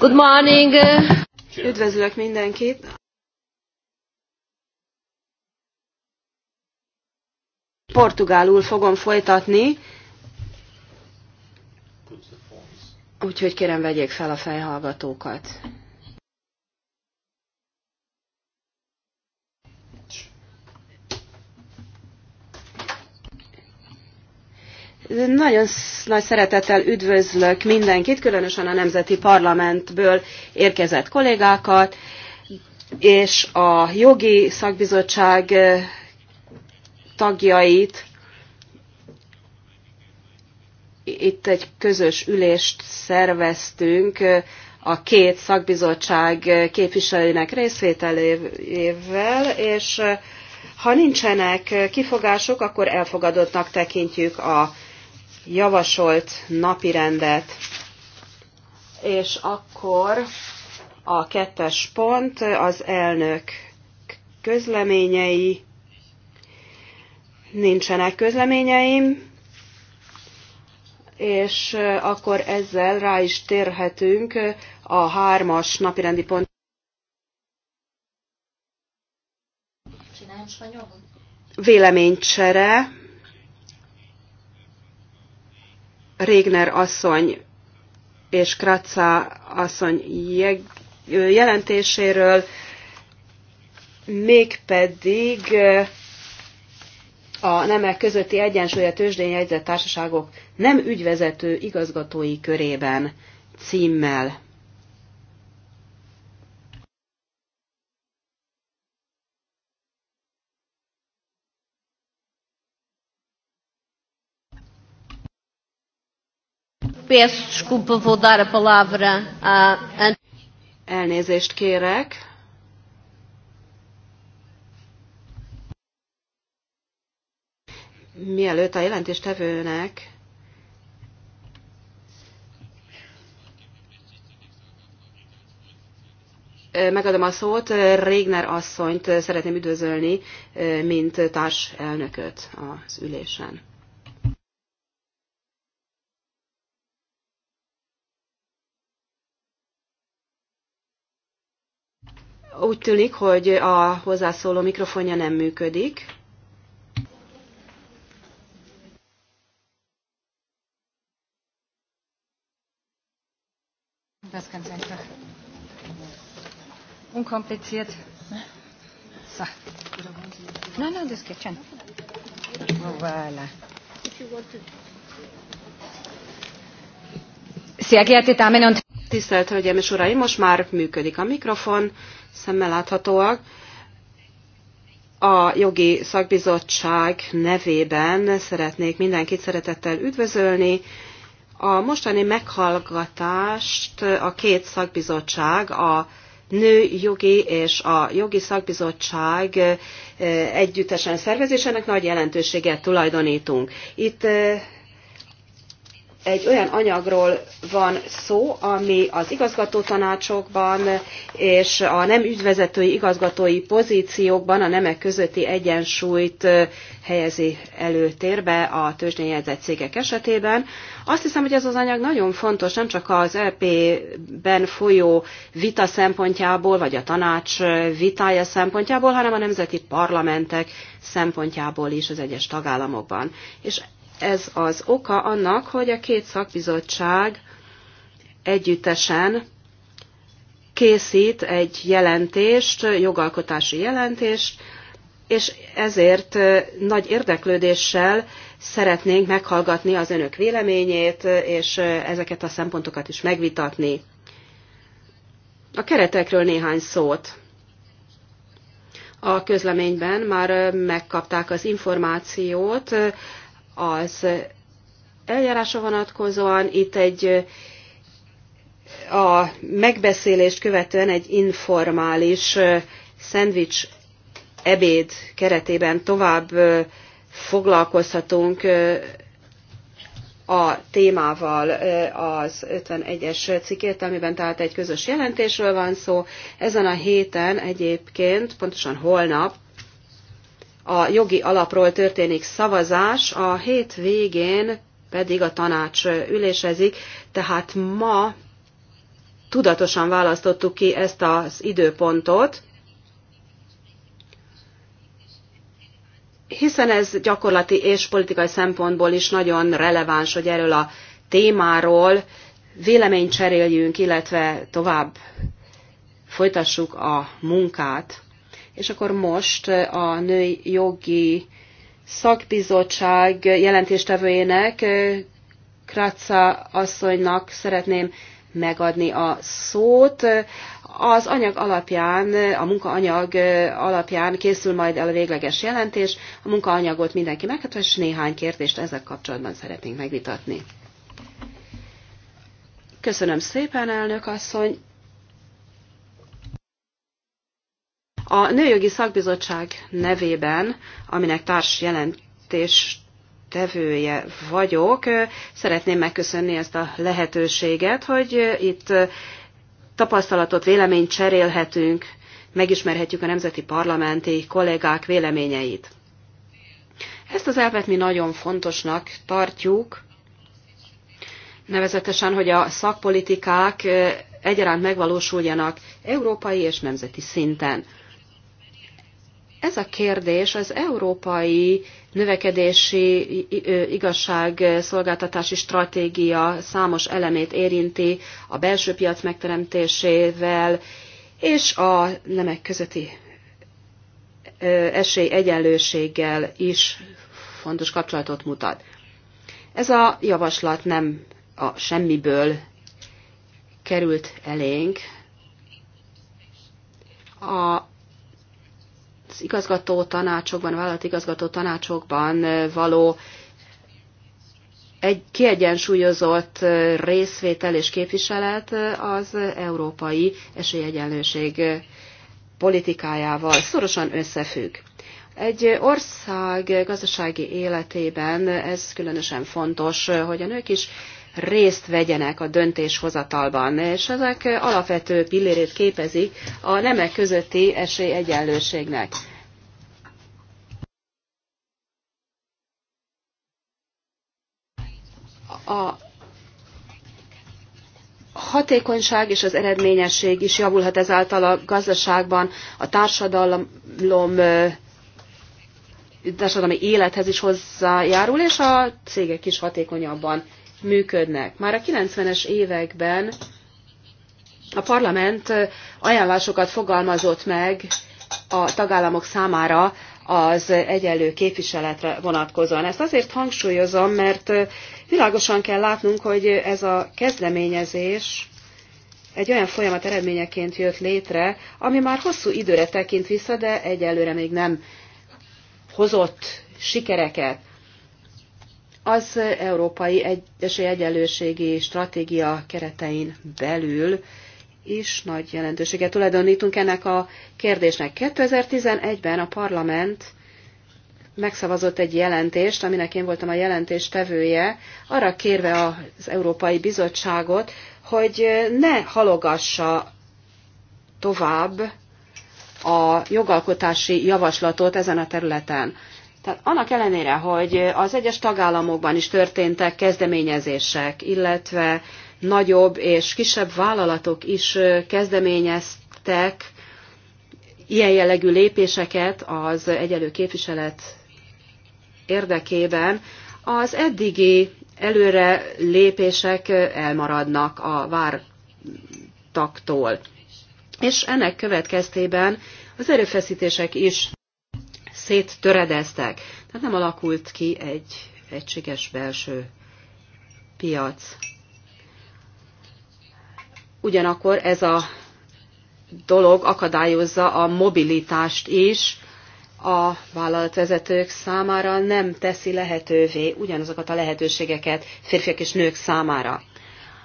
Good morning! Üdvözlök mindenkit! Portugálul fogom folytatni, úgyhogy kérem vegyék fel a fejhallgatókat. Nagyon nagy szeretettel üdvözlök mindenkit, különösen a Nemzeti Parlamentből érkezett kollégákat, és a jogi szakbizottság eh, tagjait. Itt egy közös ülést szerveztünk eh, a két szakbizottság eh, képviselőinek részvételével, és ha nincsenek kifogások, akkor elfogadottnak tekintjük a javasolt napirendet, és akkor a kettes pont az elnök közleményei. Nincsenek közleményeim, és akkor ezzel rá is térhetünk a hármas napirendi pont. Véleménycsere Régner asszony és Kratza asszony jelentéséről, mégpedig eh, a nemek közötti egyensúly a tőzsdén jegyzett társaságok nem ügyvezető igazgatói körében címmel. Peço desculpa, vou dar a palavra a... Elnézést kérek. Mielőtt a jelentéstevőnek megadom a szót, Régner asszonyt szeretném üdvözölni, mint társelnököt az ülésen. Úgy tűnik, hogy a hozzászóló mikrofonja nem működik. Das ganz einfach. Unkompliziert. So. No, no, das geht schon. Oh, voilà. Sehr geehrte Damen und Tisztelt Hölgyeim és Uraim, most már működik a mikrofon, szemmel láthatóak. A jogi szakbizottság nevében szeretnék mindenkit szeretettel üdvözölni. A mostani meghallgatást a két szakbizottság, a nőjogi és a jogi szakbizottság eh, együttesen szervezésének nagy jelentőséget tulajdonítunk. Itt eh, egy olyan anyagról van szó, ami az igazgatótanácsokban és a nem ügyvezetői igazgatói pozíciókban a nemek közötti egyensúlyt helyezi előtérbe a tőzsdényjegyzett cégek esetében. Azt hiszem, hogy ez az anyag nagyon fontos, nem csak az EP-ben folyó vita szempontjából, vagy a tanács vitája szempontjából, hanem a nemzeti parlamentek szempontjából is az egyes tagállamokban. És ez az oka annak, hogy a két szakbizottság együttesen készít egy jelentést, jogalkotási jelentést, és ezért nagy érdeklődéssel szeretnénk meghallgatni az önök véleményét, és ezeket a szempontokat is megvitatni. A keretekről néhány szót. A közleményben már megkapták az információt, az eljárásra vonatkozóan itt egy a megbeszélést követően egy informális szendvics ebéd keretében tovább foglalkozhatunk a témával az 51-es cikk amiben tehát egy közös jelentésről van szó. Ezen a héten egyébként, pontosan holnap a jogi alapról történik szavazás, a hét végén pedig a tanács ülésezik, tehát ma tudatosan választottuk ki ezt az időpontot, hiszen ez gyakorlati és politikai szempontból is nagyon releváns, hogy erről a témáról véleményt cseréljünk, illetve tovább folytassuk a munkát és akkor most eh, a női jogi szakbizottság jelentéstevőjének, eh, Kratza asszonynak szeretném megadni a szót. Az anyag alapján, a munkaanyag eh, alapján készül majd el a végleges jelentés. A munkaanyagot mindenki meghatol, és néhány kérdést ezzel kapcsolatban szeretnénk megvitatni. Köszönöm szépen, elnök asszony. A Nőjogi Szakbizottság nevében, aminek társ jelentés tevője vagyok, szeretném megköszönni ezt a lehetőséget, hogy itt tapasztalatot, véleményt cserélhetünk, megismerhetjük a nemzeti parlamenti kollégák véleményeit. Ezt az elvet mi nagyon fontosnak tartjuk, nevezetesen, hogy a szakpolitikák egyaránt megvalósuljanak európai és nemzeti szinten. Ez a kérdés az európai növekedési igazságszolgáltatási stratégia számos elemét érinti a belső piac megteremtésével és a nemek közötti esély egyenlőséggel is fontos kapcsolatot mutat. Ez a javaslat nem a semmiből került elénk. A az igazgató tanácsokban, a vállalati igazgató tanácsokban való egy kiegyensúlyozott részvétel és képviselet az európai esélyegyenlőség politikájával szorosan összefügg. Egy ország gazdasági életében ez különösen fontos, hogy a nők is részt vegyenek a döntéshozatalban, és ezek alapvető pillérét képezik a nemek közötti esélyegyenlőségnek. A hatékonyság és az eredményesség is javulhat ezáltal a gazdaságban, a társadalom társadalmi élethez is hozzájárul, és a cégek is hatékonyabban működnek. Már a 90-es években a parlament ajánlásokat fogalmazott meg a tagállamok számára az egyenlő képviseletre vonatkozóan. Ezt azért hangsúlyozom, mert világosan kell látnunk, hogy ez a kezdeményezés egy olyan folyamat eredményeként jött létre, ami már hosszú időre tekint vissza, de egyelőre még nem hozott sikereket az Európai Egyenlőségi Stratégia keretein belül is nagy jelentőséget tulajdonítunk ennek a kérdésnek. 2011-ben a parlament megszavazott egy jelentést, aminek én voltam a jelentés tevője, arra kérve az Európai Bizottságot, hogy ne halogassa tovább a jogalkotási javaslatot ezen a területen. Tehát annak ellenére, hogy az egyes tagállamokban is történtek kezdeményezések, illetve nagyobb és kisebb vállalatok is kezdeményeztek ilyen jellegű lépéseket az egyelő képviselet érdekében, az eddigi előre lépések elmaradnak a vártaktól. És ennek következtében az erőfeszítések is széttöredeztek. Tehát nem alakult ki egy egységes belső piac. Ugyanakkor ez a dolog akadályozza a mobilitást is, a vállalatvezetők számára nem teszi lehetővé ugyanazokat a lehetőségeket férfiak és nők számára.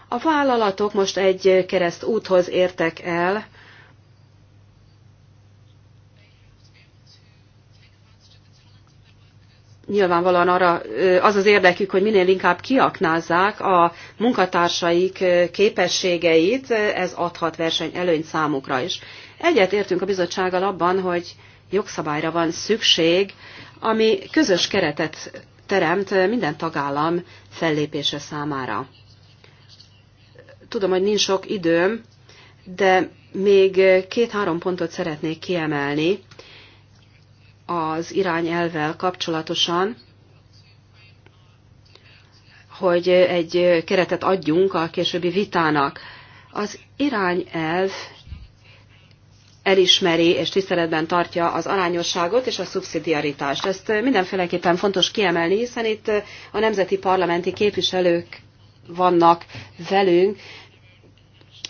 A vállalatok most egy kereszt úthoz értek el, nyilvánvalóan arra az az érdekük, hogy minél inkább kiaknázzák a munkatársaik képességeit, ez adhat versenyelőnyt számukra is. Egyet értünk a bizottsággal abban, hogy jogszabályra van szükség, ami közös keretet teremt minden tagállam fellépése számára. Tudom, hogy nincs sok időm, de még két-három pontot szeretnék kiemelni, az irányelvvel kapcsolatosan, hogy egy keretet adjunk a későbbi vitának. Az irányelv elismeri és tiszteletben tartja az arányosságot és a szubszidiaritást. Ezt mindenféleképpen fontos kiemelni, hiszen itt a nemzeti parlamenti képviselők vannak velünk,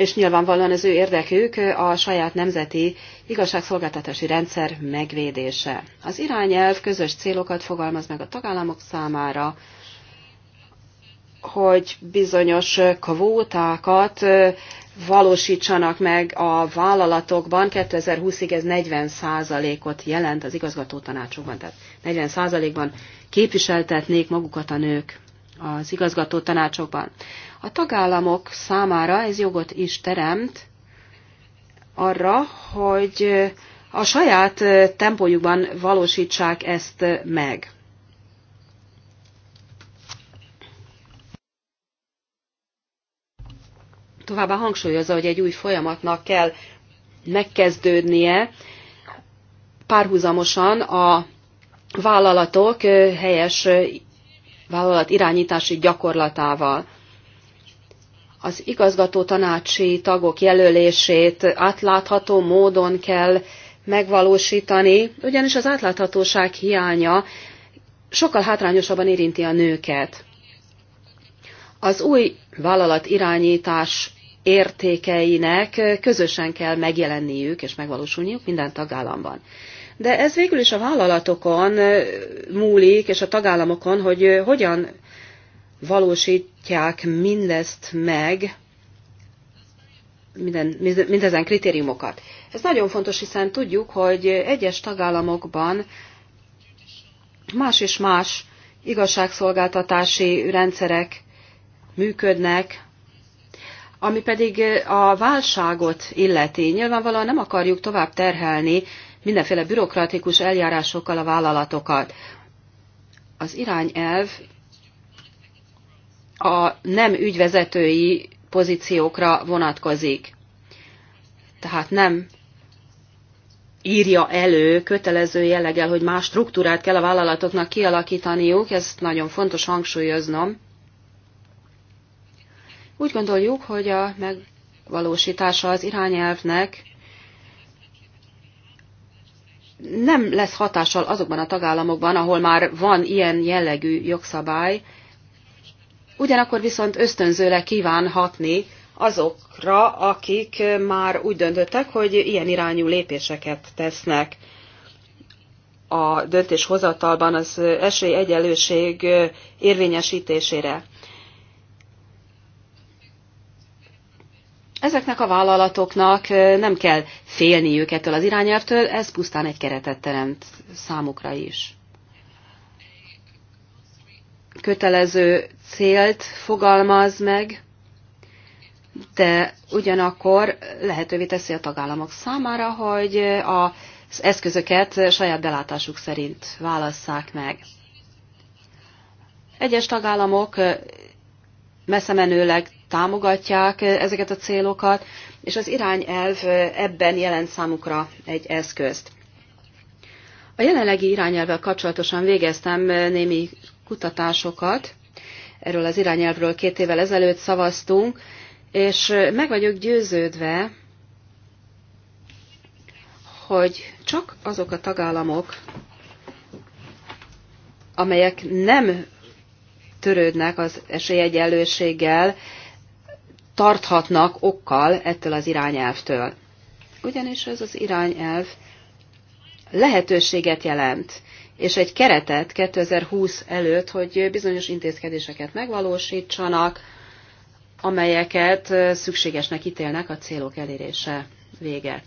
és nyilvánvalóan az ő érdekük a saját nemzeti igazságszolgáltatási rendszer megvédése. Az irányelv közös célokat fogalmaz meg a tagállamok számára, hogy bizonyos kvótákat valósítsanak meg a vállalatokban. 2020-ig ez 40 százalékot jelent az igazgató tanácsokban, tehát 40 százalékban képviseltetnék magukat a nők az igazgató tanácsokban. A tagállamok számára ez jogot is teremt arra, hogy a saját tempójukban valósítsák ezt meg. Továbbá hangsúlyozza, hogy egy új folyamatnak kell megkezdődnie párhuzamosan a vállalatok helyes vállalat irányítási gyakorlatával. Az igazgató tanácsi tagok jelölését átlátható módon kell megvalósítani, ugyanis az átláthatóság hiánya sokkal hátrányosabban érinti a nőket. Az új vállalat irányítás értékeinek közösen kell megjelenniük és megvalósulniuk minden tagállamban. De ez végül is a vállalatokon múlik, és a tagállamokon, hogy hogyan valósítják mindezt meg, minden, mindezen kritériumokat. Ez nagyon fontos, hiszen tudjuk, hogy egyes tagállamokban más és más igazságszolgáltatási rendszerek működnek, ami pedig a válságot illeti. Nyilvánvalóan nem akarjuk tovább terhelni mindenféle bürokratikus eljárásokkal a vállalatokat. Az irányelv a nem ügyvezetői pozíciókra vonatkozik. Tehát nem írja elő kötelező jelleggel, hogy más struktúrát kell a vállalatoknak kialakítaniuk, ezt nagyon fontos hangsúlyoznom. Úgy gondoljuk, hogy a megvalósítása az irányelvnek nem lesz hatással azokban a tagállamokban, ahol már van ilyen jellegű jogszabály, ugyanakkor viszont ösztönzőleg kíván hatni azokra, akik már úgy döntöttek, hogy ilyen irányú lépéseket tesznek a döntéshozatalban az esélyegyenlőség érvényesítésére. Ezeknek a vállalatoknak nem kell félniük ettől az irányelvtől, ez pusztán egy keretet teremt számukra is. Kötelező célt fogalmaz meg, de ugyanakkor lehetővé teszi a tagállamok számára, hogy az eszközöket saját belátásuk szerint válasszák meg. Egyes tagállamok messze menőleg támogatják ezeket a célokat, és az irányelv ebben jelent számukra egy eszközt. A jelenlegi irányelvvel kapcsolatosan végeztem némi kutatásokat, erről az irányelvről két évvel ezelőtt szavaztunk, és meg vagyok győződve, hogy csak azok a tagállamok, amelyek nem törődnek az esélyegyenlőséggel, tarthatnak okkal ettől az irányelvtől. Ugyanis ez az irányelv lehetőséget jelent, és egy keretet 2020 előtt, hogy bizonyos intézkedéseket megvalósítsanak, amelyeket szükségesnek ítélnek a célok elérése véget.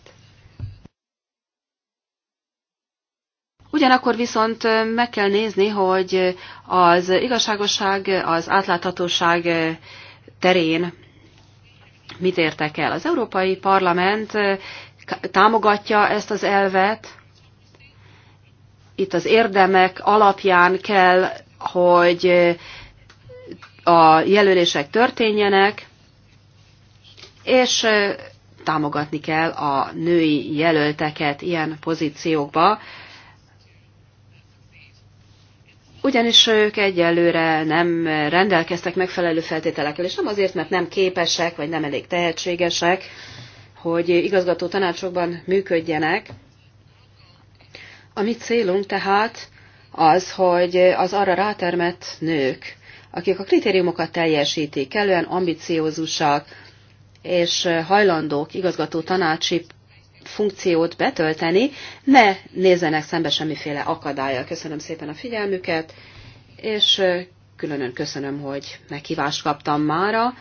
Ugyanakkor viszont meg kell nézni, hogy az igazságosság, az átláthatóság terén mit értek el. Az Európai Parlament támogatja ezt az elvet, itt az érdemek alapján kell, hogy a jelölések történjenek, és támogatni kell a női jelölteket ilyen pozíciókba, ugyanis ők egyelőre nem rendelkeztek megfelelő feltételekkel, és nem azért, mert nem képesek, vagy nem elég tehetségesek, hogy igazgató tanácsokban működjenek. A mi célunk tehát az, hogy az arra rátermett nők, akik a kritériumokat teljesítik, kellően ambiciózusak, és hajlandók igazgató tanácsi funkciót betölteni, ne nézzenek szembe semmiféle akadálya. Köszönöm szépen a figyelmüket, és különön köszönöm, hogy meghívást kaptam mára,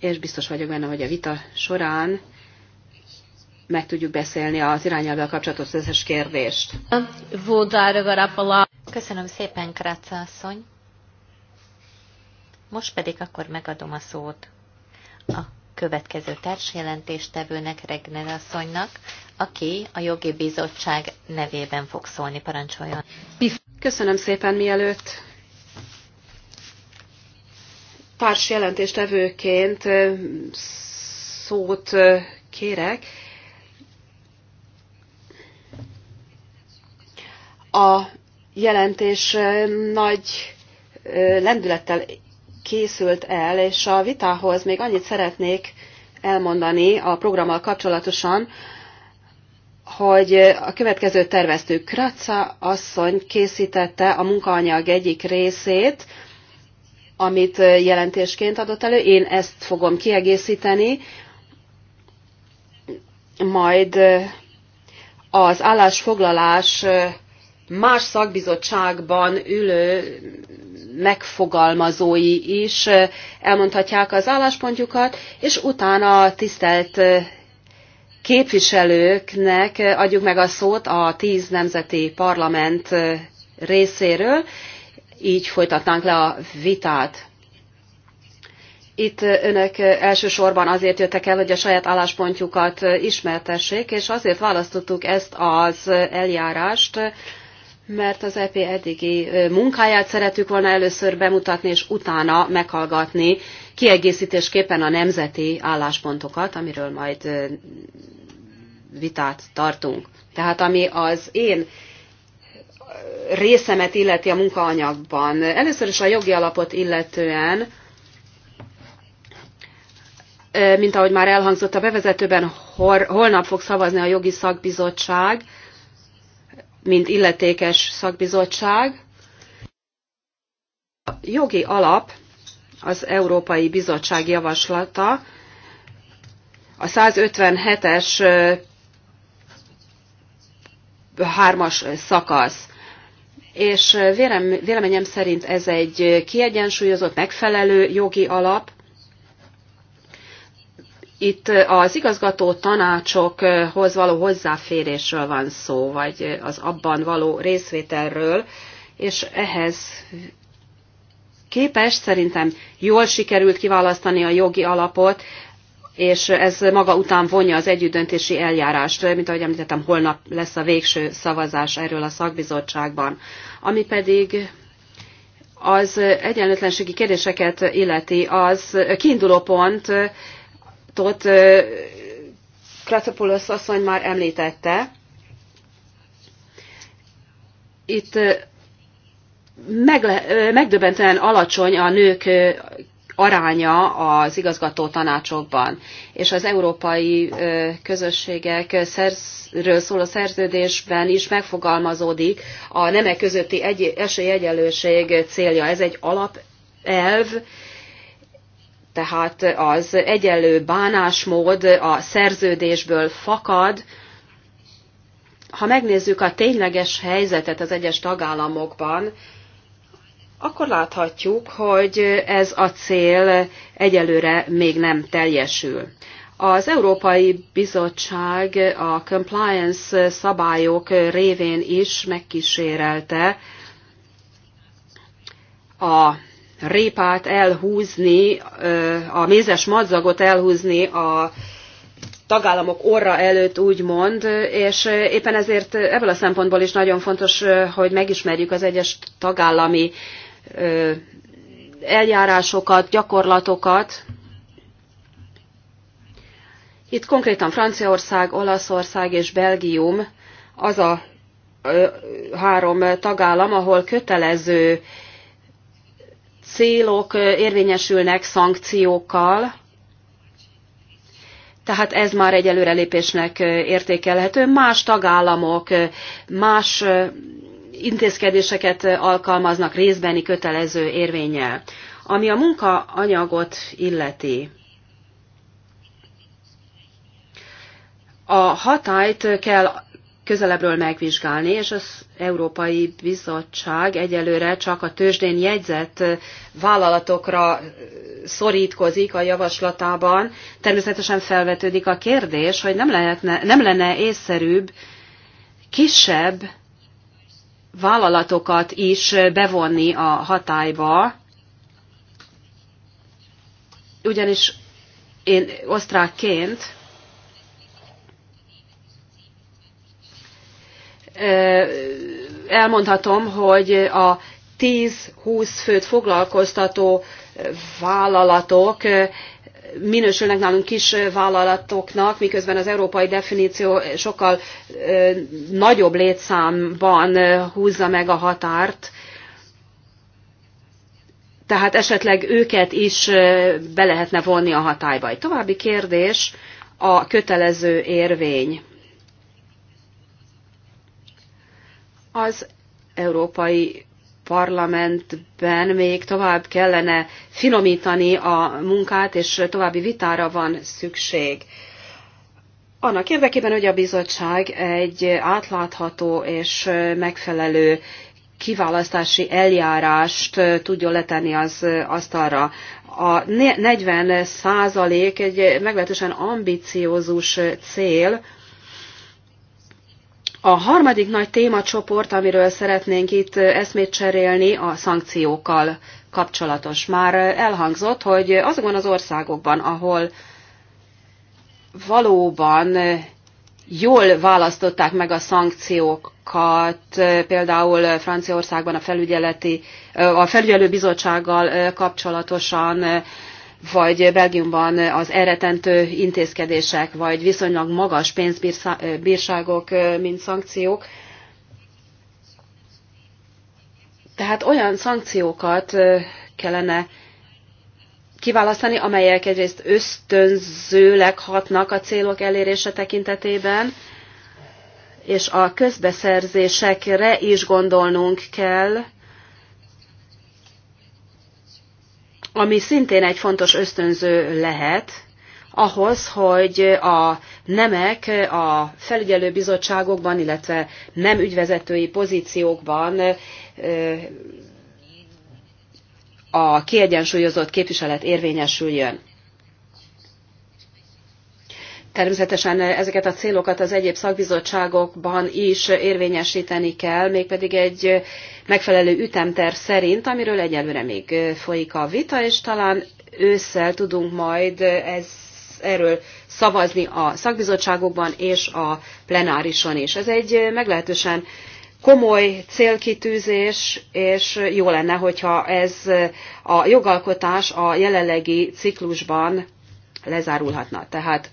és biztos vagyok benne, hogy a vita során meg tudjuk beszélni az irányelvvel kapcsolatos összes kérdést. Köszönöm szépen, Kráca asszony. Most pedig akkor megadom a szót a következő társjelentéstevőnek, Regner asszonynak, aki a jogi bizottság nevében fog szólni. Parancsoljon! Köszönöm szépen mielőtt társjelentéstevőként szót kérek. A jelentés nagy lendülettel készült el, és a vitához még annyit szeretnék elmondani a programmal kapcsolatosan, hogy a következő terveztő Kraca asszony készítette a munkaanyag egyik részét, amit jelentésként adott elő. Én ezt fogom kiegészíteni, majd az állásfoglalás más szakbizottságban ülő megfogalmazói is elmondhatják az álláspontjukat, és utána a tisztelt képviselőknek adjuk meg a szót a tíz nemzeti parlament részéről, így folytatnánk le a vitát. Itt önök elsősorban azért jöttek el, hogy a saját álláspontjukat ismertessék, és azért választottuk ezt az eljárást, mert az EP eddigi munkáját szeretük volna először bemutatni, és utána meghallgatni kiegészítésképpen a nemzeti álláspontokat, amiről majd vitát tartunk. Tehát ami az én részemet illeti a munkaanyagban. Először is a jogi alapot illetően, mint ahogy már elhangzott a bevezetőben, holnap fog szavazni a jogi szakbizottság, mint illetékes szakbizottság. A jogi alap az Európai Bizottság javaslata, a 157-es hármas szakasz. És véleményem szerint ez egy kiegyensúlyozott, megfelelő jogi alap, itt az igazgató tanácsokhoz való hozzáférésről van szó, vagy az abban való részvételről, és ehhez képes szerintem jól sikerült kiválasztani a jogi alapot, és ez maga után vonja az együttdöntési eljárást, mint ahogy említettem, holnap lesz a végső szavazás erről a szakbizottságban. Ami pedig az egyenlőtlenségi kérdéseket illeti, az kiinduló pont pontot Kratopoulos asszony már említette. Itt megle- megdöbbentően alacsony a nők aránya az igazgató tanácsokban, és az európai közösségek szerzről szóló szerződésben is megfogalmazódik a nemek közötti egy- esélyegyenlőség célja. Ez egy alapelv, tehát az egyenlő bánásmód a szerződésből fakad. Ha megnézzük a tényleges helyzetet az egyes tagállamokban, akkor láthatjuk, hogy ez a cél egyelőre még nem teljesül. Az Európai Bizottság a compliance szabályok révén is megkísérelte a répát elhúzni, a mézes madzagot elhúzni a tagállamok orra előtt úgymond, és éppen ezért ebből a szempontból is nagyon fontos, hogy megismerjük az egyes tagállami eljárásokat, gyakorlatokat. Itt konkrétan Franciaország, Olaszország és Belgium az a három tagállam, ahol kötelező célok érvényesülnek szankciókkal, tehát ez már egy előrelépésnek értékelhető. Más tagállamok, más intézkedéseket alkalmaznak részbeni kötelező érvényel. Ami a munkaanyagot illeti, a hatályt kell közelebbről megvizsgálni, és az Európai Bizottság egyelőre csak a tőzsdén jegyzett vállalatokra szorítkozik a javaslatában. Természetesen felvetődik a kérdés, hogy nem, lehetne, nem lenne észszerűbb kisebb vállalatokat is bevonni a hatályba, ugyanis én osztrákként elmondhatom, hogy a 10-20 főt foglalkoztató vállalatok minősülnek nálunk kis vállalatoknak, miközben az európai definíció sokkal nagyobb létszámban húzza meg a határt. Tehát esetleg őket is be lehetne vonni a hatályba. Egy további kérdés a kötelező érvény. Az Európai Parlamentben még tovább kellene finomítani a munkát, és további vitára van szükség. Annak érdekében, hogy a bizottság egy átlátható és megfelelő kiválasztási eljárást tudjon letenni az asztalra. A 40 százalék egy meglehetősen ambiciózus cél, a harmadik nagy témacsoport, amiről szeretnénk itt eszmét cserélni, a szankciókkal kapcsolatos. Már elhangzott, hogy azokban az országokban, ahol valóban jól választották meg a szankciókat, például Franciaországban a felügyeleti, a felügyelőbizottsággal kapcsolatosan, vagy Belgiumban az elretentő intézkedések, vagy viszonylag magas pénzbírságok, mint szankciók. Tehát olyan szankciókat kellene kiválasztani, amelyek egyrészt ösztönzőleg hatnak a célok elérése tekintetében, és a közbeszerzésekre is gondolnunk kell, ami szintén egy fontos ösztönző lehet ahhoz, hogy a nemek a bizottságokban, illetve nem ügyvezetői pozíciókban a kiegyensúlyozott képviselet érvényesüljön. Természetesen ezeket a célokat az egyéb szakbizottságokban is érvényesíteni kell, mégpedig egy megfelelő ütemterv szerint, amiről egyelőre még folyik a vita, és talán ősszel tudunk majd ez, erről szavazni a szakbizottságokban és a plenárison is. Ez egy meglehetősen komoly célkitűzés, és jó lenne, hogyha ez a jogalkotás a jelenlegi ciklusban lezárulhatna. Tehát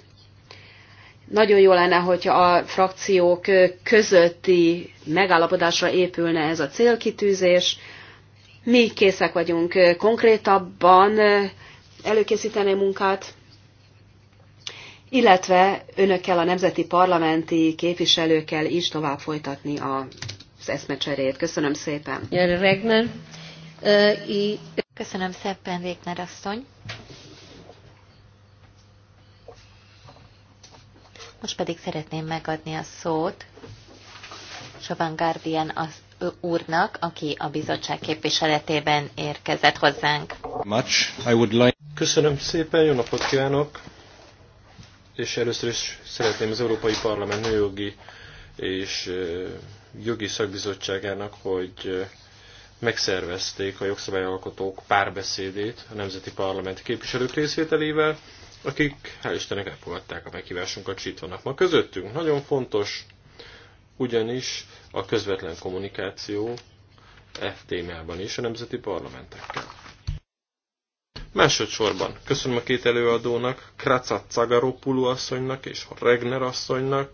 nagyon jó lenne, hogyha a frakciók közötti megállapodásra épülne ez a célkitűzés. Mi készek vagyunk konkrétabban előkészíteni munkát, illetve önökkel, a nemzeti parlamenti képviselőkkel is tovább folytatni az eszmecserét. Köszönöm szépen. Regner. Köszönöm szépen, Végner asszony. Most pedig szeretném megadni a szót Sovan Guardian az úrnak, aki a bizottság képviseletében érkezett hozzánk. Much. I would like... Köszönöm szépen, jó napot kívánok! És először is szeretném az Európai Parlament nőjogi és jogi szakbizottságának, hogy megszervezték a jogszabályalkotók párbeszédét a Nemzeti Parlament képviselők részvételével akik hál' Istennek elfogadták a meghívásunkat, és itt vannak ma közöttünk. Nagyon fontos, ugyanis a közvetlen kommunikáció e témában is a nemzeti parlamentekkel. Másodszorban köszönöm a két előadónak, Kracat Cagaropulu asszonynak és Regner asszonynak,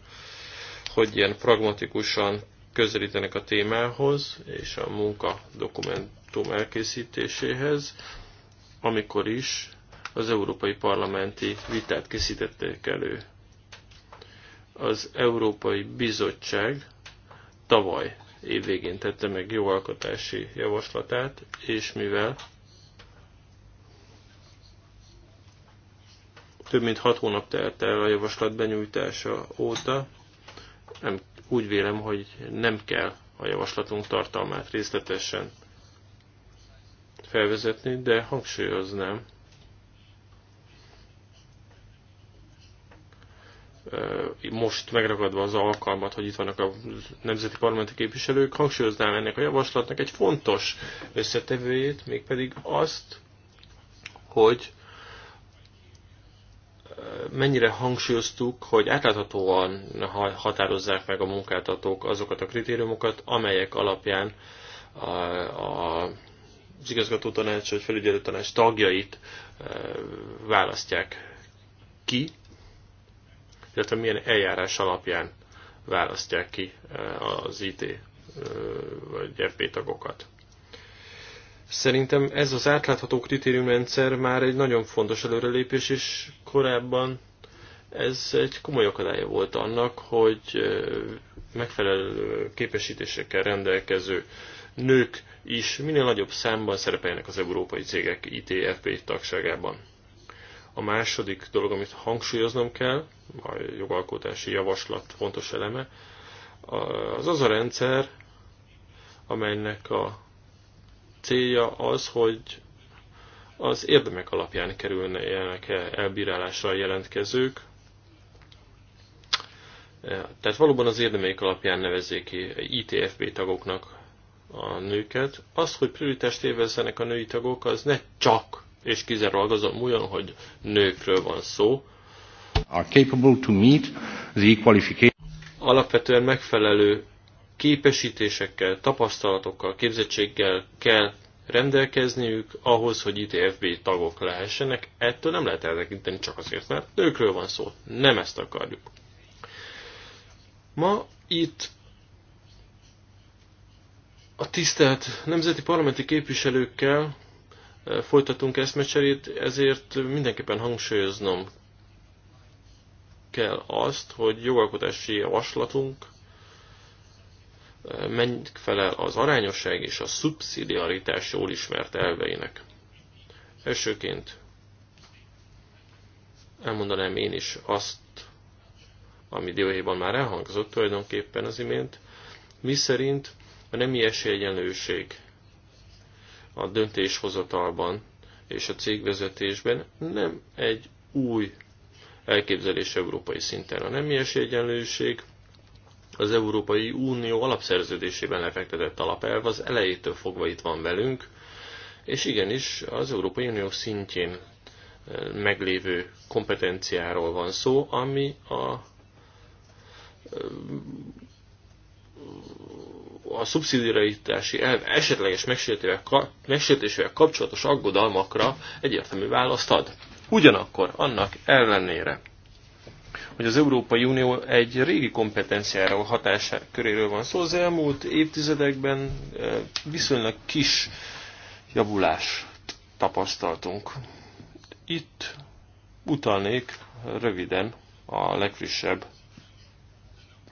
hogy ilyen pragmatikusan közelítenek a témához és a munka dokumentum elkészítéséhez, amikor is az európai parlamenti vitát készítették elő. Az Európai Bizottság tavaly évvégén tette meg jogalkotási javaslatát, és mivel több mint hat hónap telt el a javaslat benyújtása óta, nem, úgy vélem, hogy nem kell a javaslatunk tartalmát részletesen felvezetni, de hangsúlyoznám, most megragadva az alkalmat, hogy itt vannak a nemzeti parlamenti képviselők, hangsúlyoznám ennek a javaslatnak egy fontos összetevőjét, mégpedig azt, hogy mennyire hangsúlyoztuk, hogy átláthatóan határozzák meg a munkáltatók azokat a kritériumokat, amelyek alapján a, a, az igazgató tanács vagy felügyelő tanács tagjait választják ki, illetve milyen eljárás alapján választják ki eh, az IT eh, vagy FB tagokat. Szerintem ez az átlátható kritériumrendszer már egy nagyon fontos előrelépés, és korábban ez egy komoly akadálya volt annak, hogy eh, megfelelő képesítésekkel rendelkező nők is minél nagyobb számban szerepeljenek az európai cégek ITFP tagságában. A második dolog, amit hangsúlyoznom kell, a jogalkotási javaslat fontos eleme, az az a rendszer, amelynek a célja az, hogy az érdemek alapján kerülnek elbírálásra a jelentkezők, tehát valóban az érdemek alapján nevezzék ki ITFB tagoknak a nőket. Az, hogy prioritást élvezzenek a női tagok, az ne csak és kizárólag azon múljon, hogy nőkről van szó. Are capable to meet the qualification. Alapvetően megfelelő képesítésekkel, tapasztalatokkal, képzettséggel kell rendelkezniük ahhoz, hogy ITFB tagok lehessenek. Ettől nem lehet eltekinteni csak azért, mert nőkről van szó. Nem ezt akarjuk. Ma itt a tisztelt nemzeti parlamenti képviselőkkel folytatunk eszmecserét, ezért mindenképpen hangsúlyoznom kell azt, hogy jogalkotási javaslatunk e, felel az arányosság és a szubszidiaritás jól ismert elveinek. Elsőként elmondanám én is azt, ami dióhéjban már elhangzott tulajdonképpen az imént, mi szerint a nemi esélyegyenlőség a döntéshozatalban és a cégvezetésben nem egy új elképzelés európai szinten. A nemi egyenlőség az Európai Unió alapszerződésében lefektetett alapelv az elejétől fogva itt van velünk, és igenis az Európai Unió szintjén eh, meglévő kompetenciáról van szó, ami a eh, a szubszidiaritási elv esetleges megsértésével kapcsolatos aggodalmakra egyértelmű választ ad. Ugyanakkor annak ellenére, hogy az Európai Unió egy régi kompetenciáról, köréről van szó, az elmúlt évtizedekben viszonylag kis javulást tapasztaltunk. Itt utalnék röviden a legfrissebb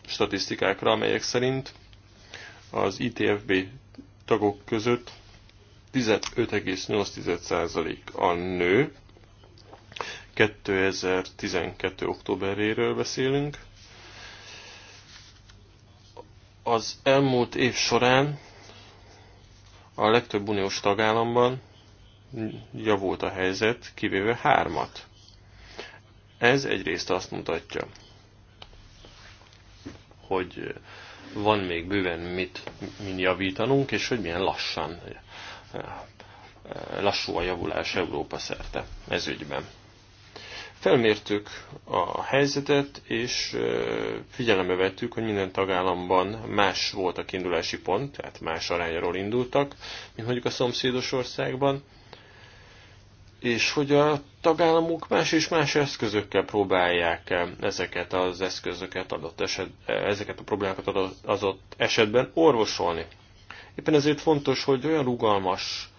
statisztikákra, amelyek szerint az ITFB tagok között 15,8% a nő. 2012. októberéről beszélünk. Az elmúlt év során a legtöbb uniós tagállamban javult a helyzet, kivéve hármat. Ez egyrészt azt mutatja, hogy van még bőven mit, min javítanunk, és hogy milyen lassan, eh, lassú a javulás Európa szerte ez ügyben. Felmértük a helyzetet, és eh, figyelembe vettük, hogy minden tagállamban más volt a kiindulási pont, tehát más arányról indultak, mint mondjuk a szomszédos országban, és hogy a tagállamok más és más eszközökkel próbálják ezeket az eszközöket adott eset, ezeket a problémákat adott adott esetben orvosolni. Éppen ezért fontos, hogy olyan rugalmas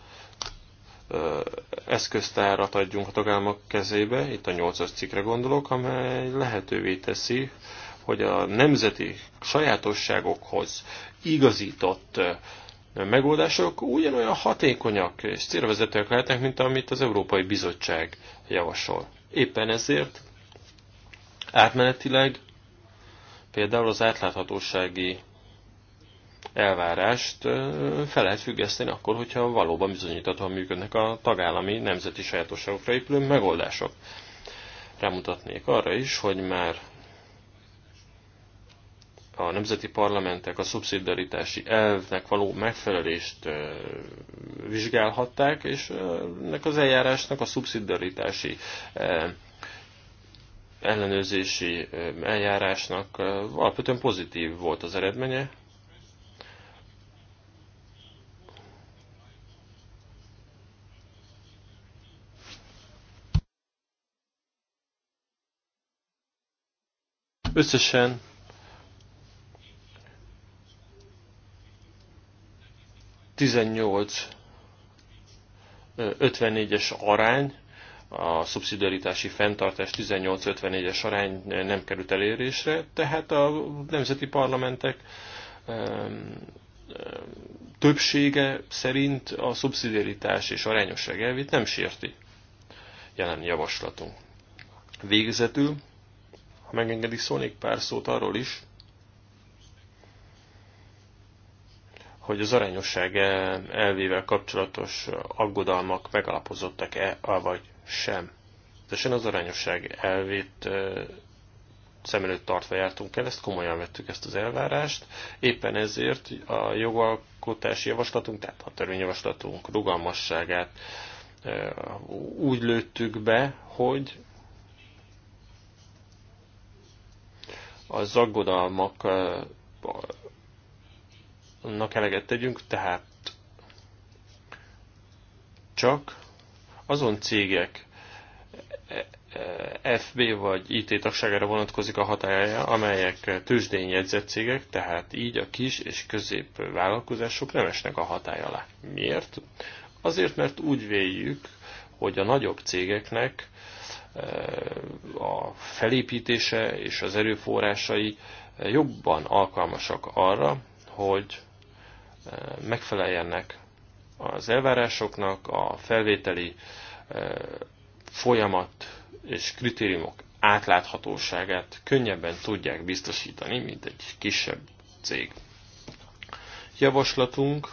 eszköztárat adjunk a tagállamok kezébe, itt a 8-as cikkre gondolok, amely lehetővé teszi, hogy a nemzeti sajátosságokhoz igazított megoldások ugyanolyan hatékonyak és célvezetőek lehetnek, mint amit az Európai Bizottság javasol. Éppen ezért átmenetileg például az átláthatósági elvárást fel lehet függeszteni akkor, hogyha valóban bizonyíthatóan működnek a tagállami nemzeti sajátosságokra épülő megoldások. Rámutatnék arra is, hogy már a nemzeti parlamentek a szubszidaritási elvnek való megfelelést vizsgálhatták, és ennek az eljárásnak a szubszidaritási ellenőrzési eljárásnak alapvetően pozitív volt az eredménye. Összesen 18-54-es arány, a szubszidiaritási fenntartás 18-54-es arány nem került elérésre, tehát a nemzeti parlamentek többsége szerint a szubszidiaritás és arányosság elvét nem sérti jelen javaslatunk. Végezetül, ha megengedik, szólnék pár szót arról is, hogy az arányosság e, elvével kapcsolatos aggodalmak megalapozottak-e, vagy sem. Tesen az arányosság elvét e, szem előtt tartva jártunk el, ezt komolyan vettük ezt az elvárást. Éppen ezért a jogalkotási javaslatunk, tehát a törvényjavaslatunk rugalmasságát e, úgy lőttük be, hogy az aggodalmak annak eleget tegyünk, tehát csak azon cégek e, e, FB vagy IT tagságára vonatkozik a hatája, amelyek tőzsdén jegyzett cégek, tehát így a kis és közép vállalkozások nem esnek a hatály alá. Miért? Azért, mert úgy véljük, hogy a nagyobb cégeknek e, a felépítése és az erőforrásai jobban alkalmasak arra, hogy megfeleljenek az elvárásoknak, a felvételi e, folyamat és kritériumok átláthatóságát könnyebben tudják biztosítani, mint egy kisebb cég. Javaslatunk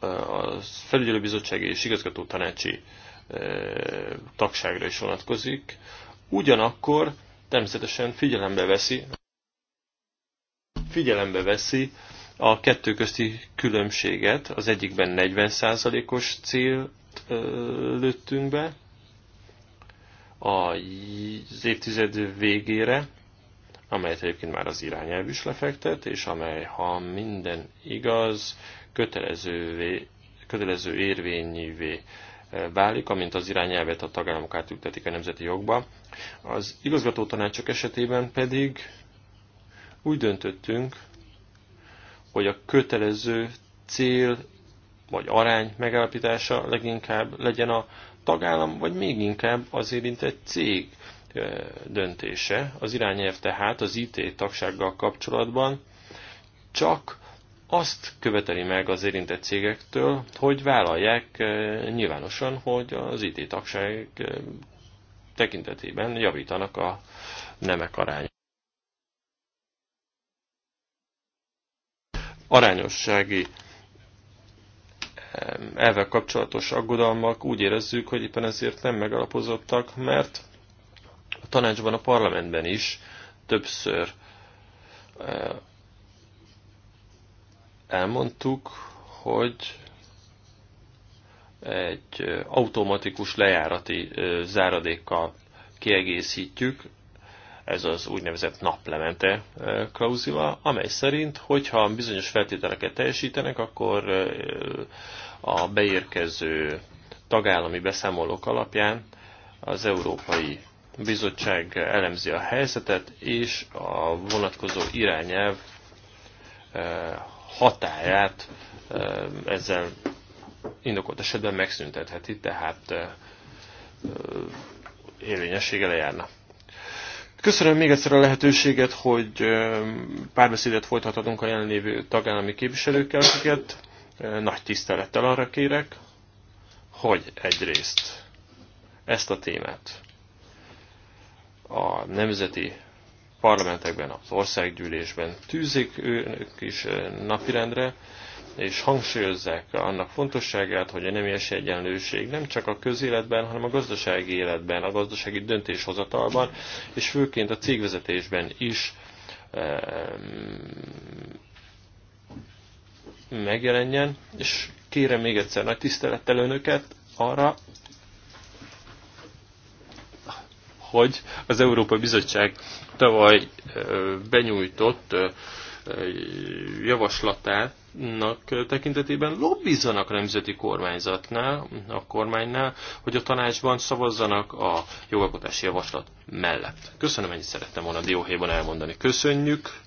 e, a felügyelőbizottsági és igazgató tanácsi e, tagságra is vonatkozik, ugyanakkor természetesen figyelembe veszi, figyelembe veszi a kettő közti különbséget. Az egyikben 40%-os célt lőttünk be az évtized végére, amelyet egyébként már az irányelv is lefektet, és amely, ha minden igaz, kötelezővé, kötelező érvényűvé válik, amint az irányelvet a tagállamok átültetik a nemzeti jogba. Az igazgató tanácsok esetében pedig úgy döntöttünk, hogy a kötelező cél vagy arány megállapítása leginkább legyen a tagállam, vagy még inkább az érintett cég döntése. Az irányelv tehát az IT tagsággal kapcsolatban csak azt követeli meg az érintett cégektől, hogy vállalják nyilvánosan, hogy az IT tagság tekintetében javítanak a nemek arány. arányossági elvek kapcsolatos aggodalmak úgy érezzük, hogy éppen ezért nem megalapozottak, mert a tanácsban, a parlamentben is többször elmondtuk, hogy egy automatikus lejárati záradékkal kiegészítjük ez az úgynevezett naplemente eh, klauzula, amely szerint, hogyha bizonyos feltételeket teljesítenek, akkor eh, a beérkező tagállami beszámolók alapján az Európai Bizottság elemzi a helyzetet, és a vonatkozó irányelv eh, hatáját ezzel indokolt esetben megszüntetheti, tehát élvényessége lejárna. Köszönöm még egyszer a lehetőséget, hogy párbeszédet folytathatunk a jelenlévő tagállami képviselőkkel, akiket nagy tisztelettel arra kérek, hogy egyrészt ezt a témát a nemzeti parlamentekben, az országgyűlésben tűzik ők is napirendre, és hangsúlyozzák annak fontosságát, hogy a nemies egyenlőség nem csak a közéletben, hanem a gazdasági életben, a gazdasági döntéshozatalban, és főként a cégvezetésben is ehm, megjelenjen, és kérem még egyszer nagy tisztelettel önöket arra, hogy az Európai Bizottság tavaly ehm, benyújtott ehm, javaslatát nak tekintetében lobbizzanak a nemzeti kormányzatnál, a kormánynál, hogy a tanácsban szavazzanak a jogalkotási javaslat mellett. Köszönöm, ennyit szerettem volna dióhéjban elmondani. Köszönjük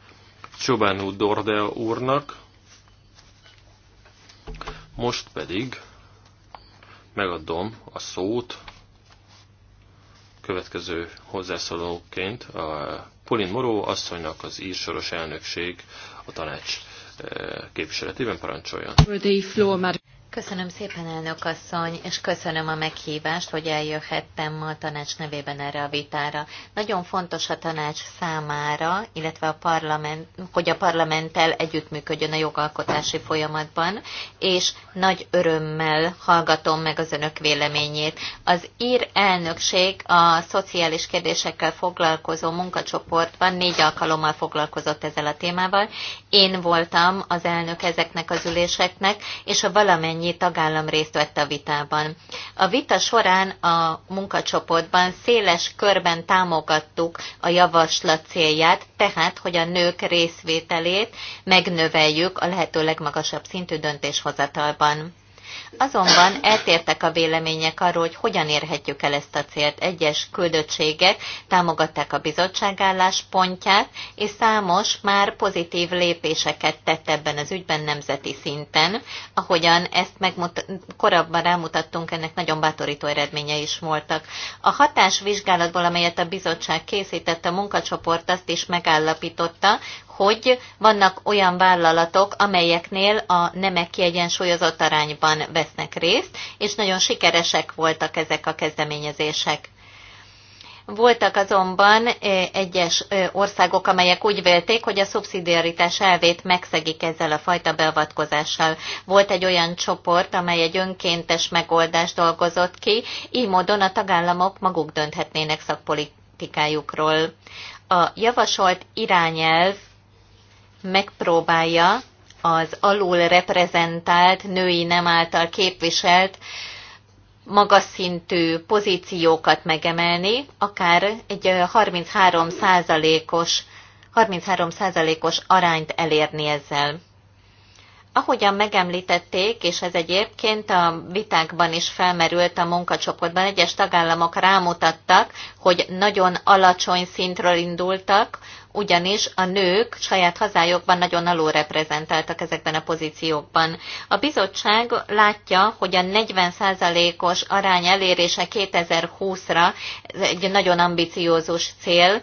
Csobánú Dordea úrnak. Most pedig megadom a szót következő hozzászólóként a Polin Moró asszonynak az írsoros elnökség a tanács képviseletében parancsoljon. Köszönöm szépen, elnök asszony, és köszönöm a meghívást, hogy eljöhettem ma a tanács nevében erre a vitára. Nagyon fontos a tanács számára, illetve a parlament, hogy a parlamenttel együttműködjön a jogalkotási folyamatban, és nagy örömmel hallgatom meg az önök véleményét. Az ír elnökség a szociális kérdésekkel foglalkozó munkacsoportban négy alkalommal foglalkozott ezzel a témával. Én voltam az elnök ezeknek az üléseknek, és a valamennyi valamennyi tagállam részt vett a vitában. A vita során a munkacsoportban széles körben támogattuk a javaslat célját, tehát, hogy a nők részvételét megnöveljük a lehető legmagasabb szintű döntéshozatalban. Azonban eltértek a vélemények arról, hogy hogyan érhetjük el ezt a célt. Egyes küldöttségek támogatták a bizottság álláspontját, és számos már pozitív lépéseket tett ebben az ügyben nemzeti szinten. Ahogyan ezt megmut- korábban rámutattunk, ennek nagyon bátorító eredménye is voltak. A hatásvizsgálatból, amelyet a bizottság készített, a munkacsoport azt is megállapította, hogy vannak olyan vállalatok, amelyeknél a nemek kiegyensúlyozott arányban vesznek részt, és nagyon sikeresek voltak ezek a kezdeményezések. Voltak azonban egyes országok, amelyek úgy vélték, hogy a szubszidiaritás elvét megszegik ezzel a fajta beavatkozással. Volt egy olyan csoport, amely egy önkéntes megoldást dolgozott ki, így módon a tagállamok maguk dönthetnének szakpolitikájukról. A javasolt irányelv megpróbálja az alul reprezentált, női nem által képviselt magas szintű pozíciókat megemelni, akár egy 33 os 33 os arányt elérni ezzel. Ahogyan megemlítették, és ez egyébként a vitákban is felmerült a munkacsoportban, egyes tagállamok rámutattak, hogy nagyon alacsony szintről indultak, ugyanis a nők saját hazájukban nagyon alulreprezentáltak ezekben a pozíciókban. A bizottság látja, hogy a 40%-os arány elérése 2020-ra egy nagyon ambiciózus cél,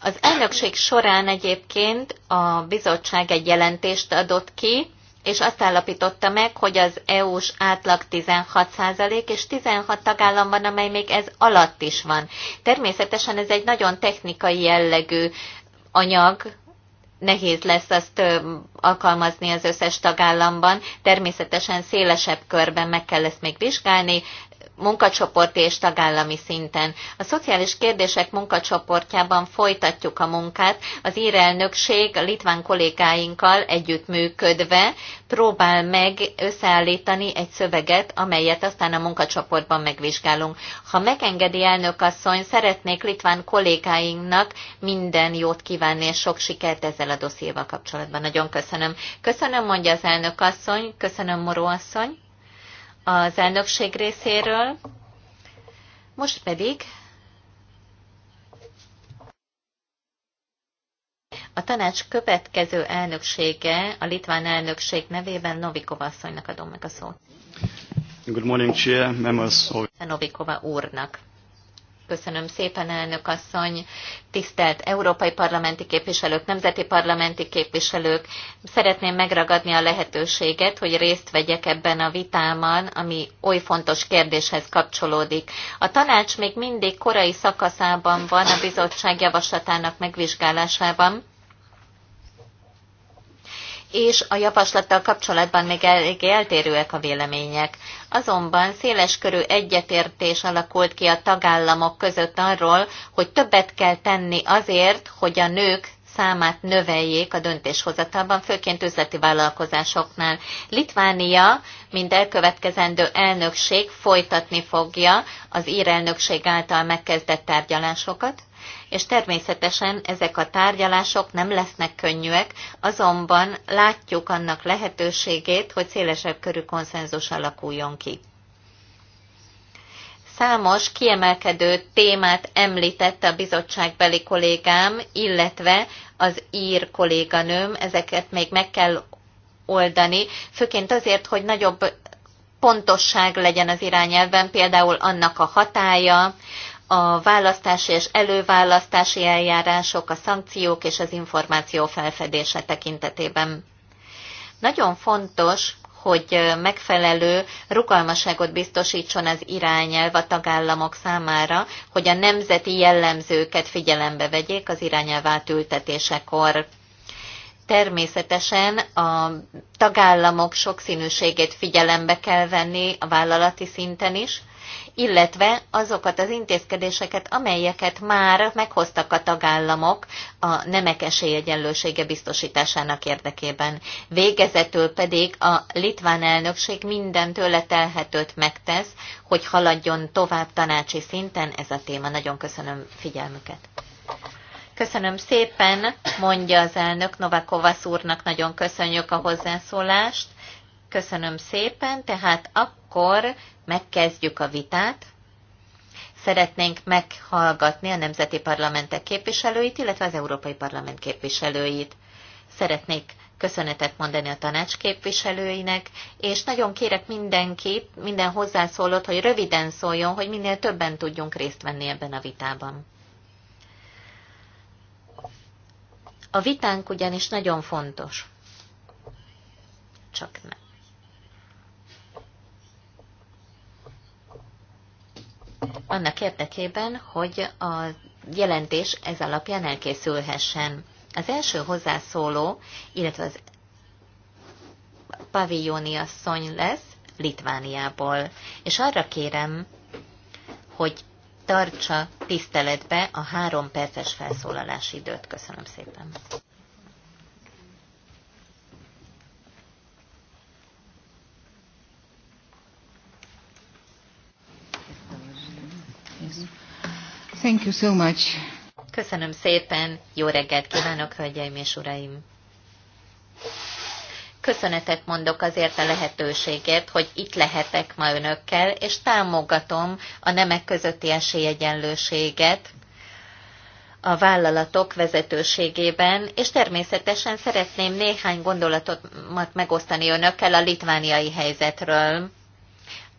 Az elnökség során egyébként a bizottság egy jelentést adott ki, és azt állapította meg, hogy az EU-s átlag 16% és 16 tagállam van, amely még ez alatt is van. Természetesen ez egy nagyon technikai jellegű anyag, nehéz lesz azt alkalmazni az összes tagállamban. Természetesen szélesebb körben meg kell ezt még vizsgálni, munkacsoporti és tagállami szinten. A szociális kérdések munkacsoportjában folytatjuk a munkát, az írelnökség a litván kollégáinkkal együttműködve próbál meg összeállítani egy szöveget, amelyet aztán a munkacsoportban megvizsgálunk. Ha megengedi elnök asszony, szeretnék litván kollégáinknak minden jót kívánni és sok sikert ezzel a dossziéval kapcsolatban. Nagyon köszönöm. Köszönöm, mondja az elnök asszony, köszönöm Moró asszony az elnökség részéről. Most pedig a tanács következő elnöksége, a litván elnökség nevében Novikova asszonynak adom meg a szót. Good morning, Chair, members of... Novikova úrnak. Köszönöm szépen, elnök asszony, tisztelt európai parlamenti képviselők, nemzeti parlamenti képviselők. Szeretném megragadni a lehetőséget, hogy részt vegyek ebben a vitában, ami oly fontos kérdéshez kapcsolódik. A tanács még mindig korai szakaszában van a bizottság javaslatának megvizsgálásában és a javaslattal kapcsolatban még eléggé eltérőek a vélemények. Azonban széles körű egyetértés alakult ki a tagállamok között arról, hogy többet kell tenni azért, hogy a nők számát növeljék a döntéshozatalban, főként üzleti vállalkozásoknál. Litvánia, mint elkövetkezendő elnökség folytatni fogja az ír elnökség által megkezdett tárgyalásokat, és természetesen ezek a tárgyalások nem lesznek könnyűek, azonban látjuk annak lehetőségét, hogy szélesebb körű konszenzus alakuljon ki. Számos kiemelkedő témát említette a bizottságbeli kollégám, illetve az ír kolléganőm, ezeket még meg kell oldani, főként azért, hogy nagyobb pontosság legyen az irányelven, például annak a hatája, a választási és előválasztási eljárások, a szankciók és az információ felfedése tekintetében. Nagyon fontos, hogy megfelelő rugalmasságot biztosítson az irányelv a tagállamok számára, hogy a nemzeti jellemzőket figyelembe vegyék az irányelv átültetésekor. Természetesen a tagállamok sokszínűségét figyelembe kell venni a vállalati szinten is, illetve azokat az intézkedéseket, amelyeket már meghoztak a tagállamok a nemek esélyegyenlősége biztosításának érdekében. Végezetül pedig a litván elnökség minden tőle telhetőt megtesz, hogy haladjon tovább tanácsi szinten ez a téma. Nagyon köszönöm figyelmüket. Köszönöm szépen, mondja az elnök Novakovasz úrnak, nagyon köszönjük a hozzászólást. Köszönöm szépen, tehát akkor megkezdjük a vitát. Szeretnénk meghallgatni a nemzeti parlamentek képviselőit, illetve az Európai Parlament képviselőit. Szeretnék köszönetet mondani a tanács képviselőinek, és nagyon kérek mindenkit, minden hozzászólót, hogy röviden szóljon, hogy minél többen tudjunk részt venni ebben a vitában. A vitánk ugyanis nagyon fontos. Csak nem. annak érdekében, hogy a jelentés ez alapján elkészülhessen. Az első hozzászóló, illetve az pavilloni asszony lesz Litvániából, és arra kérem, hogy tartsa tiszteletbe a három perces felszólalási időt. Köszönöm szépen. Thank you so much. Köszönöm szépen, jó reggelt kívánok, hölgyeim és uraim! Köszönetet mondok azért a lehetőséget, hogy itt lehetek ma önökkel, és támogatom a nemek közötti esélyegyenlőséget a vállalatok vezetőségében, és természetesen szeretném néhány gondolatot megosztani önökkel a litvániai helyzetről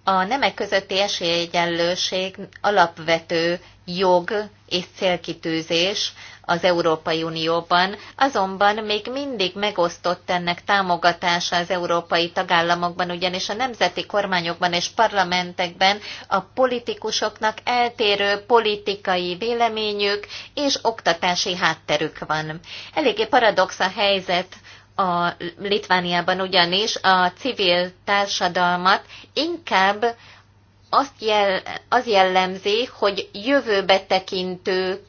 a nemek közötti esélyegyenlőség alapvető jog és célkitűzés az Európai Unióban, azonban még mindig megosztott ennek támogatása az európai tagállamokban, ugyanis a nemzeti kormányokban és parlamentekben a politikusoknak eltérő politikai véleményük és oktatási hátterük van. Eléggé paradox a helyzet a Litvániában ugyanis a civil társadalmat inkább azt jel, az jellemzi, hogy jövőbe tekintő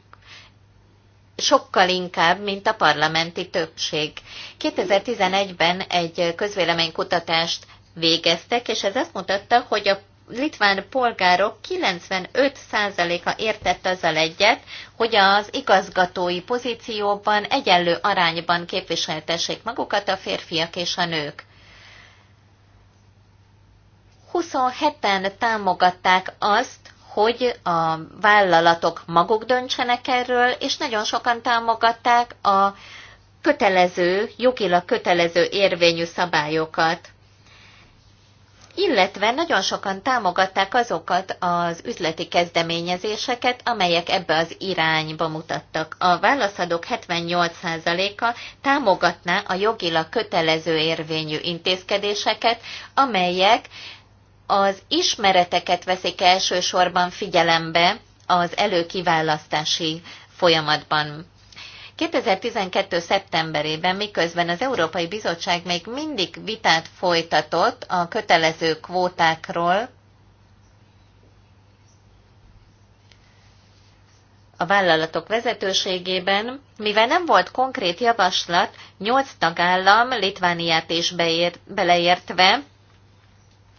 sokkal inkább, mint a parlamenti többség. 2011-ben egy közvéleménykutatást végeztek, és ez azt mutatta, hogy a litván polgárok 95%-a értett azzal egyet, hogy az igazgatói pozícióban egyenlő arányban képviseltessék magukat a férfiak és a nők. 27-en támogatták azt, hogy a vállalatok maguk döntsenek erről, és nagyon sokan támogatták a kötelező, jogilag kötelező érvényű szabályokat illetve nagyon sokan támogatták azokat az üzleti kezdeményezéseket, amelyek ebbe az irányba mutattak. A válaszadók 78%-a támogatná a jogilag kötelező érvényű intézkedéseket, amelyek az ismereteket veszik elsősorban figyelembe az előkiválasztási folyamatban. 2012. szeptemberében, miközben az Európai Bizottság még mindig vitát folytatott a kötelező kvótákról, a vállalatok vezetőségében, mivel nem volt konkrét javaslat, nyolc tagállam, Litvániát is beér, beleértve,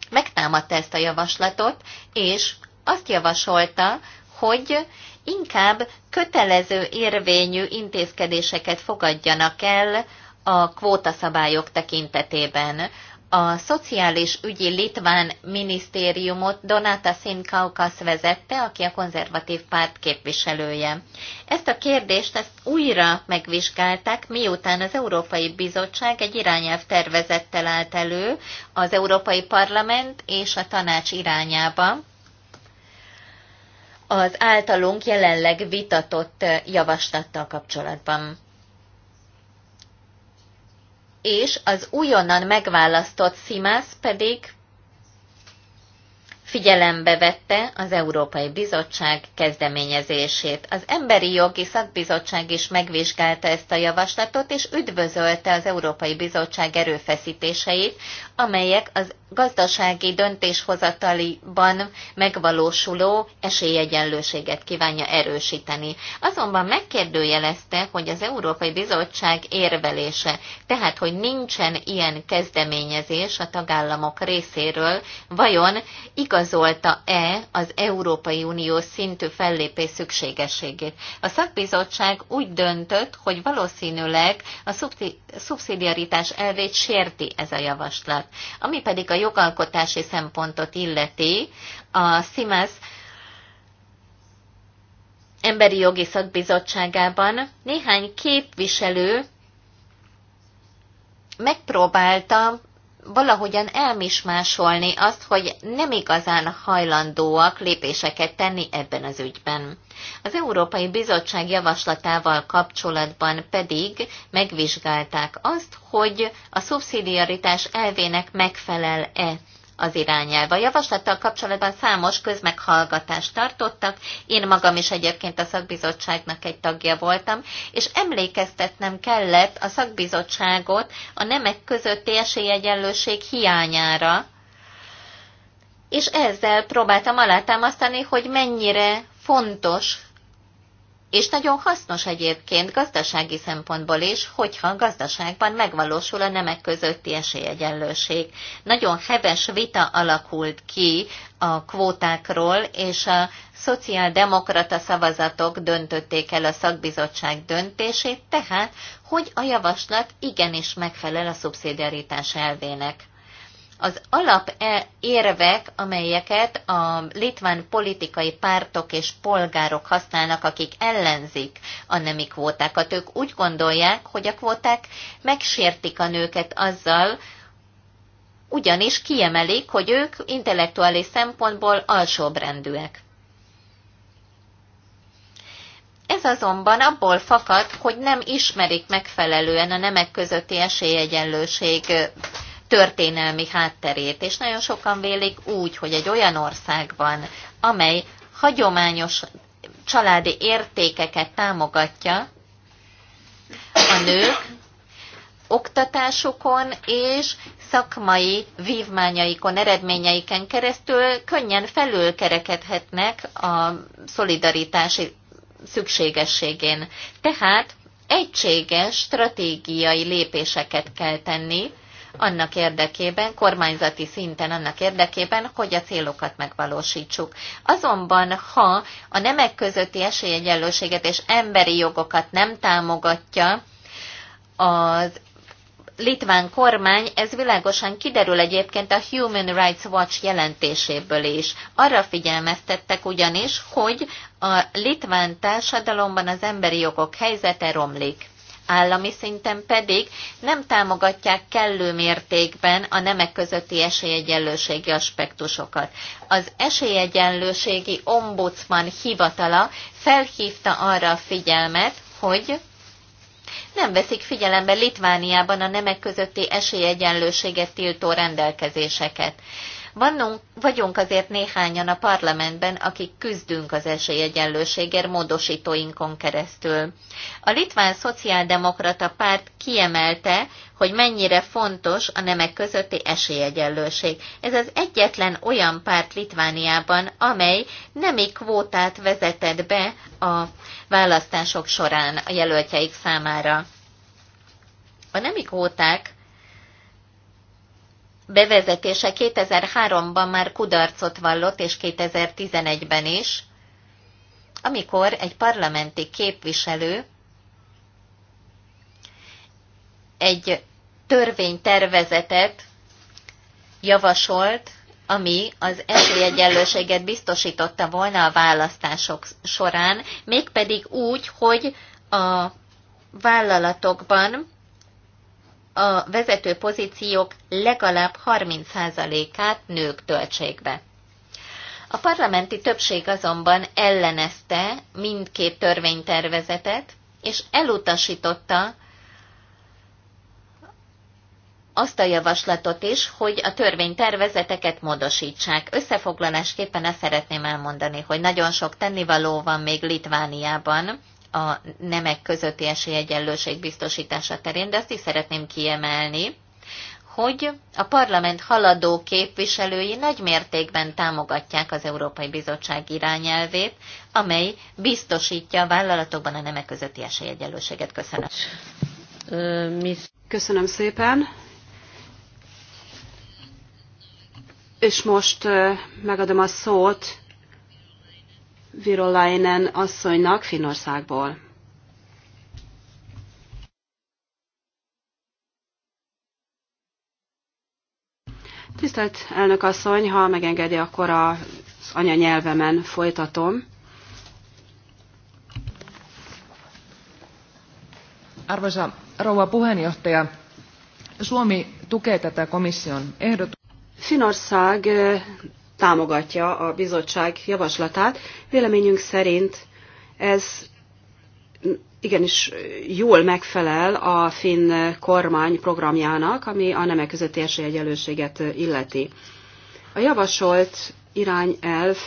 megtámadta ezt a javaslatot, és azt javasolta, hogy inkább kötelező érvényű intézkedéseket fogadjanak el a kvótaszabályok tekintetében. A Szociális Ügyi Litván Minisztériumot Donáta Szinkaukasz vezette, aki a konzervatív párt képviselője. Ezt a kérdést ezt újra megvizsgálták, miután az Európai Bizottság egy irányelv tervezettel állt elő az Európai Parlament és a Tanács irányába az általunk jelenleg vitatott javaslattal kapcsolatban. És az újonnan megválasztott Simász pedig figyelembe vette az Európai Bizottság kezdeményezését. Az Emberi Jogi Szakbizottság is megvizsgálta ezt a javaslatot, és üdvözölte az Európai Bizottság erőfeszítéseit amelyek az gazdasági döntéshozataliban megvalósuló esélyegyenlőséget kívánja erősíteni. Azonban megkérdőjelezte, hogy az Európai Bizottság érvelése, tehát hogy nincsen ilyen kezdeményezés a tagállamok részéről, vajon igazolta-e az Európai Unió szintű fellépés szükségességét. A szakbizottság úgy döntött, hogy valószínűleg a szubszidiaritás elvét sérti ez a javaslat. Ami pedig a jogalkotási szempontot illeti, a SIMAS Emberi Jogi Szakbizottságában néhány képviselő megpróbálta valahogyan elmismásolni azt, hogy nem igazán hajlandóak lépéseket tenni ebben az ügyben. Az Európai Bizottság javaslatával kapcsolatban pedig megvizsgálták azt, hogy a szubszidiaritás elvének megfelel-e az irányelv. A javaslattal kapcsolatban számos közmeghallgatást tartottak, én magam is egyébként a szakbizottságnak egy tagja voltam, és emlékeztetnem kellett a szakbizottságot a nemek közötti esélyegyenlőség hiányára, és ezzel próbáltam alátámasztani, hogy mennyire fontos és nagyon hasznos egyébként gazdasági szempontból is, hogyha gazdaságban megvalósul a nemek közötti esélyegyenlőség. Nagyon heves vita alakult ki a kvótákról, és a szociáldemokrata szavazatok döntötték el a szakbizottság döntését, tehát hogy a javaslat igenis megfelel a szubszidiaritás elvének. Az alap e- érvek, amelyeket a litván politikai pártok és polgárok használnak, akik ellenzik a nemi kvótákat, ők úgy gondolják, hogy a kvóták megsértik a nőket azzal, ugyanis kiemelik, hogy ők intellektuális szempontból alsóbrendűek. Ez azonban abból fakad, hogy nem ismerik megfelelően a nemek közötti esélyegyenlőség történelmi hátterét, és nagyon sokan vélik úgy, hogy egy olyan országban, amely hagyományos családi értékeket támogatja, a nők oktatásukon és szakmai vívmányaikon, eredményeiken keresztül könnyen felülkerekedhetnek a szolidaritási szükségességén. Tehát egységes stratégiai lépéseket kell tenni, annak érdekében, kormányzati szinten annak érdekében, hogy a célokat megvalósítsuk. Azonban, ha a nemek közötti esélyegyenlőséget és emberi jogokat nem támogatja, az litván kormány, ez világosan kiderül egyébként a Human Rights Watch jelentéséből is. Arra figyelmeztettek ugyanis, hogy a litván társadalomban az emberi jogok helyzete romlik állami szinten pedig nem támogatják kellő mértékben a nemek közötti esélyegyenlőségi aspektusokat. Az esélyegyenlőségi ombudsman hivatala felhívta arra a figyelmet, hogy nem veszik figyelembe Litvániában a nemek közötti esélyegyenlőséget tiltó rendelkezéseket. Vannunk, vagyunk azért néhányan a parlamentben, akik küzdünk az esélyegyenlőségért módosítóinkon keresztül. A litván szociáldemokrata párt kiemelte, hogy mennyire fontos a nemek közötti esélyegyenlőség. Ez az egyetlen olyan párt Litvániában, amely nemi kvótát vezetett be a választások során a jelöltjeik számára. A nemi kvóták bevezetése 2003-ban már kudarcot vallott, és 2011-ben is, amikor egy parlamenti képviselő egy törvénytervezetet javasolt, ami az esélyegyenlőséget biztosította volna a választások során, mégpedig úgy, hogy a vállalatokban a vezető pozíciók legalább 30%-át nők töltsék be. A parlamenti többség azonban ellenezte mindkét törvénytervezetet, és elutasította azt a javaslatot is, hogy a törvénytervezeteket módosítsák. Összefoglalásképpen ezt szeretném elmondani, hogy nagyon sok tennivaló van még Litvániában a nemek közötti esélyegyenlőség biztosítása terén, de azt is szeretném kiemelni, hogy a parlament haladó képviselői nagy mértékben támogatják az Európai Bizottság irányelvét, amely biztosítja a vállalatokban a nemek közötti esélyegyenlőséget. Köszönöm. Köszönöm szépen. És most megadom a szót Virolainen asszonynak Finnországból. Tisztelt elnök asszony, ha megengedi, akkor az anyanyelvemen folytatom. Arvoisa rouva puheenjohtaja, Suomi tukee tätä komission ehdotusta. Finország támogatja a bizottság javaslatát. Véleményünk szerint ez igenis jól megfelel a finn kormány programjának, ami a nemek közötti esélyegyelőséget illeti. A javasolt irányelv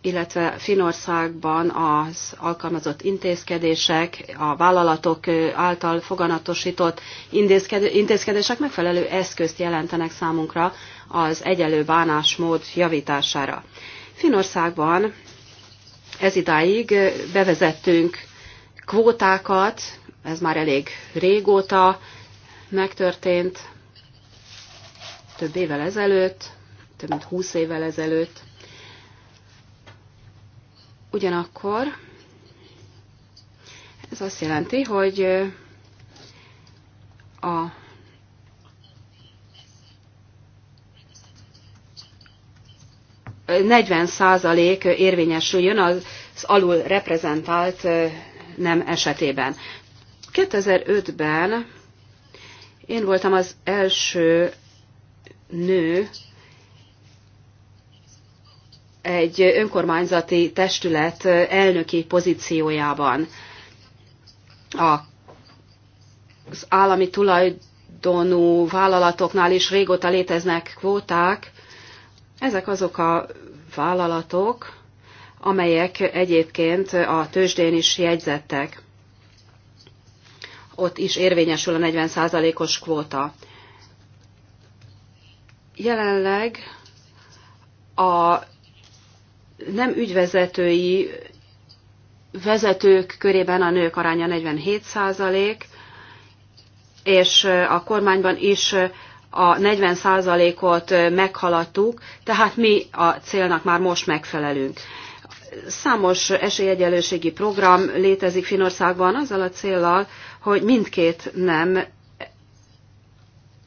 illetve Finországban az alkalmazott intézkedések, a vállalatok által foganatosított intézkedések megfelelő eszközt jelentenek számunkra az egyelő bánásmód javítására. Finországban ez idáig bevezettünk kvótákat, ez már elég régóta megtörtént, több évvel ezelőtt, több mint 20 évvel ezelőtt, Ugyanakkor ez azt jelenti, hogy a százalék érvényesüljön az alul reprezentált nem esetében. 2005-ben én voltam az első nő, egy önkormányzati testület elnöki pozíciójában. Az állami tulajdonú vállalatoknál is régóta léteznek kvóták. Ezek azok a vállalatok, amelyek egyébként a tőzsdén is jegyzettek. Ott is érvényesül a 40%-os kvóta. Jelenleg a nem ügyvezetői vezetők körében a nők aránya 47 százalék, és a kormányban is a 40 százalékot meghaladtuk, tehát mi a célnak már most megfelelünk. Számos esélyegyelőségi program létezik Finországban azzal a céllal, hogy mindkét nem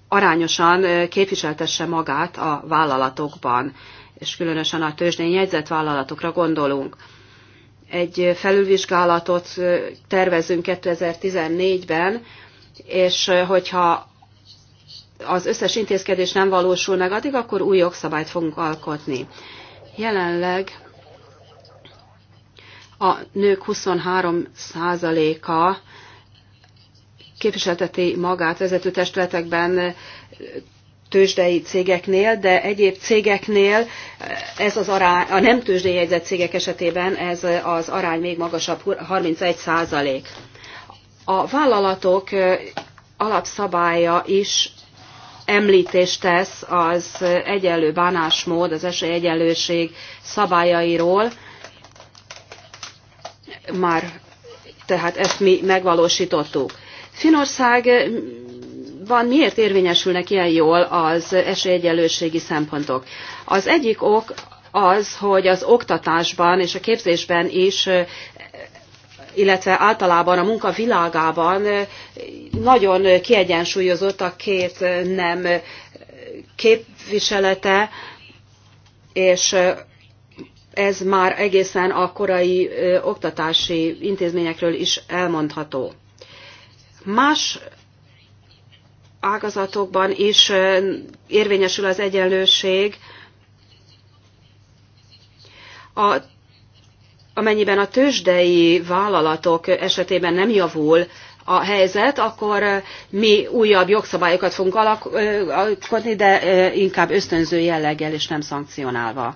arányosan képviseltesse magát a vállalatokban és különösen a tőzsdén jegyzett vállalatokra gondolunk. Egy felülvizsgálatot tervezünk 2014-ben, és hogyha az összes intézkedés nem valósul meg addig, akkor új jogszabályt fogunk alkotni. Jelenleg a nők 23%-a képviselteti magát vezető testületekben tőzsdei cégeknél, de egyéb cégeknél ez az arány, a nem tőzsdei jegyzett cégek esetében ez az arány még magasabb, 31 százalék. A vállalatok alapszabálya is említést tesz az egyenlő bánásmód, az esélyegyenlőség szabályairól, már tehát ezt mi megvalósítottuk. Finország van miért érvényesülnek ilyen jól az esélyegyenlőségi szempontok? Az egyik ok az, hogy az oktatásban és a képzésben is illetve általában a munka világában nagyon kiegyensúlyozott a két nem képviselete, és ez már egészen a korai oktatási intézményekről is elmondható. Más ágazatokban is érvényesül az egyenlőség, a, amennyiben a tőzsdei vállalatok esetében nem javul a helyzet, akkor mi újabb jogszabályokat fogunk alakítani, de inkább ösztönző jelleggel és nem szankcionálva.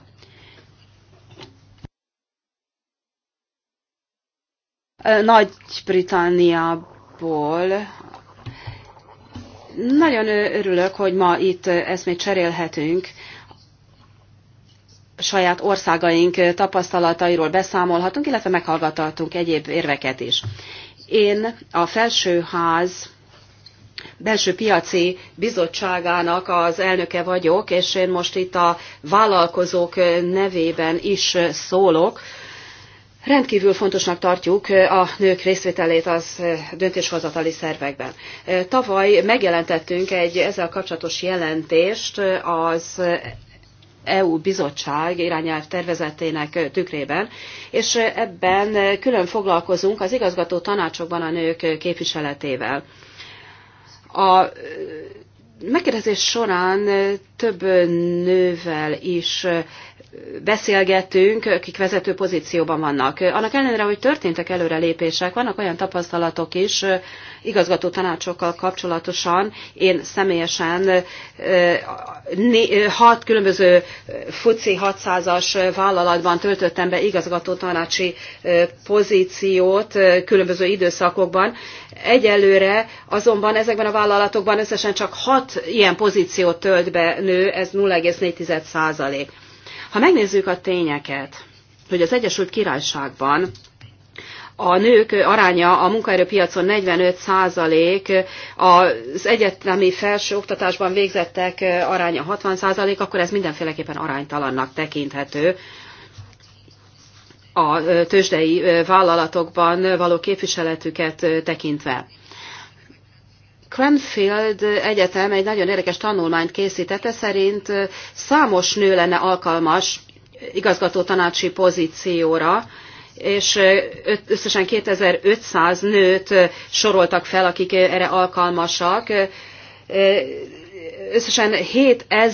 Nagy-Britanniából nagyon örülök, hogy ma itt eszmét cserélhetünk, saját országaink tapasztalatairól beszámolhatunk, illetve meghallgathatunk egyéb érveket is. Én a felsőház belső piaci bizottságának az elnöke vagyok, és én most itt a vállalkozók nevében is szólok, Rendkívül fontosnak tartjuk a nők részvételét az döntéshozatali szervekben. Tavaly megjelentettünk egy ezzel kapcsolatos jelentést az EU bizottság irányelv tervezetének tükrében, és ebben külön foglalkozunk az igazgató tanácsokban a nők képviseletével. A megkérdezés során több nővel is beszélgetünk, akik vezető pozícióban vannak. Annak ellenére, hogy történtek előrelépések, vannak olyan tapasztalatok is, igazgató tanácsokkal kapcsolatosan én személyesen hat különböző FUCI 600-as vállalatban töltöttem be igazgató tanácsi pozíciót különböző időszakokban. Egyelőre azonban ezekben a vállalatokban összesen csak hat ilyen pozíciót tölt be nő, ez 0,4 százalék. Ha megnézzük a tényeket, hogy az Egyesült Királyságban a nők aránya a munkaerőpiacon 45 százalék, az egyetemi felsőoktatásban végzettek aránya 60 százalék, akkor ez mindenféleképpen aránytalannak tekinthető a tőzsdei vállalatokban való képviseletüket tekintve. Cranfield Egyetem egy nagyon érdekes tanulmányt készítette, szerint számos nő lenne alkalmas igazgató tanácsi pozícióra, és összesen 2500 nőt soroltak fel, akik erre alkalmasak. Összesen 7 en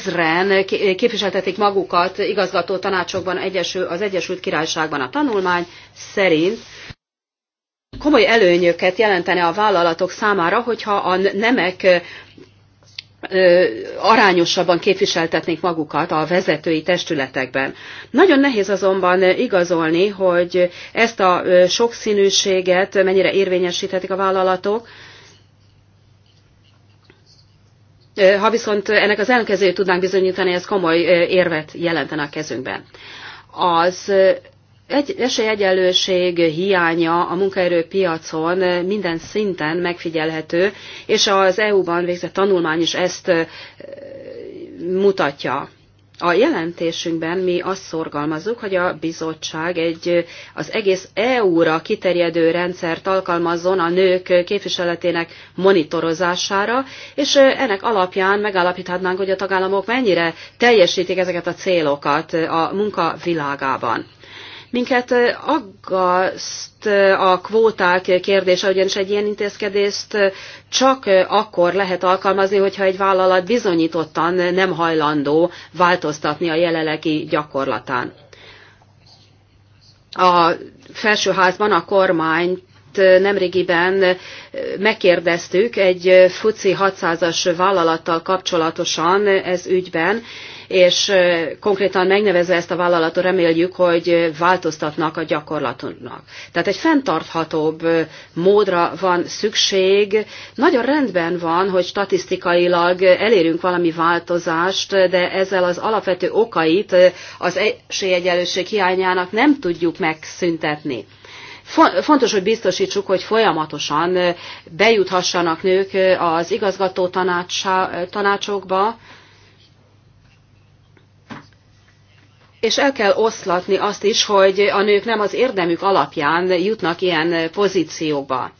képviseltetik magukat igazgató tanácsokban az Egyesült Királyságban. A tanulmány szerint komoly előnyöket jelentene a vállalatok számára, hogyha a nemek arányosabban képviseltetnék magukat a vezetői testületekben. Nagyon nehéz azonban igazolni, hogy ezt a sokszínűséget mennyire érvényesíthetik a vállalatok, ha viszont ennek az ellenkezőjét tudnánk bizonyítani, ez komoly érvet jelentene a kezünkben. Az egy esélyegyenlőség hiánya a munkaerőpiacon minden szinten megfigyelhető, és az EU-ban végzett tanulmány is ezt mutatja. A jelentésünkben mi azt szorgalmazzuk, hogy a bizottság egy az egész EU-ra kiterjedő rendszert alkalmazzon a nők képviseletének monitorozására, és ennek alapján megállapíthatnánk, hogy a tagállamok mennyire teljesítik ezeket a célokat a munka világában. Minket aggaszt a kvóták kérdése, ugyanis egy ilyen intézkedést csak akkor lehet alkalmazni, hogyha egy vállalat bizonyítottan nem hajlandó változtatni a jelenlegi gyakorlatán. A felsőházban a kormányt nemrégiben megkérdeztük egy FUCI 600-as vállalattal kapcsolatosan ez ügyben, és konkrétan megnevezve ezt a vállalatot reméljük, hogy változtatnak a gyakorlatunknak. Tehát egy fenntarthatóbb módra van szükség. Nagyon rendben van, hogy statisztikailag elérünk valami változást, de ezzel az alapvető okait az esélyegyenlőség hiányának nem tudjuk megszüntetni. Fontos, hogy biztosítsuk, hogy folyamatosan bejuthassanak nők az igazgató tanácsokba, és el kell oszlatni azt is, hogy a nők nem az érdemük alapján jutnak ilyen pozícióba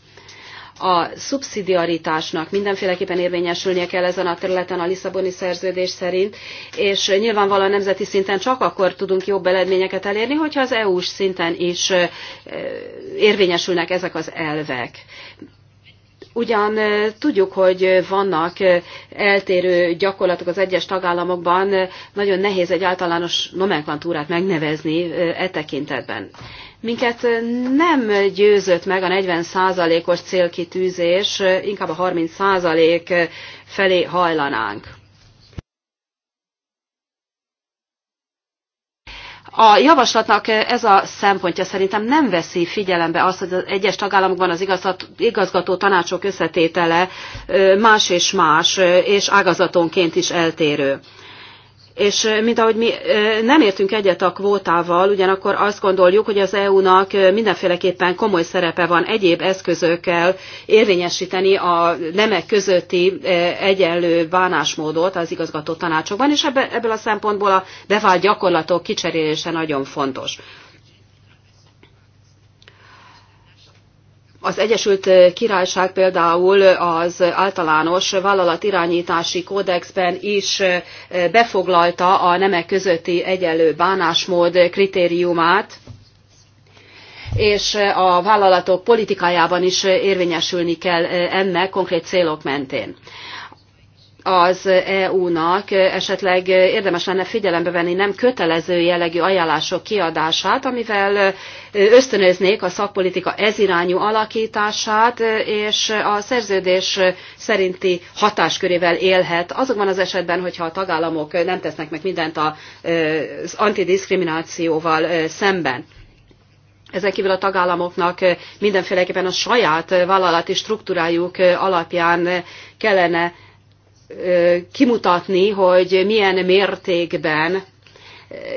a szubszidiaritásnak mindenféleképpen érvényesülnie kell ezen a területen a Lisszaboni szerződés szerint, és nyilvánvalóan nemzeti szinten csak akkor tudunk jobb eredményeket elérni, hogyha az EU-s szinten is érvényesülnek ezek az elvek. Ugyan tudjuk, hogy vannak eltérő gyakorlatok az egyes tagállamokban, nagyon nehéz egy általános nomenklatúrát megnevezni e tekintetben. Minket nem győzött meg a 40%-os célkitűzés, inkább a 30% felé hajlanánk. A javaslatnak ez a szempontja szerintem nem veszi figyelembe azt, hogy az egyes tagállamokban az igazgató tanácsok összetétele más és más, és ágazatonként is eltérő. És mint ahogy mi nem értünk egyet a kvótával, ugyanakkor azt gondoljuk, hogy az EU-nak mindenféleképpen komoly szerepe van egyéb eszközökkel érvényesíteni a nemek közötti egyenlő bánásmódot az igazgató tanácsokban, és ebből a szempontból a bevált gyakorlatok kicserélése nagyon fontos. Az Egyesült Királyság például az általános vállalatirányítási kódexben is eh, befoglalta a nemek közötti egyenlő bánásmód kritériumát, és eh, a vállalatok politikájában is eh, érvényesülni kell ennek konkrét célok mentén az EU-nak esetleg érdemes lenne figyelembe venni nem kötelező jellegű ajánlások kiadását, amivel ösztönöznék a szakpolitika ezirányú alakítását, és a szerződés szerinti hatáskörével élhet azokban az esetben, hogyha a tagállamok nem tesznek meg mindent az antidiszkriminációval szemben. Ezen kívül a tagállamoknak mindenféleképpen a saját vállalati struktúrájuk alapján kellene kimutatni, hogy milyen mértékben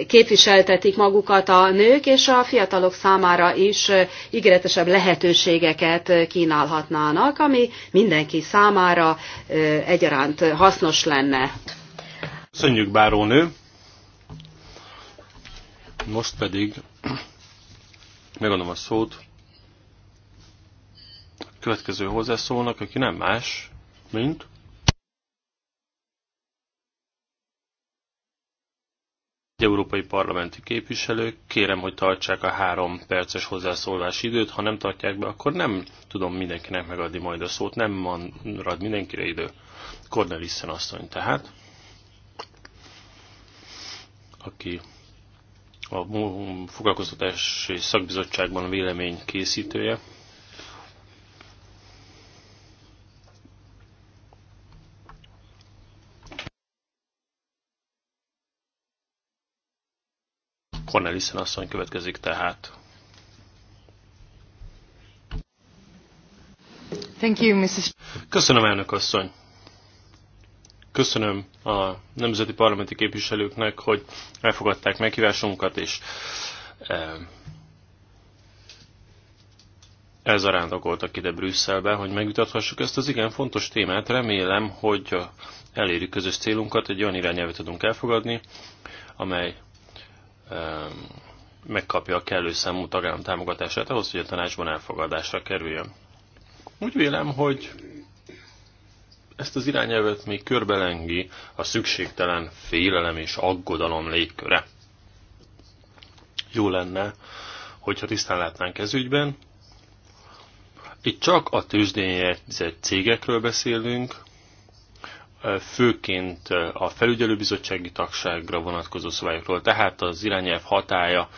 képviseltetik magukat a nők, és a fiatalok számára is ígéretesebb lehetőségeket kínálhatnának, ami mindenki számára egyaránt hasznos lenne. Köszönjük, bárónő! Most pedig megadom a szót a következő hozzászólnak, aki nem más, mint európai parlamenti képviselők, kérem, hogy tartsák a három perces hozzászólás időt, ha nem tartják be, akkor nem tudom mindenkinek megadni majd a szót, nem marad mindenkire idő. Cornelissen asszony tehát, aki a foglalkoztatási szakbizottságban vélemény készítője, Cornelissen asszony következik tehát. Thank you, Mrs. Köszönöm, elnök asszony. Köszönöm a nemzeti parlamenti képviselőknek, hogy elfogadták meghívásunkat, és ez arándokoltak ide Brüsszelbe, hogy megvitathassuk ezt az igen fontos témát. Remélem, hogy elérjük közös célunkat, egy olyan irányelvet tudunk elfogadni, amely megkapja a kellő számú tagállam támogatását ahhoz, hogy a tanácsban elfogadásra kerüljön. Úgy vélem, hogy ezt az irányelvet még körbelengi a szükségtelen félelem és aggodalom légköre. Jó lenne, hogyha tisztán látnánk ez ügyben. Itt csak a tőzsdén cégekről beszélünk, főként a felügyelőbizottsági tagságra vonatkozó szabályokról, tehát az irányelv hatája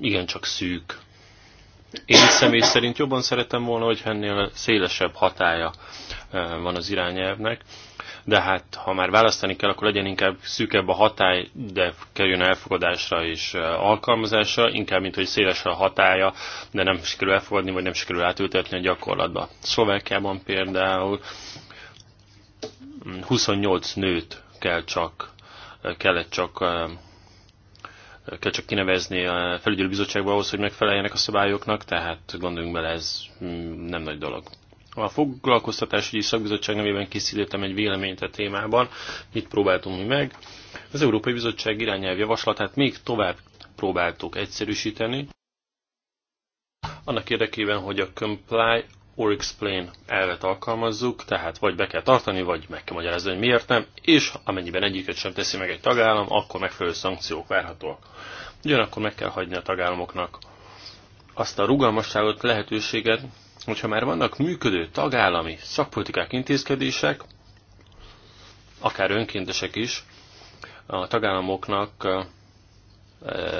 igencsak szűk. Én személy szerint jobban szeretem volna, hogy ennél szélesebb hatája van az irányelvnek, de hát ha már választani kell, akkor legyen inkább szűkebb a hatály, de kerüljön elfogadásra és eh, alkalmazásra, inkább, mint hogy széles a hatája, de nem sikerül elfogadni, vagy nem sikerül átültetni a gyakorlatba. Szlovákiában például 28 nőt kell csak, kellett csak eh, kell csak kinevezni a felügyelőbizottságba ahhoz, hogy megfeleljenek a szabályoknak, tehát gondoljunk bele, ez mm, nem nagy dolog. A foglalkoztatásügyi szakbizottság nevében készítettem egy véleményt a témában, mit próbáltunk mi meg. Az Európai Bizottság irányelv javaslatát még tovább próbáltuk egyszerűsíteni, annak érdekében, hogy a comply or explain elvet alkalmazzuk, tehát vagy be kell tartani, vagy meg kell magyarázni, hogy miért nem, és amennyiben egyiket sem teszi meg egy tagállam, akkor megfelelő szankciók várhatóak. Ugyanakkor meg kell hagyni a tagállamoknak azt a rugalmasságot, lehetőséget, hogyha már vannak működő tagállami szakpolitikák, intézkedések, akár önkéntesek is, a tagállamoknak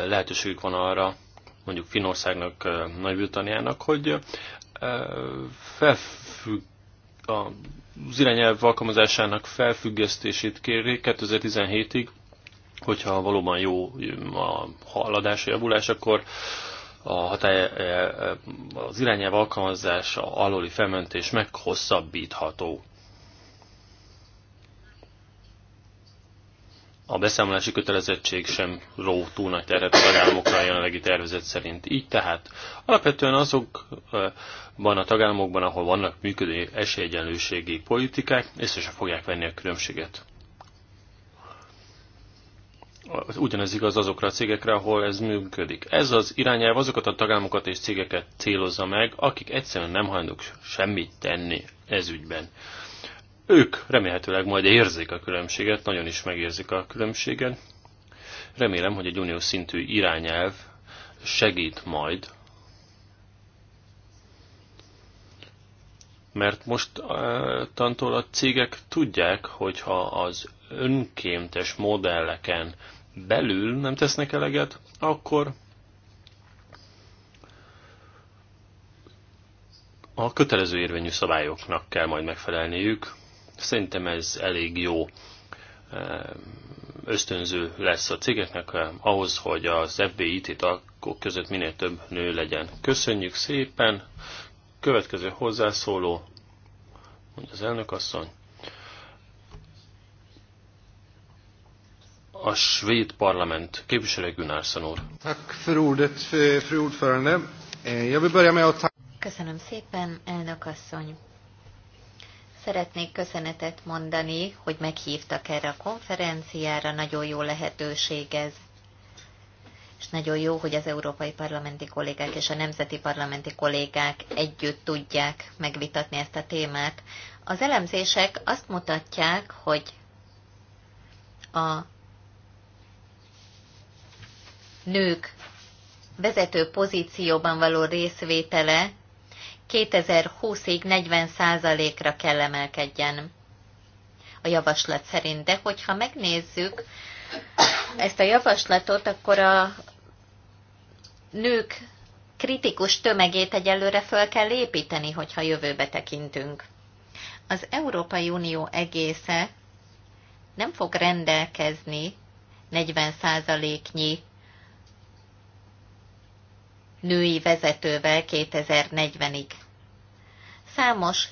lehetőségük van arra, mondjuk Finországnak, Nagy-Britanniának, hogy felfügg, az irányelv alkalmazásának felfüggesztését kéri 2017-ig, hogyha valóban jó a haladás, a javulás, akkor a hatály, az irányelv alkalmazása alóli felmentés meghosszabbítható. a beszámolási kötelezettség sem ró túl nagy terhet a tagállamokra a jelenlegi tervezet szerint. Így tehát alapvetően azokban a tagállamokban, ahol vannak működő esélyegyenlőségi politikák, észre sem fogják venni a különbséget. Ugyanez igaz azokra a cégekre, ahol ez működik. Ez az irányelv azokat a tagállamokat és cégeket célozza meg, akik egyszerűen nem hajlandók semmit tenni ez ügyben. Ők remélhetőleg majd érzik a különbséget, nagyon is megérzik a különbséget. Remélem, hogy egy uniós szintű irányelv segít majd, mert most eh, tantól a cégek tudják, hogyha az önkéntes modelleken belül nem tesznek eleget, akkor a kötelező érvényű szabályoknak kell majd megfelelniük, Szerintem ez elég jó eh, ösztönző lesz a cégeknek eh, ahhoz, hogy az FBIT alkok között minél több nő legyen. Köszönjük szépen! Következő hozzászóló, mondja az elnökasszony. A svéd parlament képviselő Gunnarsson úr. Eh, Köszönöm szépen, elnök asszony. Szeretnék köszönetet mondani, hogy meghívtak erre a konferenciára, nagyon jó lehetőség ez. És nagyon jó, hogy az európai parlamenti kollégák és a nemzeti parlamenti kollégák együtt tudják megvitatni ezt a témát. Az elemzések azt mutatják, hogy a nők vezető pozícióban való részvétele 2020-ig 40%-ra kell emelkedjen a javaslat szerint. De hogyha megnézzük ezt a javaslatot, akkor a nők kritikus tömegét egyelőre föl kell építeni, hogyha jövőbe tekintünk. Az Európai Unió egésze nem fog rendelkezni 40%-nyi női vezetővel 2040-ig. Számos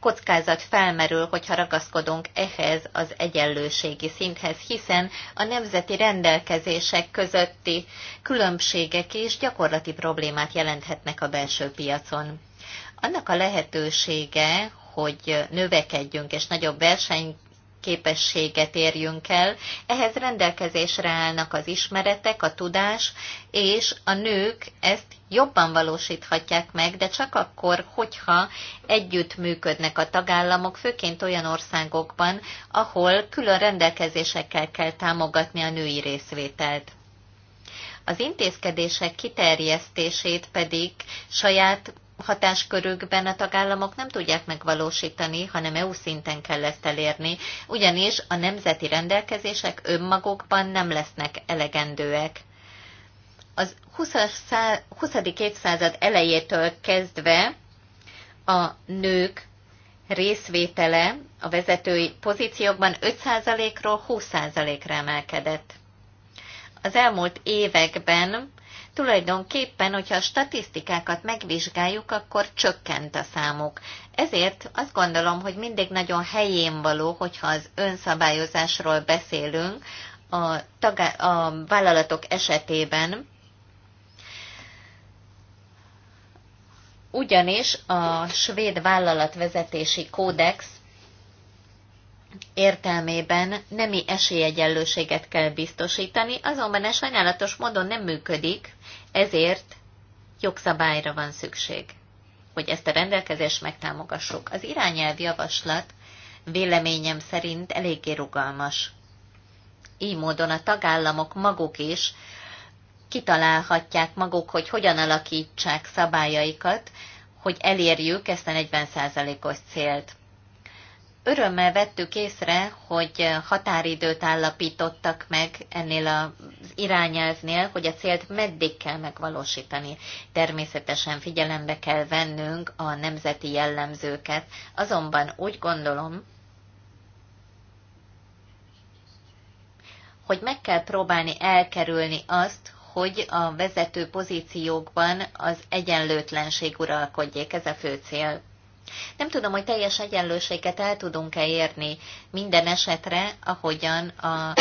kockázat felmerül, hogyha ragaszkodunk ehhez az egyenlőségi szinthez, hiszen a nemzeti rendelkezések közötti különbségek is gyakorlati problémát jelenthetnek a belső piacon. Annak a lehetősége, hogy növekedjünk és nagyobb versenyt képességet érjünk el. Ehhez rendelkezésre állnak az ismeretek, a tudás, és a nők ezt jobban valósíthatják meg, de csak akkor, hogyha együtt működnek a tagállamok, főként olyan országokban, ahol külön rendelkezésekkel kell támogatni a női részvételt. Az intézkedések kiterjesztését pedig saját hatáskörükben a tagállamok nem tudják megvalósítani, hanem EU szinten kell ezt elérni, ugyanis a nemzeti rendelkezések önmagukban nem lesznek elegendőek. Az 20. évszázad elejétől kezdve a nők részvétele a vezetői pozíciókban 5%-ról 20%-ra emelkedett. Az elmúlt években Tulajdonképpen, hogyha a statisztikákat megvizsgáljuk, akkor csökkent a számuk. Ezért azt gondolom, hogy mindig nagyon helyén való, hogyha az önszabályozásról beszélünk a, tagá- a vállalatok esetében, ugyanis a svéd vállalatvezetési kódex értelmében nemi esélyegyenlőséget kell biztosítani, azonban ez sajnálatos módon nem működik, ezért jogszabályra van szükség, hogy ezt a rendelkezést megtámogassuk. Az irányelv javaslat véleményem szerint eléggé rugalmas. Így módon a tagállamok maguk is kitalálhatják maguk, hogy hogyan alakítsák szabályaikat, hogy elérjük ezt a 40%-os célt. Örömmel vettük észre, hogy határidőt állapítottak meg ennél az irányelvnél, hogy a célt meddig kell megvalósítani. Természetesen figyelembe kell vennünk a nemzeti jellemzőket, azonban úgy gondolom, hogy meg kell próbálni elkerülni azt, hogy a vezető pozíciókban az egyenlőtlenség uralkodjék. Ez a fő cél. Nem tudom, hogy teljes egyenlőséget el tudunk-e érni minden esetre, ahogyan a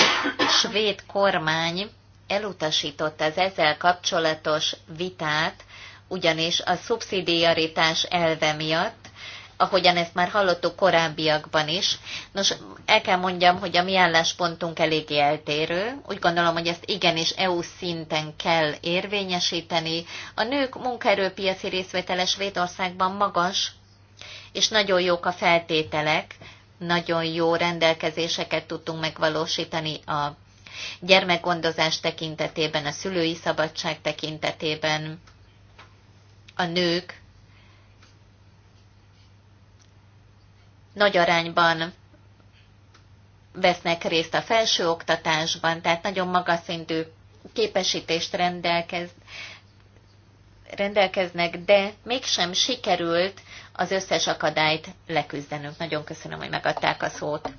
svéd kormány elutasította az ezzel kapcsolatos vitát, ugyanis a szubszidiaritás elve miatt, ahogyan ezt már hallottuk korábbiakban is. Nos, el kell mondjam, hogy a mi álláspontunk eléggé eltérő. Úgy gondolom, hogy ezt igenis EU szinten kell érvényesíteni. A nők munkaerőpiaci részvétele Svédországban magas, és nagyon jók a feltételek, nagyon jó rendelkezéseket tudtunk megvalósítani a gyermekgondozás tekintetében, a szülői szabadság tekintetében, a nők nagy arányban vesznek részt a felsőoktatásban, tehát nagyon magas szintű képesítést rendelkez, rendelkeznek, de mégsem sikerült az összes akadályt leküzdenünk. Nagyon köszönöm, hogy megadták a szót.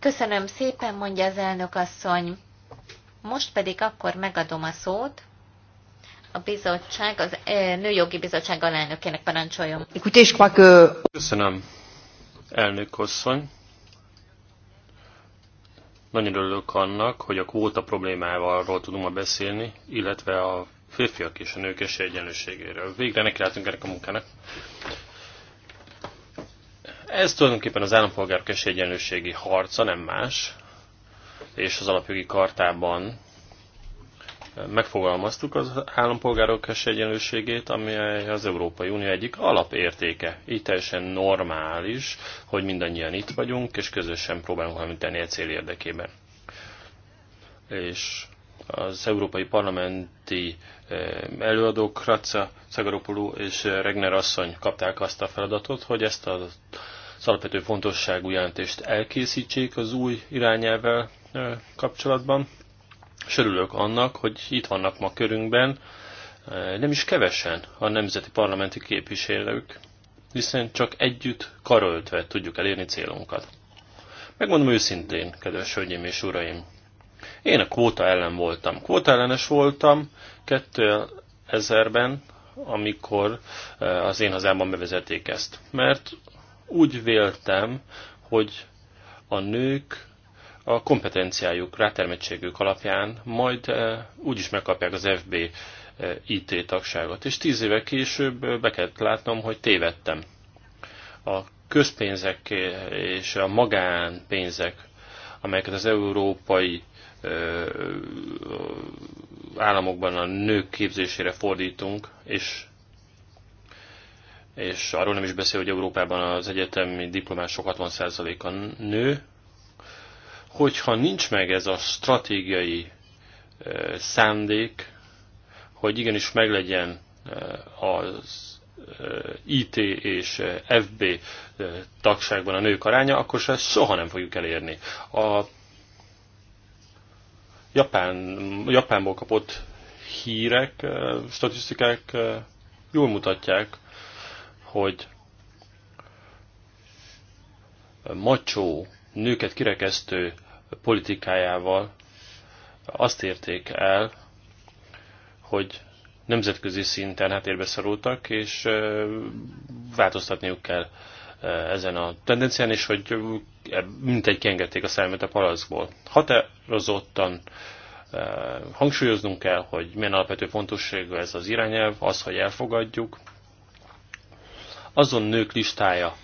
Köszönöm szépen, mondja az elnök asszony. Most pedig akkor megadom a szót a bizottság, az e, Nőjogi Bizottság alelnökének parancsoljon. Köszönöm, elnök asszony. Nagyon örülök annak, hogy a kvóta problémával tudunk ma beszélni, illetve a férfiak és a nők esélyegyenlőségéről. Végre nekilátunk ennek a munkának. Ez tulajdonképpen az állampolgárok esélyegyenlőségi harca, nem más, és az alapjogi kartában megfogalmaztuk az állampolgárok esélyegyenlőségét, ami az Európai Unió egyik alapértéke. Így teljesen normális, hogy mindannyian itt vagyunk, és közösen próbálunk valamit tenni a e cél érdekében. És az európai parlamenti eh, előadók, Kratza, Szagaropoulou és eh, Regner asszony kapták azt a feladatot, hogy ezt a az alapvető fontosságú jelentést elkészítsék az új irányelvvel eh, kapcsolatban. Sörülök annak, hogy itt vannak ma körünkben nem is kevesen a nemzeti parlamenti képviselők, hiszen csak együtt karöltve tudjuk elérni célunkat. Megmondom őszintén, kedves hölgyeim és uraim, én a kvóta ellen voltam. Kvóta ellenes voltam 2000-ben, amikor e, az én hazámban bevezették ezt. Mert úgy véltem, hogy a nők a kompetenciájuk, rátermettségük alapján majd e, úgyis megkapják az FB e, IT tagságot. És tíz éve később be kellett látnom, hogy tévedtem. A közpénzek és a magánpénzek, amelyeket az európai államokban a nők képzésére fordítunk, és és arról nem is beszél, hogy Európában az egyetemi diplomások 60%-a nő, hogyha nincs meg ez a stratégiai szándék, hogy igenis meglegyen az IT és FB tagságban a nők aránya, akkor se soha nem fogjuk elérni. A Japán, Japánból kapott hírek, statisztikák jól mutatják, hogy macsó, nőket kirekesztő politikájával azt érték el, hogy nemzetközi szinten hát érbeszorultak, és változtatniuk kell ezen a tendencián, és hogy mintegy kiengedték a szellemet a palackból. Határozottan hangsúlyoznunk kell, hogy milyen alapvető fontosságú ez az irányelv, az, hogy elfogadjuk. Azon nők listája,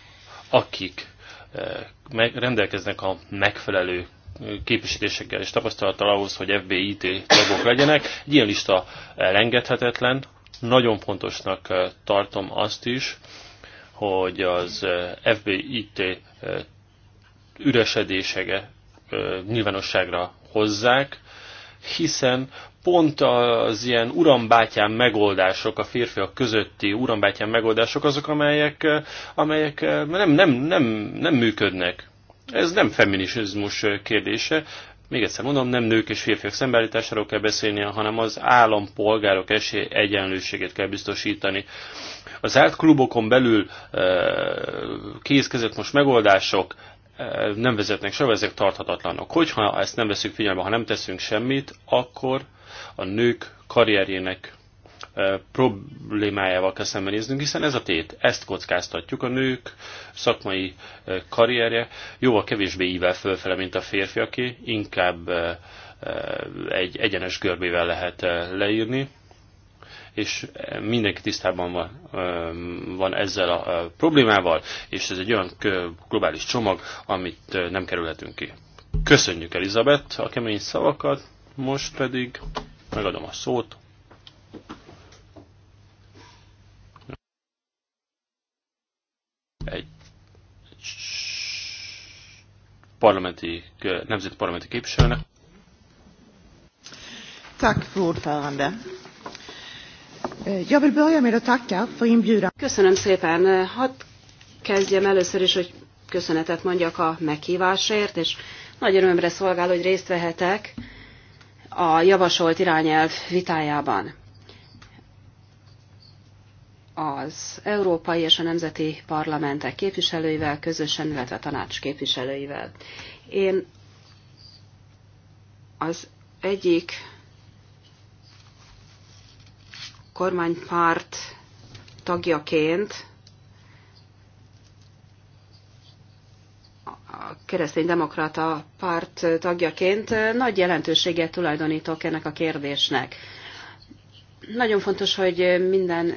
akik rendelkeznek a megfelelő képviselésekkel és tapasztalattal ahhoz, hogy FBIT tagok legyenek. Egy ilyen lista elengedhetetlen. Nagyon fontosnak tartom azt is, hogy az FBIT üresedésege nyilvánosságra hozzák, hiszen pont az ilyen urambátyám megoldások, a férfiak közötti urambátyám megoldások azok, amelyek, amelyek nem, nem, nem, nem működnek. Ez nem feminizmus kérdése, még egyszer mondom, nem nők és férfiak szembeállításáról kell beszélni, hanem az állampolgárok esély egyenlőségét kell biztosítani. Az zárt klubokon belül eh, kézkezett most megoldások eh, nem vezetnek sehova, ezek tarthatatlanok. Hogyha ezt nem veszünk figyelembe, ha nem teszünk semmit, akkor a nők karrierjének problémájával kell szembenéznünk, hiszen ez a tét, ezt kockáztatjuk. A nők szakmai karrierje jóval kevésbé ível fölfele, mint a férfiaké, inkább egy egyenes görbével lehet leírni, és mindenki tisztában van, van ezzel a problémával, és ez egy olyan globális csomag, amit nem kerülhetünk ki. Köszönjük Elizabeth a kemény szavakat, most pedig megadom a szót egy parlamenti, nemzeti parlamenti képviselőnek. Tack, fru ordförande. Jag vill börja med att tacka för inbjudan. Köszönöm szépen. Hadd kezdjem először is, hogy köszönetet mondjak a meghívásért, és nagy örömre szolgál, hogy részt vehetek a javasolt irányelv vitájában az európai és a nemzeti parlamentek képviselőivel közösen, illetve tanács képviselőivel. Én az egyik kormánypárt tagjaként a demokrata párt tagjaként nagy jelentőséget tulajdonítok ennek a kérdésnek. Nagyon fontos, hogy minden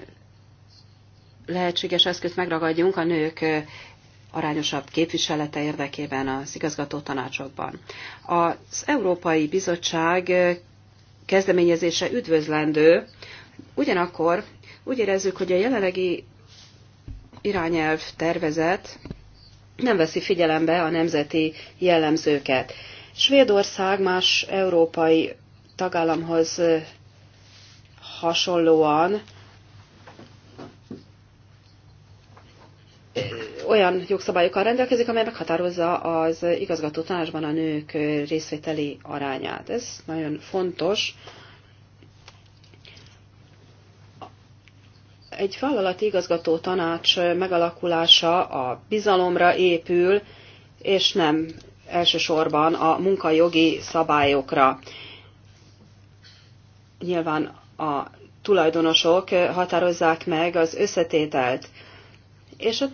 lehetséges eszközt megragadjunk a nők arányosabb képviselete érdekében az igazgató tanácsokban. Az Európai Bizottság kezdeményezése üdvözlendő, ugyanakkor úgy érezzük, hogy a jelenlegi irányelv tervezet nem veszi figyelembe a nemzeti jellemzőket. Svédország más európai tagállamhoz hasonlóan olyan jogszabályokkal rendelkezik, amely meghatározza az igazgató tanácsban a nők részvételi arányát. Ez nagyon fontos. Egy vállalati igazgató tanács megalakulása a bizalomra épül, és nem elsősorban a munkajogi szabályokra. Nyilván a tulajdonosok határozzák meg az összetételt, és a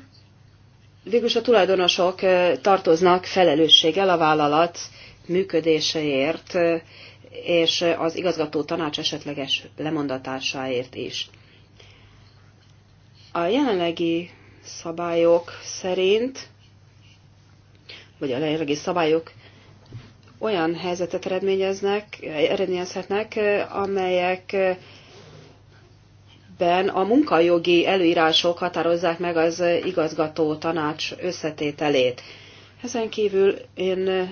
végülis a tulajdonosok tartoznak felelősséggel a vállalat működéseért, és az igazgató tanács esetleges lemondatásáért is. A jelenlegi szabályok szerint, vagy a jelenlegi szabályok olyan helyzetet eredményeznek, eredményezhetnek, amelyek évben a munkajogi előírások határozzák meg az igazgató tanács összetételét. Ezen kívül én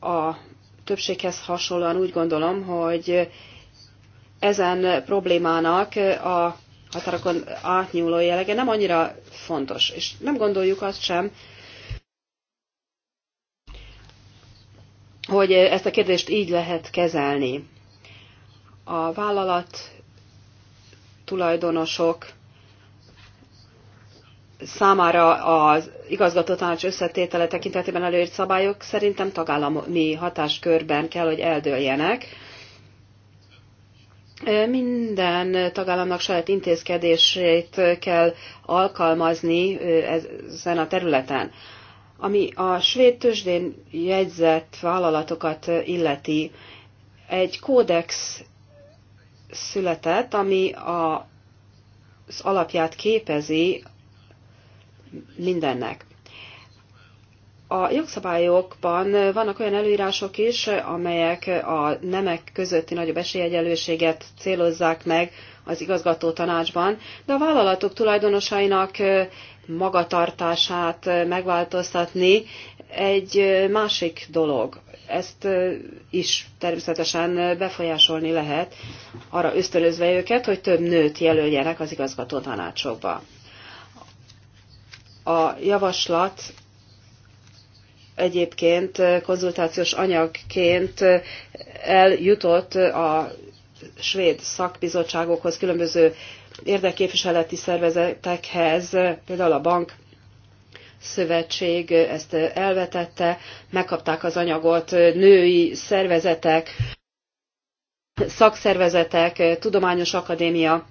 a többséghez hasonlóan úgy gondolom, hogy ezen problémának a határokon átnyúló jellege nem annyira fontos, és nem gondoljuk azt sem, hogy ezt a kérdést így lehet kezelni a vállalat tulajdonosok számára az tanács összetétele tekintetében előírt szabályok szerintem tagállami hatáskörben kell, hogy eldőljenek. Minden tagállamnak saját intézkedését kell alkalmazni ezen a területen. Ami a svéd tőzsdén jegyzett vállalatokat illeti, egy kódex született, ami a, az alapját képezi mindennek. A jogszabályokban vannak olyan előírások is, amelyek a nemek közötti nagyobb esélyegyelőséget célozzák meg az igazgató tanácsban, de a vállalatok tulajdonosainak magatartását megváltoztatni egy másik dolog ezt is természetesen befolyásolni lehet, arra ösztönözve őket, hogy több nőt jelöljenek az igazgató tanácsokba. A javaslat egyébként konzultációs anyagként eljutott a svéd szakbizottságokhoz, különböző érdekképviseleti szervezetekhez, például a bank szövetség ezt elvetette, megkapták az anyagot női szervezetek, szakszervezetek, tudományos akadémia.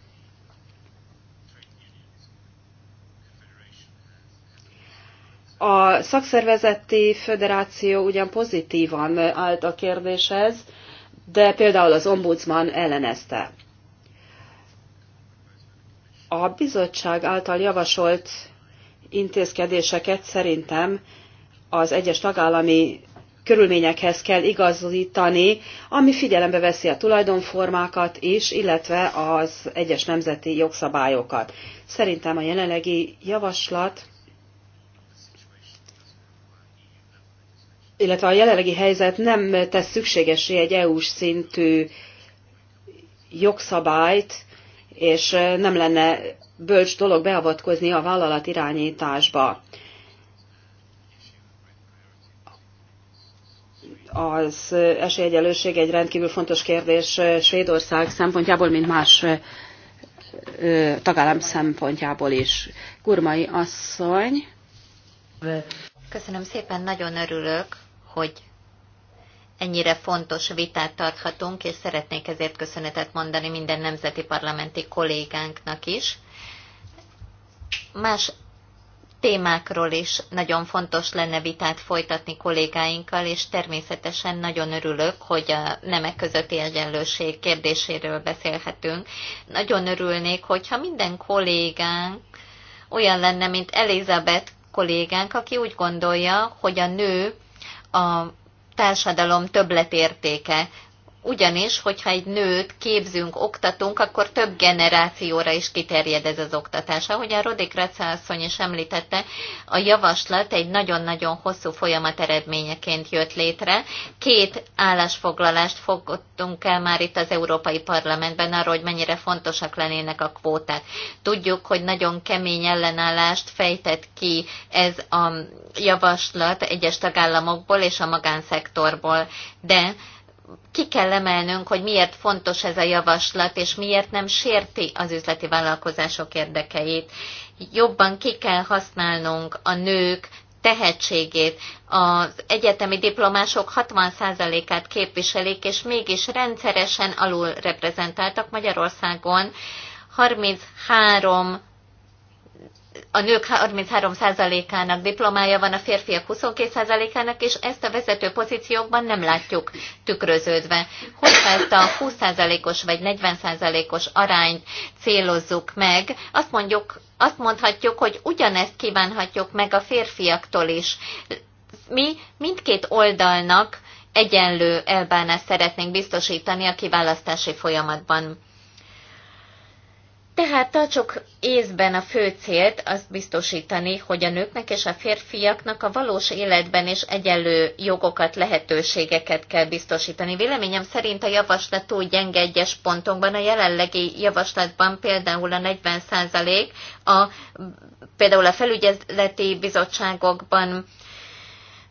A szakszervezeti föderáció ugyan pozitívan állt a kérdéshez, de például az ombudsman ellenezte. A bizottság által javasolt intézkedéseket szerintem az egyes tagállami körülményekhez kell igazítani, ami figyelembe veszi a tulajdonformákat is, illetve az egyes nemzeti jogszabályokat. Szerintem a jelenlegi javaslat, illetve a jelenlegi helyzet nem tesz szükségesé egy EU-s szintű jogszabályt, és nem lenne bölcs dolog beavatkozni a vállalat irányításba. Az esélyegyelőség egy rendkívül fontos kérdés Svédország szempontjából, mint más tagállam szempontjából is. Kurmai asszony. Köszönöm szépen, nagyon örülök, hogy ennyire fontos vitát tarthatunk, és szeretnék ezért köszönetet mondani minden nemzeti parlamenti kollégánknak is. Más témákról is nagyon fontos lenne vitát folytatni kollégáinkkal, és természetesen nagyon örülök, hogy a nemek közötti egyenlőség kérdéséről beszélhetünk. Nagyon örülnék, hogyha minden kollégánk olyan lenne, mint Elizabeth kollégánk, aki úgy gondolja, hogy a nő a társadalom többletértéke ugyanis, hogyha egy nőt képzünk, oktatunk, akkor több generációra is kiterjed ez az oktatás. Ahogy a Rodik Reca is említette, a javaslat egy nagyon-nagyon hosszú folyamat eredményeként jött létre. Két állásfoglalást fogottunk el már itt az Európai Parlamentben arról, hogy mennyire fontosak lennének a kvóták. Tudjuk, hogy nagyon kemény ellenállást fejtett ki ez a javaslat egyes tagállamokból és a magánszektorból, de ki kell emelnünk, hogy miért fontos ez a javaslat, és miért nem sérti az üzleti vállalkozások érdekeit. Jobban ki kell használnunk a nők tehetségét. Az egyetemi diplomások 60%-át képviselik, és mégis rendszeresen alul reprezentáltak Magyarországon. 33 a nők 33%-ának diplomája van, a férfiak 22%-ának, és ezt a vezető pozíciókban nem látjuk tükröződve. Hogyha ezt a 20%-os vagy 40%-os arányt célozzuk meg, azt, mondjuk, azt mondhatjuk, hogy ugyanezt kívánhatjuk meg a férfiaktól is. Mi mindkét oldalnak egyenlő elbánást szeretnénk biztosítani a kiválasztási folyamatban. Tehát tartsuk észben a fő célt, azt biztosítani, hogy a nőknek és a férfiaknak a valós életben is egyenlő jogokat, lehetőségeket kell biztosítani. Véleményem szerint a javaslat túl gyenge egyes pontokban, a jelenlegi javaslatban például a 40 százalék, a, például a felügyeleti bizottságokban,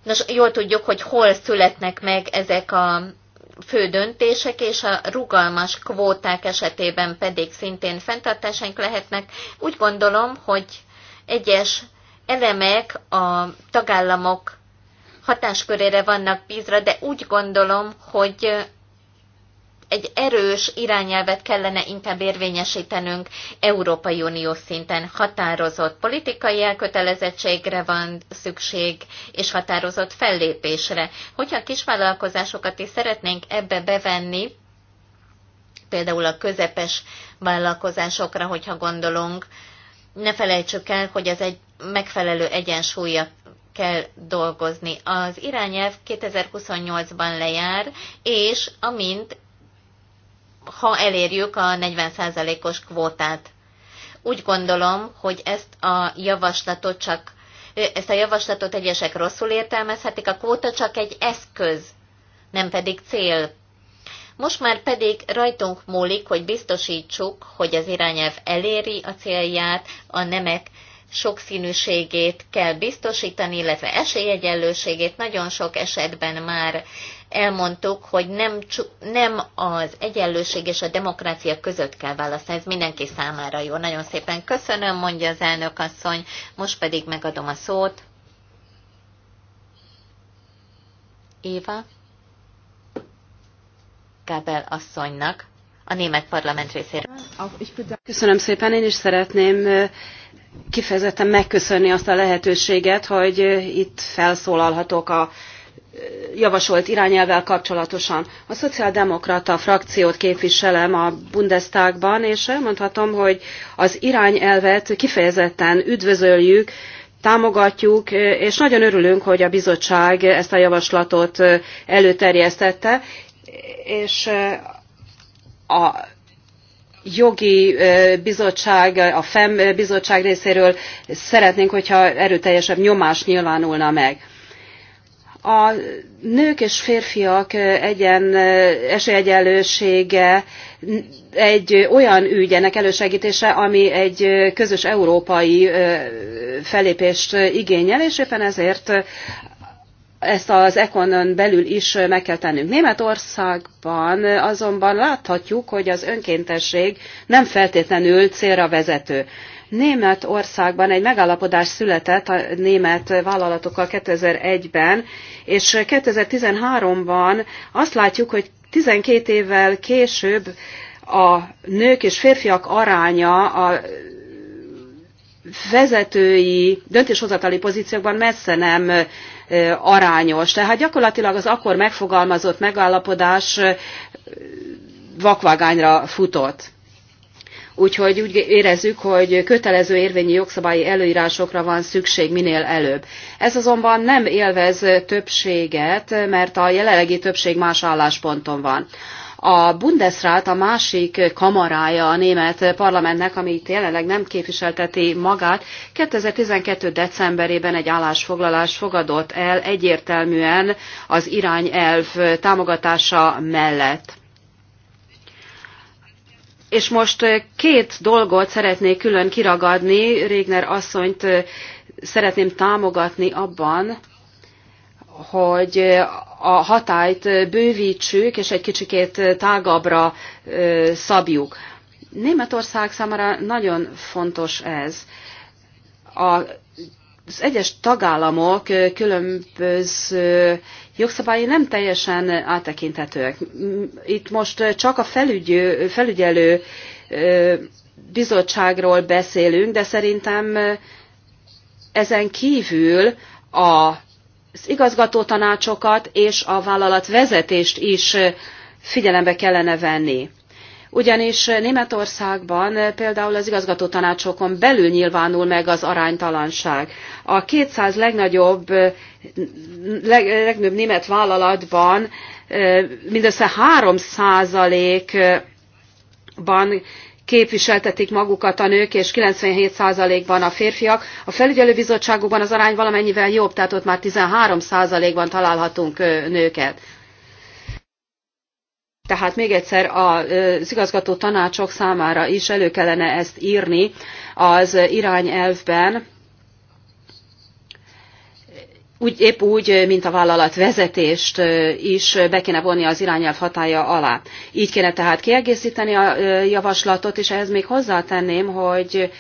nos, jól tudjuk, hogy hol születnek meg ezek a fő döntések, és a rugalmas kvóták esetében pedig szintén fenntartásaink lehetnek. Úgy gondolom, hogy egyes elemek a tagállamok hatáskörére vannak bízra, de úgy gondolom, hogy egy erős irányelvet kellene inkább érvényesítenünk Európai Unió szinten. Határozott politikai elkötelezettségre van szükség, és határozott fellépésre. Hogyha a kisvállalkozásokat is szeretnénk ebbe bevenni, például a közepes vállalkozásokra, hogyha gondolunk, ne felejtsük el, hogy ez egy megfelelő egyensúlya kell dolgozni. Az irányelv 2028-ban lejár, és amint ha elérjük a 40%-os kvótát. Úgy gondolom, hogy ezt a javaslatot csak ezt a javaslatot egyesek rosszul értelmezhetik, a kvóta csak egy eszköz, nem pedig cél. Most már pedig rajtunk múlik, hogy biztosítsuk, hogy az irányelv eléri a célját, a nemek sokszínűségét kell biztosítani, illetve esélyegyenlőségét nagyon sok esetben már elmondtuk, hogy nem, nem az egyenlőség és a demokrácia között kell választani, ez mindenki számára jó. Nagyon szépen köszönöm, mondja az elnök asszony, most pedig megadom a szót. Éva Gábel asszonynak a német parlament részéről. Köszönöm szépen, én is szeretném kifejezetten megköszönni azt a lehetőséget, hogy itt felszólalhatok a javasolt irányelvvel kapcsolatosan. A szociáldemokrata frakciót képviselem a Bundestagban, és elmondhatom, hogy az irányelvet kifejezetten üdvözöljük, támogatjuk, és nagyon örülünk, hogy a bizottság ezt a javaslatot előterjesztette, és a jogi bizottság, a FEM bizottság részéről szeretnénk, hogyha erőteljesebb nyomás nyilvánulna meg. A nők és férfiak egyen, esélyegyenlősége egy olyan ügy ennek elősegítése, ami egy közös európai felépést igényel, és éppen ezért ezt az ekonon belül is meg kell tennünk. Németországban azonban láthatjuk, hogy az önkéntesség nem feltétlenül célra vezető. Németországban egy megállapodás született a német vállalatokkal 2001-ben, és 2013-ban azt látjuk, hogy 12 évvel később a nők és férfiak aránya a vezetői döntéshozatali pozíciókban messze nem arányos. Tehát gyakorlatilag az akkor megfogalmazott megállapodás vakvágányra futott. Úgyhogy úgy érezzük, hogy kötelező érvényi jogszabályi előírásokra van szükség minél előbb. Ez azonban nem élvez többséget, mert a jelenlegi többség más állásponton van. A Bundesrat a másik kamarája a német parlamentnek, ami jelenleg nem képviselteti magát, 2012. decemberében egy állásfoglalás fogadott el egyértelműen az irányelv támogatása mellett. És most két dolgot szeretnék külön kiragadni. Régner asszonyt szeretném támogatni abban, hogy a hatályt bővítsük, és egy kicsikét tágabbra szabjuk. Németország számára nagyon fontos ez. A az egyes tagállamok különböző jogszabályi nem teljesen áttekinthetőek. Itt most csak a felügy, felügyelő bizottságról beszélünk, de szerintem ezen kívül az igazgató tanácsokat és a vállalat vezetést is figyelembe kellene venni ugyanis Németországban például az igazgatótanácsokon belül nyilvánul meg az aránytalanság. A 200 legnagyobb, leg, legnagyobb német vállalatban mindössze 3 ban képviseltetik magukat a nők, és 97%-ban a férfiak. A felügyelőbizottságokban az arány valamennyivel jobb, tehát ott már 13%-ban találhatunk nőket. Tehát még egyszer az igazgató tanácsok számára is elő kellene ezt írni az irányelvben, úgy, épp úgy, mint a vállalat vezetést is be kéne vonni az irányelv hatája alá. Így kéne tehát kiegészíteni a javaslatot, és ehhez még hozzátenném, hogy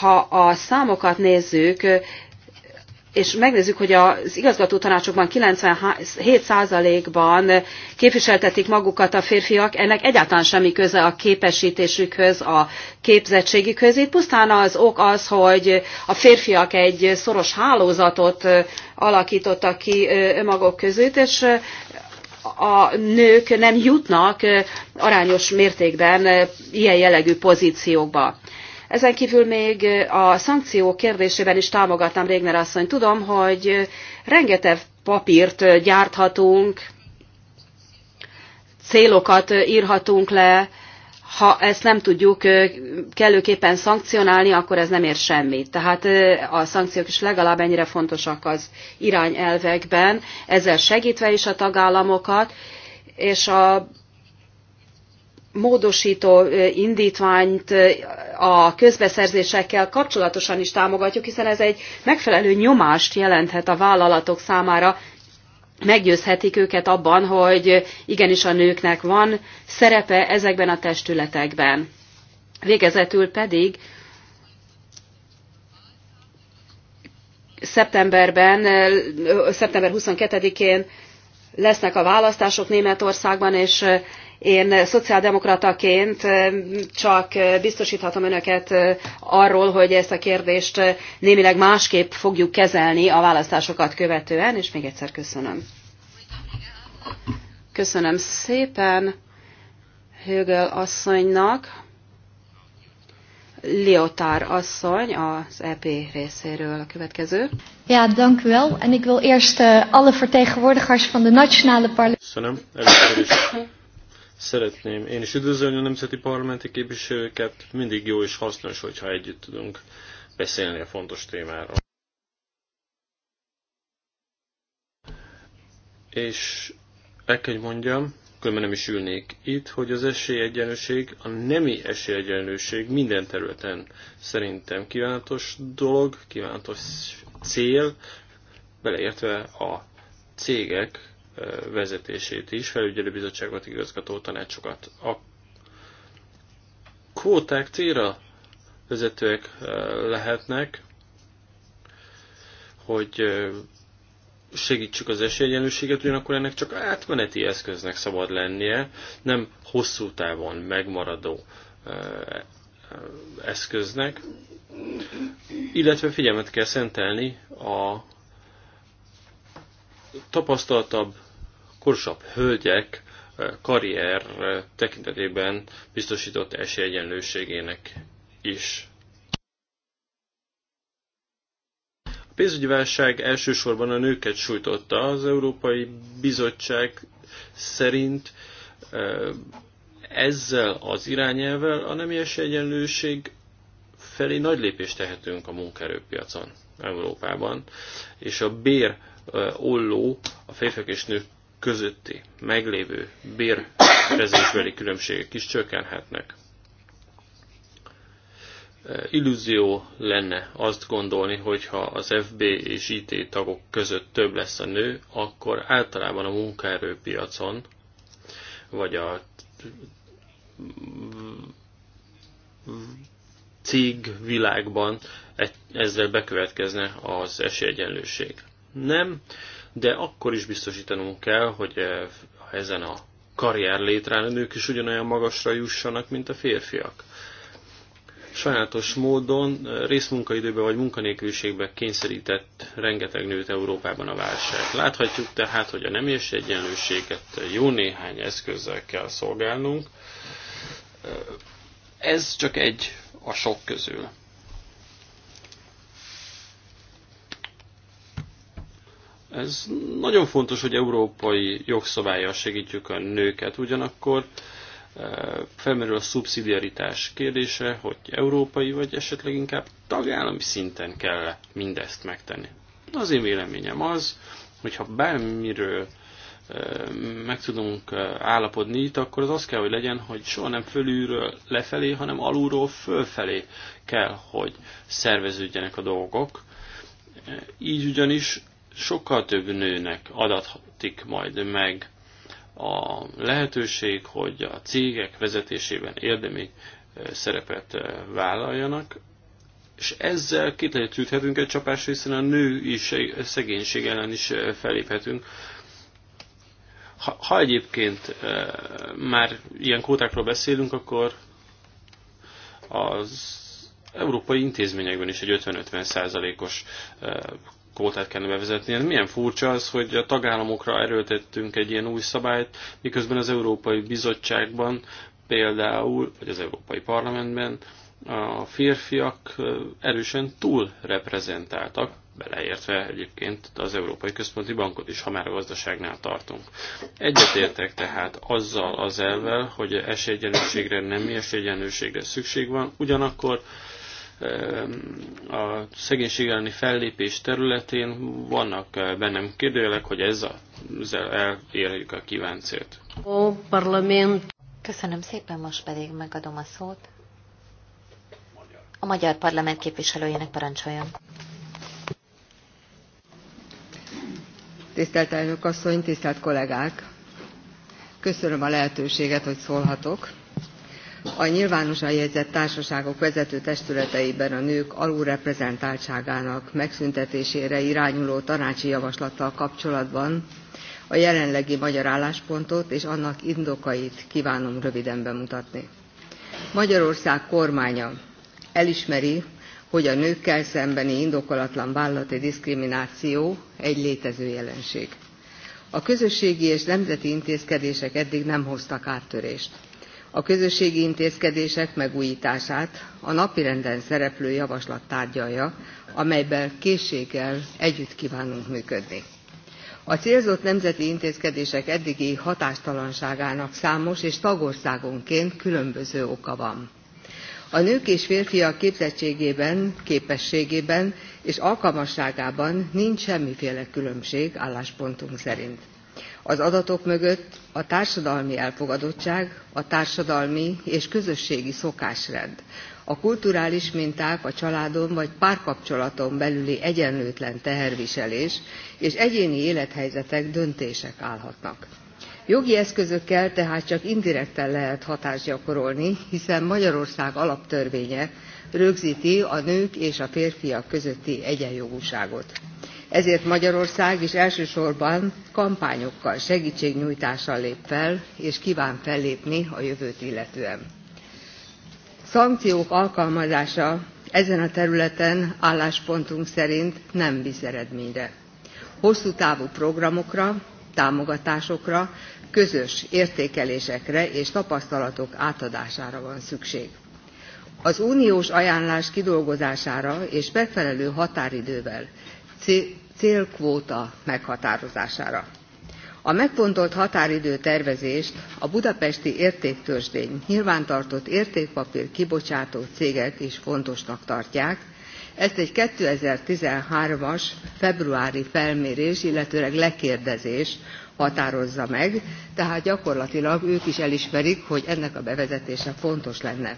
ha a számokat nézzük, és megnézzük, hogy az igazgató tanácsokban 97%-ban képviseltetik magukat a férfiak, ennek egyáltalán semmi köze a képesítésükhöz, a képzettségükhöz. Itt pusztán az ok az, hogy a férfiak egy szoros hálózatot alakítottak ki maguk között, és a nők nem jutnak arányos mértékben ilyen jellegű pozíciókba. Ezen kívül még a szankciók kérdésében is támogatnám Régner asszony. Tudom, hogy rengeteg papírt gyárthatunk, célokat írhatunk le, ha ezt nem tudjuk kellőképpen szankcionálni, akkor ez nem ér semmit. Tehát a szankciók is legalább ennyire fontosak az irányelvekben, ezzel segítve is a tagállamokat, és a módosító indítványt a közbeszerzésekkel kapcsolatosan is támogatjuk, hiszen ez egy megfelelő nyomást jelenthet a vállalatok számára, meggyőzhetik őket abban, hogy igenis a nőknek van szerepe ezekben a testületekben. Végezetül pedig szeptemberben, szeptember 22-én lesznek a választások Németországban, és én szociáldemokrataként csak biztosíthatom önöket arról, hogy ezt a kérdést némileg másképp fogjuk kezelni a választásokat követően, és még egyszer köszönöm. Köszönöm szépen Högel asszonynak. Liotár asszony az EP részéről a következő. Ja, dank u wel. En ik wil eerst eh, alle vertegenwoordigers van de nationale parlementen. Köszönöm. Szeretném én is üdvözölni a nemzeti parlamenti képviselőket, mindig jó és hasznos, hogyha együtt tudunk beszélni a fontos témáról. És el kell mondjam, különben nem is ülnék itt, hogy az esélyegyenlőség, a nemi esélyegyenlőség minden területen szerintem kívánatos dolog, kívánatos cél, beleértve a cégek vezetését is, felügyelőbizottságot, igazgató tanácsokat. A kvóták célra vezetőek lehetnek, hogy segítsük az esélyegyenlőséget, ugyanakkor ennek csak átmeneti eszköznek szabad lennie, nem hosszú távon megmaradó eszköznek, illetve figyelmet kell szentelni a tapasztaltabb, korsabb hölgyek eh, karrier eh, tekintetében biztosított esélyegyenlőségének is. A pénzügyi válság elsősorban a nőket sújtotta. Az Európai Bizottság szerint eh, ezzel az irányelvel a nemi esélyegyenlőség felé nagy lépést tehetünk a munkaerőpiacon Európában, és a bér olló a férfiak és nők közötti meglévő bérrezésbeli különbségek is csökkenhetnek. Illúzió lenne azt gondolni, hogy ha az FB és IT tagok között több lesz a nő, akkor általában a munkaerőpiacon, vagy a cég világban ezzel bekövetkezne az esélyegyenlőség nem, de akkor is biztosítanunk kell, hogy eh, ezen a karrier létrán a nők is ugyanolyan magasra jussanak, mint a férfiak. Sajnálatos módon eh, részmunkaidőbe vagy munkanélküliségbe kényszerített rengeteg nőt Európában a válság. Láthatjuk tehát, hogy a nem és egyenlőséget jó néhány eszközzel kell szolgálnunk. Eh, ez csak egy a sok közül. Ez nagyon fontos, hogy európai jogszabályjal segítjük a nőket, ugyanakkor e, felmerül a szubszidiaritás kérdése, hogy európai vagy esetleg inkább tagállami szinten kell -e mindezt megtenni. Az én véleményem az, hogyha bármiről e, meg tudunk e, állapodni itt, akkor az az kell, hogy legyen, hogy soha nem fölülről lefelé, hanem alulról fölfelé kell, hogy szerveződjenek a dolgok. Így ugyanis sokkal több nőnek adatik majd meg a lehetőség, hogy a cégek vezetésében érdemi szerepet vállaljanak, és ezzel két egy csapásra, hiszen a nő is szegénység ellen is feléphetünk. Ha, ha egyébként már ilyen kótákról beszélünk, akkor az európai intézményekben is egy 50-50 százalékos kvótát kellene bevezetni. Ez milyen furcsa az, hogy a tagállamokra erőltettünk egy ilyen új szabályt, miközben az Európai Bizottságban például, vagy az Európai Parlamentben a férfiak erősen túl reprezentáltak, beleértve egyébként az Európai Központi Bankot is, ha már a gazdaságnál tartunk. Egyetértek tehát azzal az elvel, hogy esélyegyenlőségre, nem esélyegyenlőségre szükség van, ugyanakkor a szegénység elleni fellépés területén vannak bennem kérdőjelek, hogy ez a, ezzel elérjük a kívánt célt. Ó, parlament! Köszönöm szépen, most pedig megadom a szót. A Magyar Parlament képviselőjének parancsoljon. Tisztelt elnök asszony, tisztelt kollégák! Köszönöm a lehetőséget, hogy szólhatok a nyilvánosan jegyzett társaságok vezető testületeiben a nők alulreprezentáltságának megszüntetésére irányuló tanácsi javaslattal kapcsolatban a jelenlegi magyar álláspontot és annak indokait kívánom röviden bemutatni. Magyarország kormánya elismeri, hogy a nőkkel szembeni indokolatlan vállalati diszkrimináció egy létező jelenség. A közösségi és nemzeti intézkedések eddig nem hoztak áttörést a közösségi intézkedések megújítását a napirenden szereplő javaslat tárgyalja, amelyben készséggel együtt kívánunk működni. A célzott nemzeti intézkedések eddigi hatástalanságának számos és tagországonként különböző oka van. A nők és férfiak képzettségében, képességében és alkalmasságában nincs semmiféle különbség álláspontunk szerint. Az adatok mögött a társadalmi elfogadottság, a társadalmi és közösségi szokásrend, a kulturális minták a családon vagy párkapcsolaton belüli egyenlőtlen teherviselés és egyéni élethelyzetek döntések állhatnak. Jogi eszközökkel tehát csak indirekten lehet hatást gyakorolni, hiszen Magyarország alaptörvénye rögzíti a nők és a férfiak közötti egyenjogúságot ezért magyarország is elsősorban kampányokkal segítségnyújtással lép fel és kíván fellépni a jövőt illetően. szankciók alkalmazása ezen a területen álláspontunk szerint nem visz eredményre. hosszú távú programokra támogatásokra közös értékelésekre és tapasztalatok átadására van szükség. Az uniós ajánlás kidolgozására és megfelelő határidővel célkvóta meghatározására. A megfontolt határidő tervezést a budapesti értéktörzsdény nyilvántartott értékpapír kibocsátó cégek is fontosnak tartják, ezt egy 2013-as februári felmérés, illetőleg lekérdezés határozza meg, tehát gyakorlatilag ők is elismerik, hogy ennek a bevezetése fontos lenne.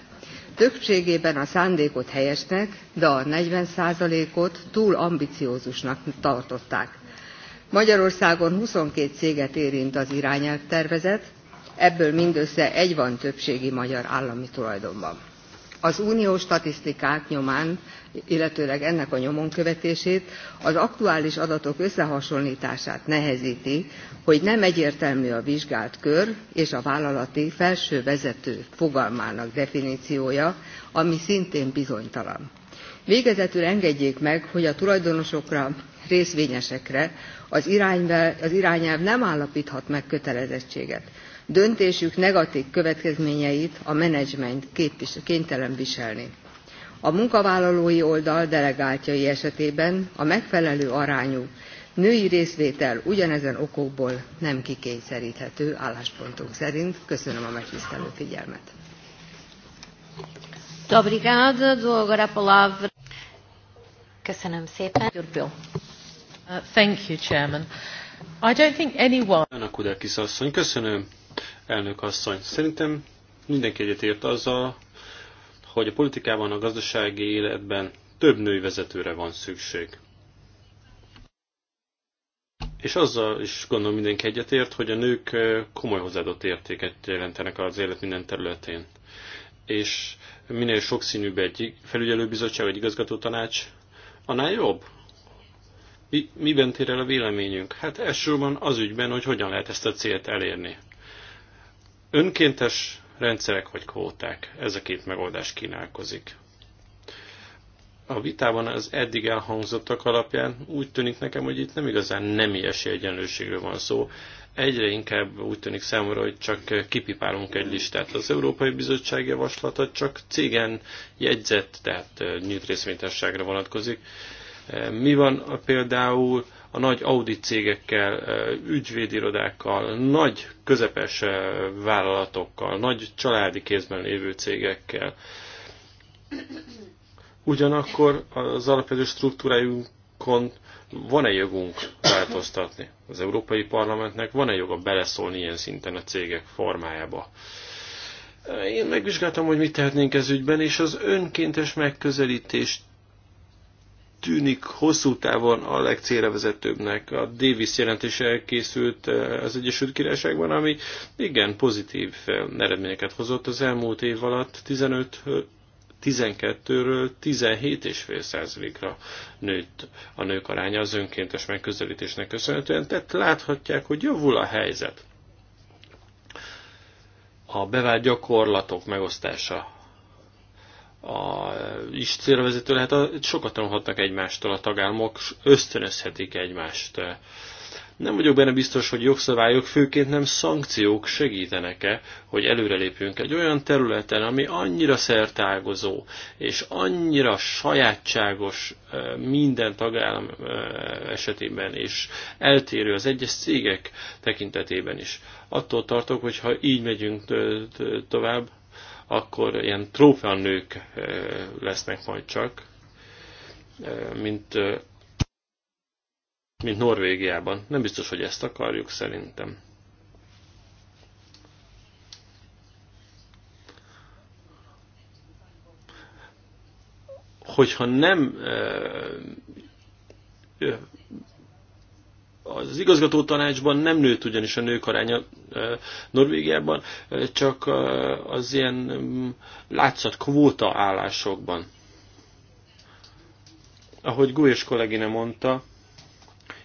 Többségében a szándékot helyesnek, de a 40%-ot túl ambiciózusnak tartották. Magyarországon 22 céget érint az irányelvtervezet, ebből mindössze egy van többségi magyar állami tulajdonban az uniós statisztikák nyomán, illetőleg ennek a nyomon követését az aktuális adatok összehasonlítását nehezíti, hogy nem egyértelmű a vizsgált kör és a vállalati felső vezető fogalmának definíciója, ami szintén bizonytalan. Végezetül engedjék meg, hogy a tulajdonosokra, részvényesekre az, iránybe, az irányelv nem állapíthat meg kötelezettséget döntésük negatív következményeit a menedzsment kénytelen viselni. A munkavállalói oldal delegáltjai esetében a megfelelő arányú női részvétel ugyanezen okokból nem kikényszeríthető álláspontunk szerint. Köszönöm a megtisztelő figyelmet. Köszönöm szépen. Uh, thank you, Chairman. I don't think anyone... Köszönöm, elnök asszony. Szerintem mindenki egyetért azzal, hogy a politikában, a gazdasági életben több női vezetőre van szükség. És azzal is gondolom mindenki egyetért, hogy a nők komoly hozzáadott értéket jelentenek az élet minden területén. És minél sokszínűbb egy felügyelőbizottság vagy igazgató tanács, annál jobb. Mi, miben tér el a véleményünk? Hát elsősorban az ügyben, hogy hogyan lehet ezt a célt elérni. Önkéntes rendszerek vagy kvóták, ez a két megoldás kínálkozik. A vitában az eddig elhangzottak alapján úgy tűnik nekem, hogy itt nem igazán nemi esélyegyenlőségről van szó, egyre inkább úgy tűnik számomra, hogy csak kipipálunk egy listát. Az Európai Bizottság javaslata csak cégen jegyzett, tehát nyílt részvénytárságra vonatkozik. Mi van a például a nagy audit cégekkel, ügyvédirodákkal, nagy közepes vállalatokkal, nagy családi kézben lévő cégekkel. Ugyanakkor az alapvető struktúrájunkon van-e jogunk változtatni? Az Európai Parlamentnek van-e joga beleszólni ilyen szinten a cégek formájába? Én megvizsgáltam, hogy mit tehetnénk ez ügyben, és az önkéntes megközelítést tűnik hosszú távon a legcélre vezetőbbnek. A Davis jelentés elkészült eh, az Egyesült Királyságban, ami igen pozitív eh, eredményeket hozott az elmúlt év alatt 15 12-ről 17,5%-ra nőtt a nők aránya az önkéntes megközelítésnek köszönhetően, tehát láthatják, hogy javul a helyzet. A bevált gyakorlatok megosztása a, is célvezető lehet, a, sokat tanulhatnak egymástól a tagállamok, ösztönözhetik egymást. Nem vagyok benne biztos, hogy jogszabályok, főként nem szankciók segítenek-e, hogy előrelépjünk egy olyan területen, ami annyira szertágozó és annyira sajátságos minden tagállam esetében, és eltérő az egyes cégek tekintetében is. Attól tartok, hogy ha így megyünk tovább, akkor ilyen trófeanők eh, lesznek majd csak, eh, mint, eh, mint Norvégiában. Nem biztos, hogy ezt akarjuk szerintem. Hogyha nem az igazgató tanácsban nem nőtt ugyanis a nők aránya Norvégiában, csak az ilyen mm, látszat kvóta állásokban. Ahogy Gulyás kollégine mondta,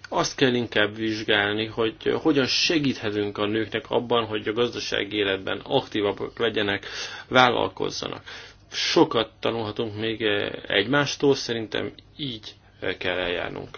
azt kell inkább vizsgálni, hogy hogyan segíthetünk a nőknek abban, hogy a gazdasági életben aktívabbak legyenek, vállalkozzanak. Sokat tanulhatunk még egymástól, szerintem így kell eljárnunk.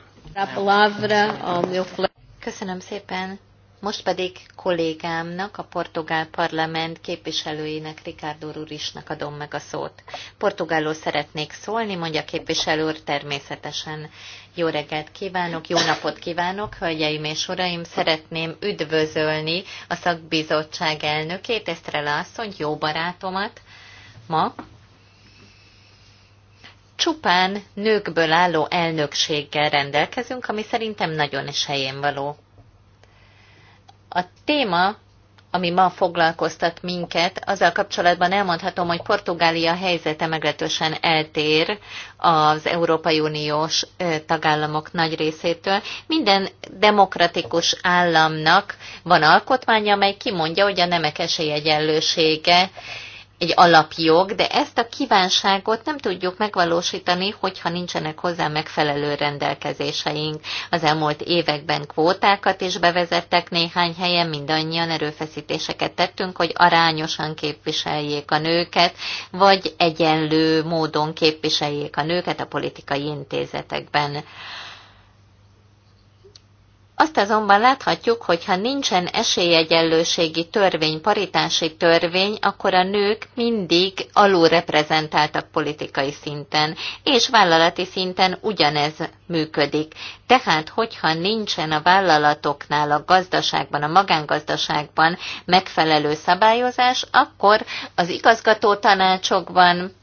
Köszönöm szépen. Most pedig kollégámnak, a portugál parlament képviselőjének, Ricardo Rurisnak adom meg a szót. Portugálról szeretnék szólni, mondja képviselő úr, természetesen jó reggelt kívánok, jó napot kívánok, hölgyeim és uraim, szeretném üdvözölni a szakbizottság elnökét, Esztrela asszonyt, jó barátomat ma, csupán nőkből álló elnökséggel rendelkezünk, ami szerintem nagyon is helyén való. A téma, ami ma foglalkoztat minket, azzal kapcsolatban elmondhatom, hogy Portugália helyzete meglehetősen eltér az Európai Uniós tagállamok nagy részétől. Minden demokratikus államnak van alkotmánya, amely kimondja, hogy a nemek esélyegyenlősége egy alapjog, de ezt a kívánságot nem tudjuk megvalósítani, hogyha nincsenek hozzá megfelelő rendelkezéseink. Az elmúlt években kvótákat is bevezettek néhány helyen, mindannyian erőfeszítéseket tettünk, hogy arányosan képviseljék a nőket, vagy egyenlő módon képviseljék a nőket a politikai intézetekben. Azt azonban láthatjuk, hogy ha nincsen esélyegyenlőségi törvény, paritási törvény, akkor a nők mindig alulreprezentáltak politikai szinten, és vállalati szinten ugyanez működik. Tehát, hogyha nincsen a vállalatoknál, a gazdaságban, a magángazdaságban megfelelő szabályozás, akkor az igazgató tanácsokban,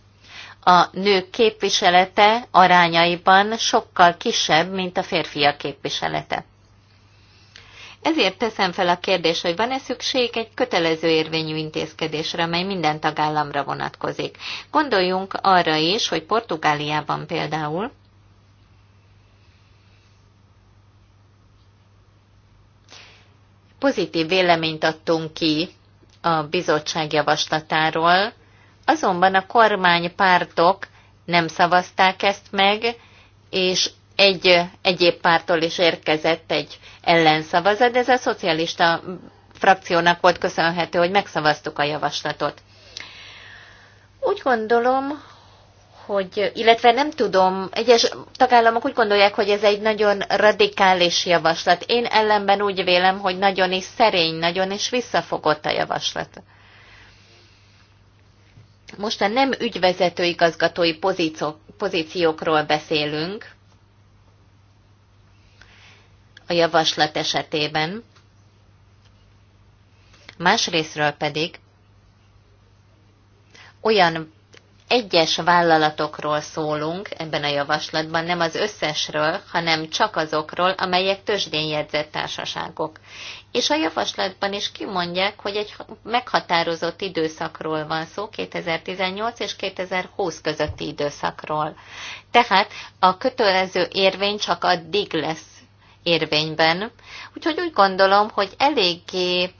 a nők képviselete arányaiban sokkal kisebb, mint a férfiak képviselete. Ezért teszem fel a kérdést, hogy van-e szükség egy kötelező érvényű intézkedésre, amely minden tagállamra vonatkozik. Gondoljunk arra is, hogy Portugáliában például pozitív véleményt adtunk ki a bizottság javaslatáról, azonban a kormánypártok nem szavazták ezt meg, és egy egyéb pártól is érkezett egy ellenszavazat, de ez a szocialista frakciónak volt köszönhető, hogy megszavaztuk a javaslatot. Úgy gondolom, hogy, illetve nem tudom, egyes tagállamok úgy gondolják, hogy ez egy nagyon radikális javaslat. Én ellenben úgy vélem, hogy nagyon is szerény, nagyon is visszafogott a javaslat. Most a nem ügyvezető igazgatói pozíciókról beszélünk, a javaslat esetében, másrésztről pedig olyan egyes vállalatokról szólunk ebben a javaslatban, nem az összesről, hanem csak azokról, amelyek tőzsdén jegyzett társaságok. És a javaslatban is kimondják, hogy egy meghatározott időszakról van szó, 2018 és 2020 közötti időszakról. Tehát a kötelező érvény csak addig lesz érvényben. Úgyhogy úgy gondolom, hogy eléggé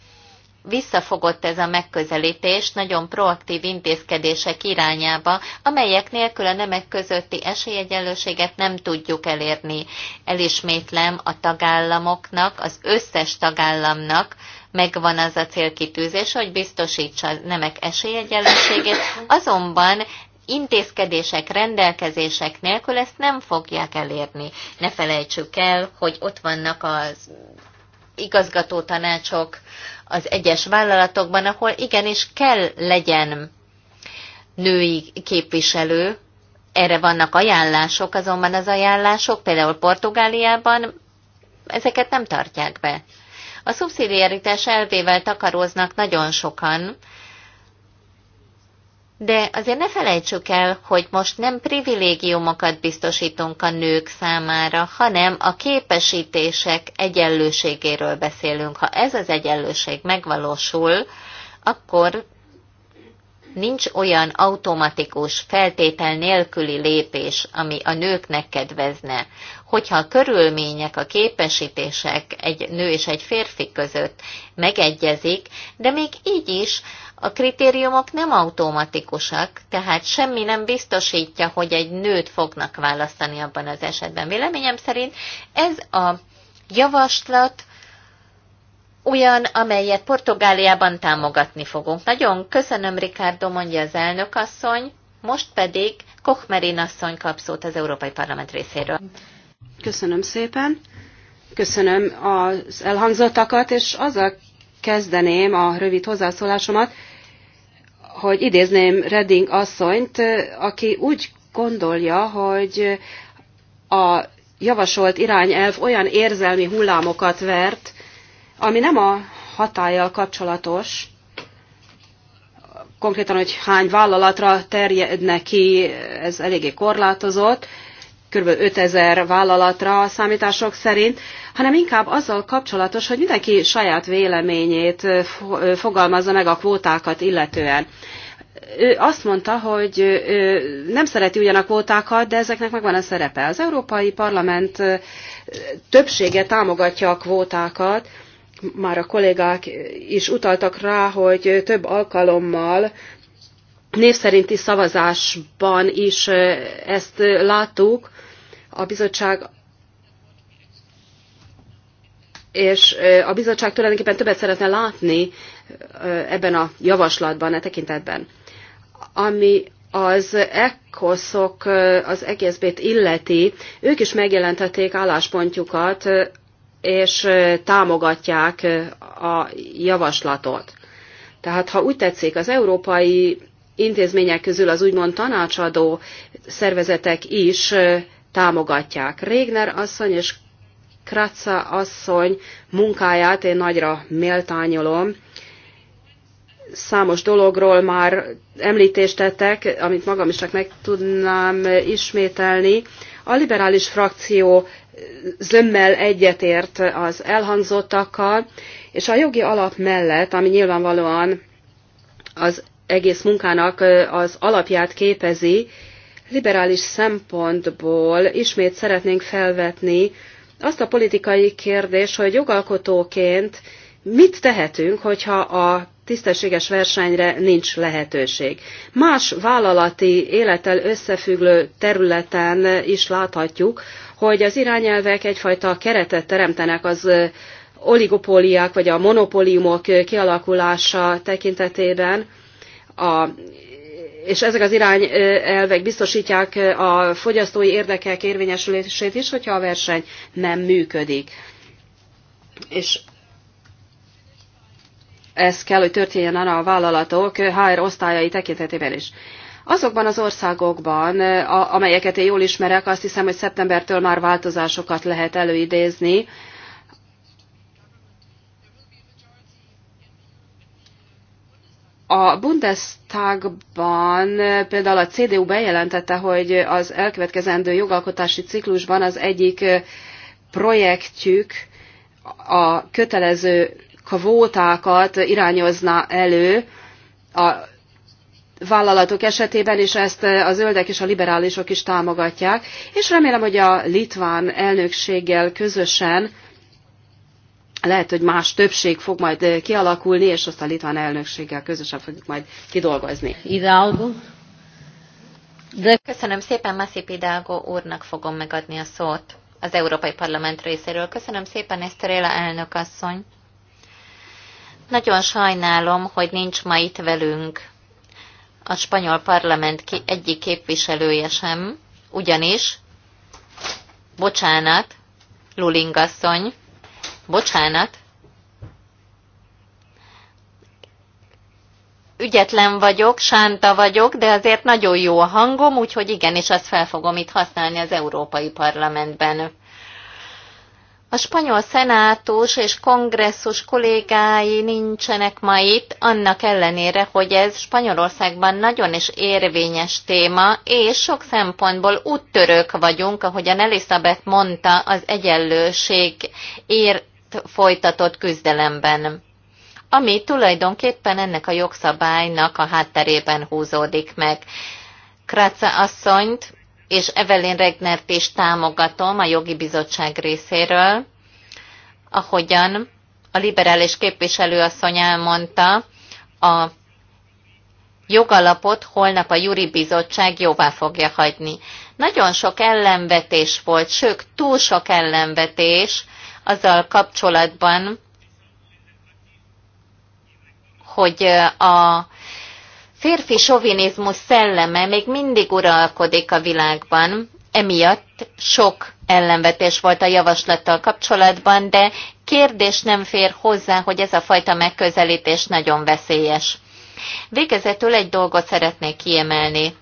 visszafogott ez a megközelítés nagyon proaktív intézkedések irányába, amelyek nélkül a nemek közötti esélyegyenlőséget nem tudjuk elérni. Elismétlem a tagállamoknak, az összes tagállamnak, megvan az a célkitűzés, hogy biztosítsa a nemek esélyegyenlőségét, azonban intézkedések, rendelkezések nélkül ezt nem fogják elérni. Ne felejtsük el, hogy ott vannak az igazgató tanácsok az egyes vállalatokban, ahol igenis kell legyen női képviselő, erre vannak ajánlások, azonban az ajánlások például Portugáliában ezeket nem tartják be. A szubszidiaritás elvével takaróznak nagyon sokan, de azért ne felejtsük el, hogy most nem privilégiumokat biztosítunk a nők számára, hanem a képesítések egyenlőségéről beszélünk. Ha ez az egyenlőség megvalósul, akkor nincs olyan automatikus, feltétel nélküli lépés, ami a nőknek kedvezne. Hogyha a körülmények, a képesítések egy nő és egy férfi között megegyezik, de még így is a kritériumok nem automatikusak, tehát semmi nem biztosítja, hogy egy nőt fognak választani abban az esetben. Véleményem szerint ez a javaslat olyan, amelyet Portugáliában támogatni fogunk. Nagyon köszönöm, Ricardo, mondja az elnök asszony, most pedig Kochmerin asszony kap szót az Európai Parlament részéről. Köszönöm szépen, köszönöm az elhangzottakat, és azzal kezdeném a rövid hozzászólásomat, hogy idézném Redding asszonyt, aki úgy gondolja, hogy a javasolt irányelv olyan érzelmi hullámokat vert, ami nem a hatállyal kapcsolatos, konkrétan, hogy hány vállalatra terjedne ki, ez eléggé korlátozott, kb. 5000 vállalatra a számítások szerint, hanem inkább azzal kapcsolatos, hogy mindenki saját véleményét fogalmazza meg a kvótákat illetően. Ő azt mondta, hogy nem szereti ugyan a kvótákat, de ezeknek megvan a szerepe. Az Európai Parlament többsége támogatja a kvótákat, már a kollégák is utaltak rá, hogy több alkalommal név szerinti szavazásban is ezt láttuk, a bizottság és a bizottság tulajdonképpen többet szeretne látni ebben a javaslatban, a e tekintetben. Ami az ECOSZok az t illeti, ők is megjelentették álláspontjukat, és támogatják a javaslatot. Tehát, ha úgy tetszik, az európai intézmények közül az úgymond tanácsadó szervezetek is támogatják. Régner asszony és Kratza asszony munkáját én nagyra méltányolom. Számos dologról már említést tettek, amit magam is csak meg tudnám ismételni. A liberális frakció zömmel egyetért az elhangzottakkal, és a jogi alap mellett, ami nyilvánvalóan az egész munkának az alapját képezi, liberális szempontból ismét szeretnénk felvetni azt a politikai kérdést, hogy jogalkotóként mit tehetünk, hogyha a tisztességes versenyre nincs lehetőség. Más vállalati élettel összefüggő területen is láthatjuk, hogy az irányelvek egyfajta keretet teremtenek az oligopóliák vagy a monopóliumok kialakulása tekintetében a és ezek az irányelvek biztosítják a fogyasztói érdekek érvényesülését is, hogyha a verseny nem működik. És ez kell, hogy történjen a vállalatok HR osztályai tekintetében is. Azokban az országokban, amelyeket én jól ismerek, azt hiszem, hogy szeptembertől már változásokat lehet előidézni, A Bundestagban például a CDU bejelentette, hogy az elkövetkezendő jogalkotási ciklusban az egyik projektjük a kötelező kvótákat irányozna elő a vállalatok esetében, és ezt a zöldek és a liberálisok is támogatják, és remélem, hogy a litván elnökséggel közösen lehet, hogy más többség fog majd eh, kialakulni, és azt a litván elnökséggel közösen fogjuk majd kidolgozni. Hidalgo. De... Köszönöm szépen, Massi Pidalgo úrnak fogom megadni a szót az Európai Parlament részéről. Köszönöm szépen, Eszteréla elnökasszony. Nagyon sajnálom, hogy nincs ma itt velünk a spanyol parlament egyik képviselője sem, ugyanis, bocsánat, Lulingasszony, Bocsánat. Ügyetlen vagyok, sánta vagyok, de azért nagyon jó a hangom, úgyhogy igen, és azt fel fogom itt használni az Európai Parlamentben. A spanyol szenátus és kongresszus kollégái nincsenek ma itt, annak ellenére, hogy ez Spanyolországban nagyon is érvényes téma, és sok szempontból úttörők vagyunk, ahogyan Elizabeth mondta, az egyenlőség ér folytatott küzdelemben, ami tulajdonképpen ennek a jogszabálynak a hátterében húzódik meg. Kráca asszonyt és Evelyn Regnert is támogatom a jogi bizottság részéről, ahogyan a liberális képviselőasszony elmondta, a jogalapot holnap a Juri Bizottság jóvá fogja hagyni. Nagyon sok ellenvetés volt, sőt túl sok ellenvetés azzal kapcsolatban, hogy a férfi sovinizmus szelleme még mindig uralkodik a világban, emiatt sok ellenvetés volt a javaslattal kapcsolatban, de kérdés nem fér hozzá, hogy ez a fajta megközelítés nagyon veszélyes. Végezetül egy dolgot szeretnék kiemelni.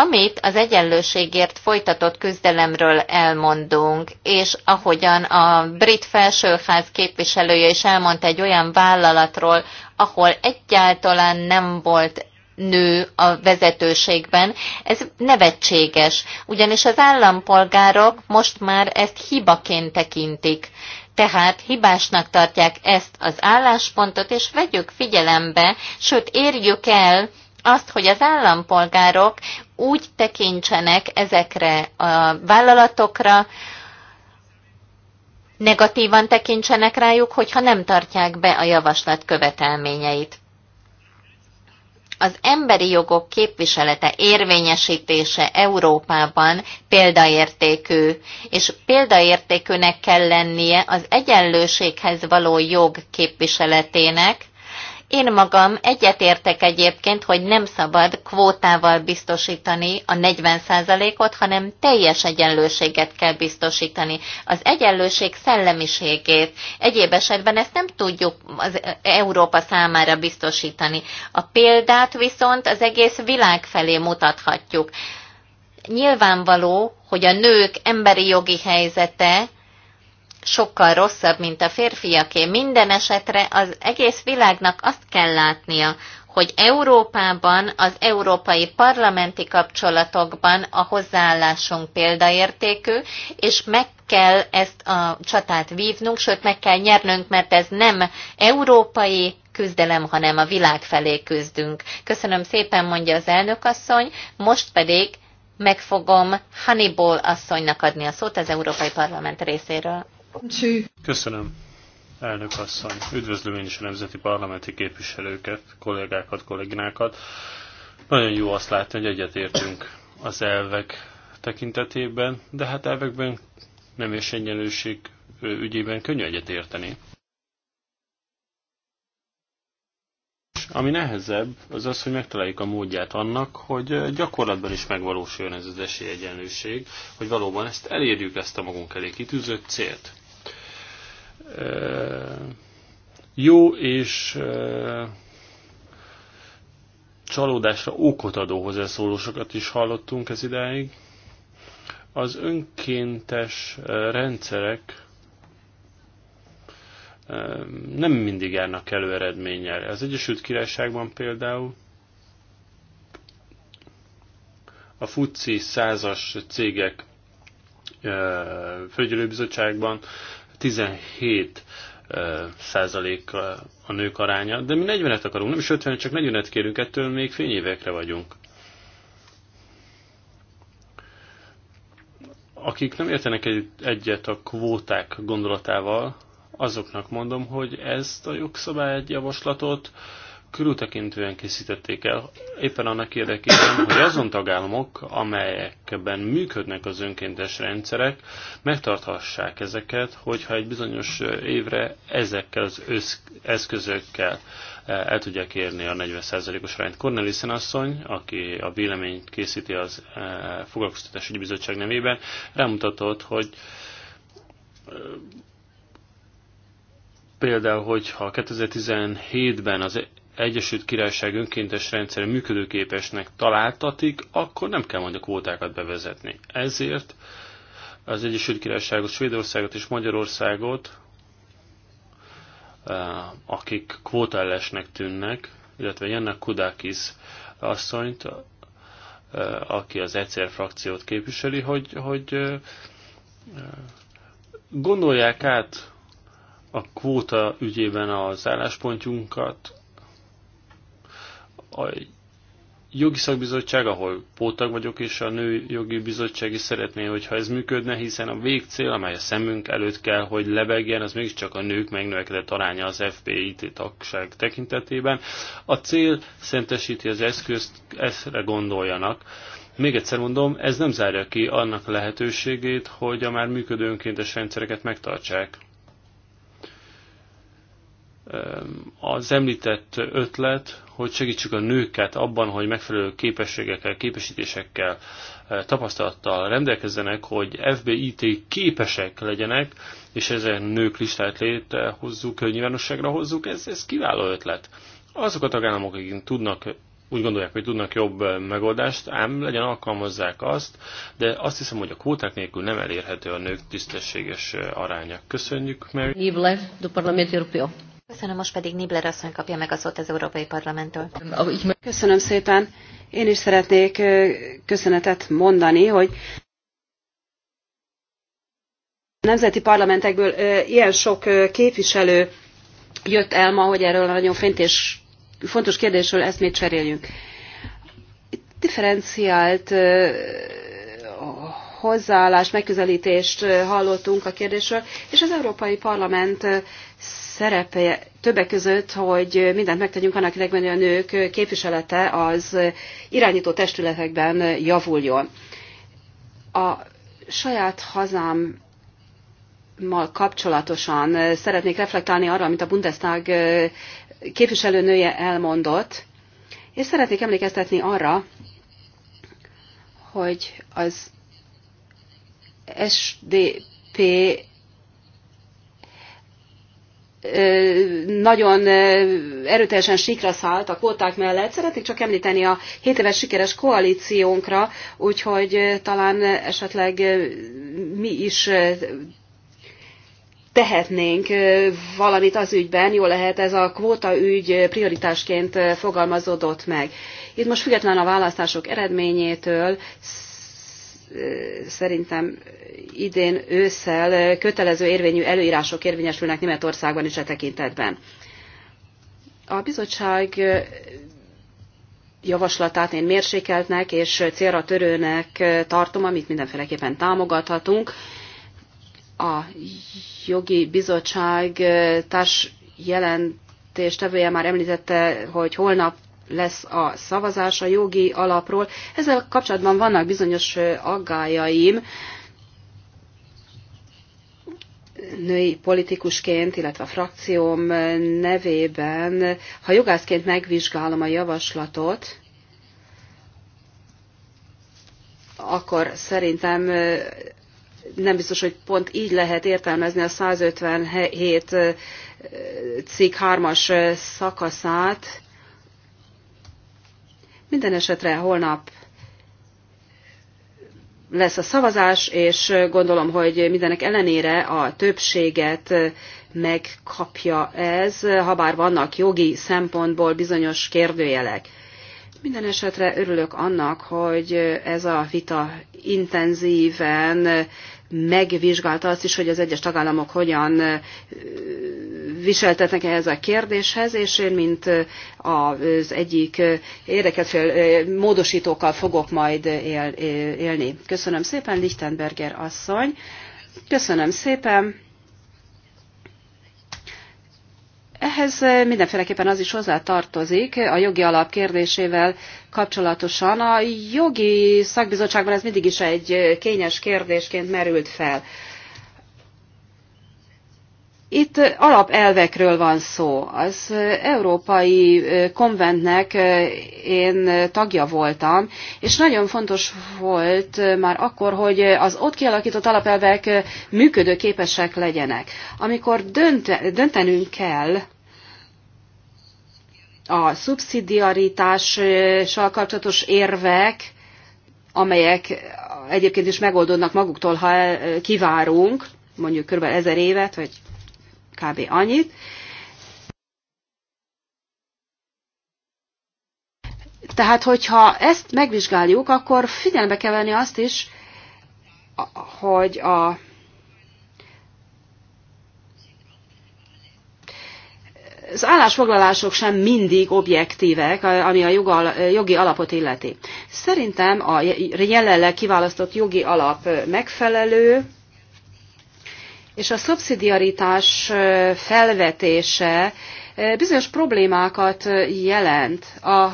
Amit az egyenlőségért folytatott küzdelemről elmondunk, és ahogyan a brit felsőház képviselője is elmondta egy olyan vállalatról, ahol egyáltalán nem volt nő a vezetőségben, ez nevetséges, ugyanis az állampolgárok most már ezt hibaként tekintik. Tehát hibásnak tartják ezt az álláspontot, és vegyük figyelembe, sőt érjük el azt, hogy az állampolgárok úgy tekintsenek ezekre a vállalatokra, negatívan tekintsenek rájuk, hogyha nem tartják be a javaslat követelményeit. Az emberi jogok képviselete, érvényesítése Európában példaértékű, és példaértékűnek kell lennie az egyenlőséghez való jog képviseletének, én magam egyetértek egyébként, hogy nem szabad kvótával biztosítani a 40%-ot, hanem teljes egyenlőséget kell biztosítani. Az egyenlőség szellemiségét. Egyéb esetben ezt nem tudjuk az Európa számára biztosítani. A példát viszont az egész világ felé mutathatjuk. Nyilvánvaló, hogy a nők emberi jogi helyzete sokkal rosszabb, mint a férfiaké. Minden esetre az egész világnak azt kell látnia, hogy Európában, az európai parlamenti kapcsolatokban a hozzáállásunk példaértékű, és meg kell ezt a csatát vívnunk, sőt meg kell nyernünk, mert ez nem európai küzdelem, hanem a világ felé küzdünk. Köszönöm szépen, mondja az elnök asszony, most pedig meg fogom Hannibal asszonynak adni a szót az Európai Parlament részéről. Köszönöm, elnök asszony. Üdvözlöm én is a nemzeti parlamenti képviselőket, kollégákat, kolléginákat. Nagyon jó azt látni, hogy egyetértünk az elvek tekintetében, de hát elvekben nem és egyenlőség ügyében könnyű egyetérteni. Ami nehezebb, az az, hogy megtaláljuk a módját annak, hogy gyakorlatban is megvalósuljon ez az esélyegyenlőség, hogy valóban ezt elérjük, ezt a magunk elé kitűzött célt jó és csalódásra okot adó hozzászólósokat is hallottunk ez idáig. Az önkéntes rendszerek nem mindig járnak elő eredménnyel. Az Egyesült Királyságban például a FUCI százas cégek fölgyűlőbizottságban 17 százalék a nők aránya, de mi 40-et akarunk, nem is 50 csak 40-et kérünk, ettől még fényévekre vagyunk. Akik nem értenek egyet a kvóták gondolatával, azoknak mondom, hogy ezt a jogszabályjavaslatot javaslatot körültekintően készítették el, éppen annak érdekében, hogy azon tagállamok, amelyekben működnek az önkéntes rendszerek, megtarthassák ezeket, hogyha egy bizonyos évre ezekkel az eszközökkel eh, el tudják érni a 40%-os arányt. Cornelissen asszony, aki a véleményt készíti az eh, Foglalkoztatási Bizottság nevében, rámutatott, hogy eh, például, hogyha 2017-ben az Egyesült Királyság önkéntes rendszer működőképesnek találtatik, akkor nem kell majd a kvótákat bevezetni. Ezért az Egyesült Királyságot, Svédországot és Magyarországot, eh, akik kvótállásnak tűnnek, illetve Jannak Kudakis asszonyt, eh, aki az egyszer frakciót képviseli, hogy, hogy eh, gondolják át a kvóta ügyében az álláspontjunkat, a jogi szakbizottság, ahol pótag vagyok, és a nő jogi bizottság is szeretné, hogyha ez működne, hiszen a végcél, amely a szemünk előtt kell, hogy lebegjen, az mégiscsak a nők megnövekedett aránya az FBIT tagság tekintetében. A cél szentesíti az eszközt, ezre gondoljanak. Még egyszer mondom, ez nem zárja ki annak lehetőségét, hogy a már működő önkéntes rendszereket megtartsák az említett ötlet, hogy segítsük a nőket abban, hogy megfelelő képességekkel, képesítésekkel, tapasztalattal rendelkezzenek, hogy FBIT képesek legyenek, és ezen nők listát létrehozzuk, nyilvánosságra hozzuk, ez, ez kiváló ötlet. Azok a tagállamok, akik tudnak úgy gondolják, hogy tudnak jobb megoldást, ám legyen alkalmazzák azt, de azt hiszem, hogy a kvóták nélkül nem elérhető a nők tisztességes aránya. Köszönjük meg. Évlev do Köszönöm, most pedig Nibler asszony kapja meg a szót az Európai Parlamenttől. Köszönöm szépen. Én is szeretnék köszönetet mondani, hogy a nemzeti parlamentekből ilyen sok képviselő jött el ma, hogy erről a nagyon fintés, fontos kérdésről ezt még cseréljünk. Differenciált hozzáállás, megközelítést hallottunk a kérdésről, és az Európai Parlament szerepe többek között, hogy mindent megtegyünk annak érdekben, hogy a nők képviselete az irányító testületekben javuljon. A saját hazám mal kapcsolatosan szeretnék reflektálni arra, amit a Bundestag képviselőnője elmondott, és szeretnék emlékeztetni arra, hogy az SDP nagyon erőteljesen sikra szállt a kvóták mellett. Szeretnék csak említeni a 7 éves sikeres koalíciónkra, úgyhogy talán esetleg mi is tehetnénk valamit az ügyben, jó lehet ez a kvóta ügy prioritásként fogalmazódott meg. Itt most független a választások eredményétől szerintem idén ősszel kötelező érvényű előírások érvényesülnek Németországban is e tekintetben. A bizottság javaslatát én mérsékeltnek és célra törőnek tartom, amit mindenféleképpen támogathatunk. A jogi bizottság társ jelentéstevője már említette, hogy holnap lesz a szavazás a jogi alapról. Ezzel kapcsolatban vannak bizonyos aggájaim női politikusként, illetve a frakcióm nevében, ha jogászként megvizsgálom a javaslatot, akkor szerintem nem biztos, hogy pont így lehet értelmezni a 157 cikk 3-as szakaszát, minden esetre holnap lesz a szavazás, és gondolom, hogy mindenek ellenére a többséget megkapja ez, ha bár vannak jogi szempontból bizonyos kérdőjelek. Minden esetre örülök annak, hogy ez a vita intenzíven megvizsgálta azt is, hogy az egyes tagállamok hogyan viseltetnek ehhez a kérdéshez, és én, mint az egyik érdeket fél módosítókkal fogok majd él, élni. Köszönöm szépen, Lichtenberger asszony. Köszönöm szépen. Ehhez eh, mindenféleképpen az is hozzá tartozik a jogi alap kérdésével kapcsolatosan. A jogi szakbizottságban ez mindig is egy eh, kényes kérdésként merült fel. Itt eh, alapelvekről van szó. Az Európai Konventnek én tagja voltam, és nagyon fontos volt már akkor, hogy az ott kialakított alapelvek működőképesek legyenek. Amikor dönt, döntenünk kell a szubszidiaritással kapcsolatos érvek, amelyek egyébként is megoldódnak maguktól, ha kivárunk, mondjuk kb. ezer évet, vagy kb. annyit. Tehát, hogyha ezt megvizsgáljuk, akkor figyelembe kell venni azt is, hogy a az állásfoglalások sem mindig objektívek, ami a jogal, jogi alapot illeti. Szerintem a jelenleg kiválasztott jogi alap megfelelő, és a szubszidiaritás felvetése bizonyos problémákat jelent. A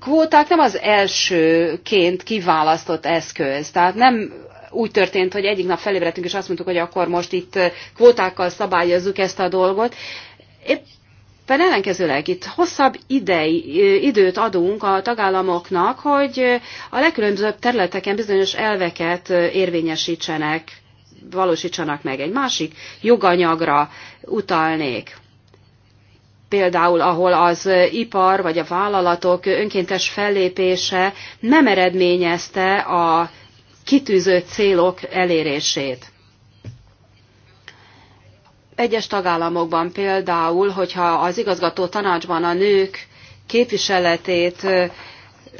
kvóták nem az elsőként kiválasztott eszköz, tehát nem úgy történt, hogy egyik nap felébredtünk, és azt mondtuk, hogy akkor most itt kvótákkal szabályozzuk ezt a dolgot. Éppen ellenkezőleg itt hosszabb idei, időt adunk a tagállamoknak, hogy a legkülönbözőbb területeken bizonyos elveket érvényesítsenek, valósítsanak meg. Egy másik joganyagra utalnék például ahol az ipar vagy a vállalatok önkéntes fellépése nem eredményezte a kitűzött célok elérését. Egyes tagállamokban például, hogyha az igazgató tanácsban a nők képviseletét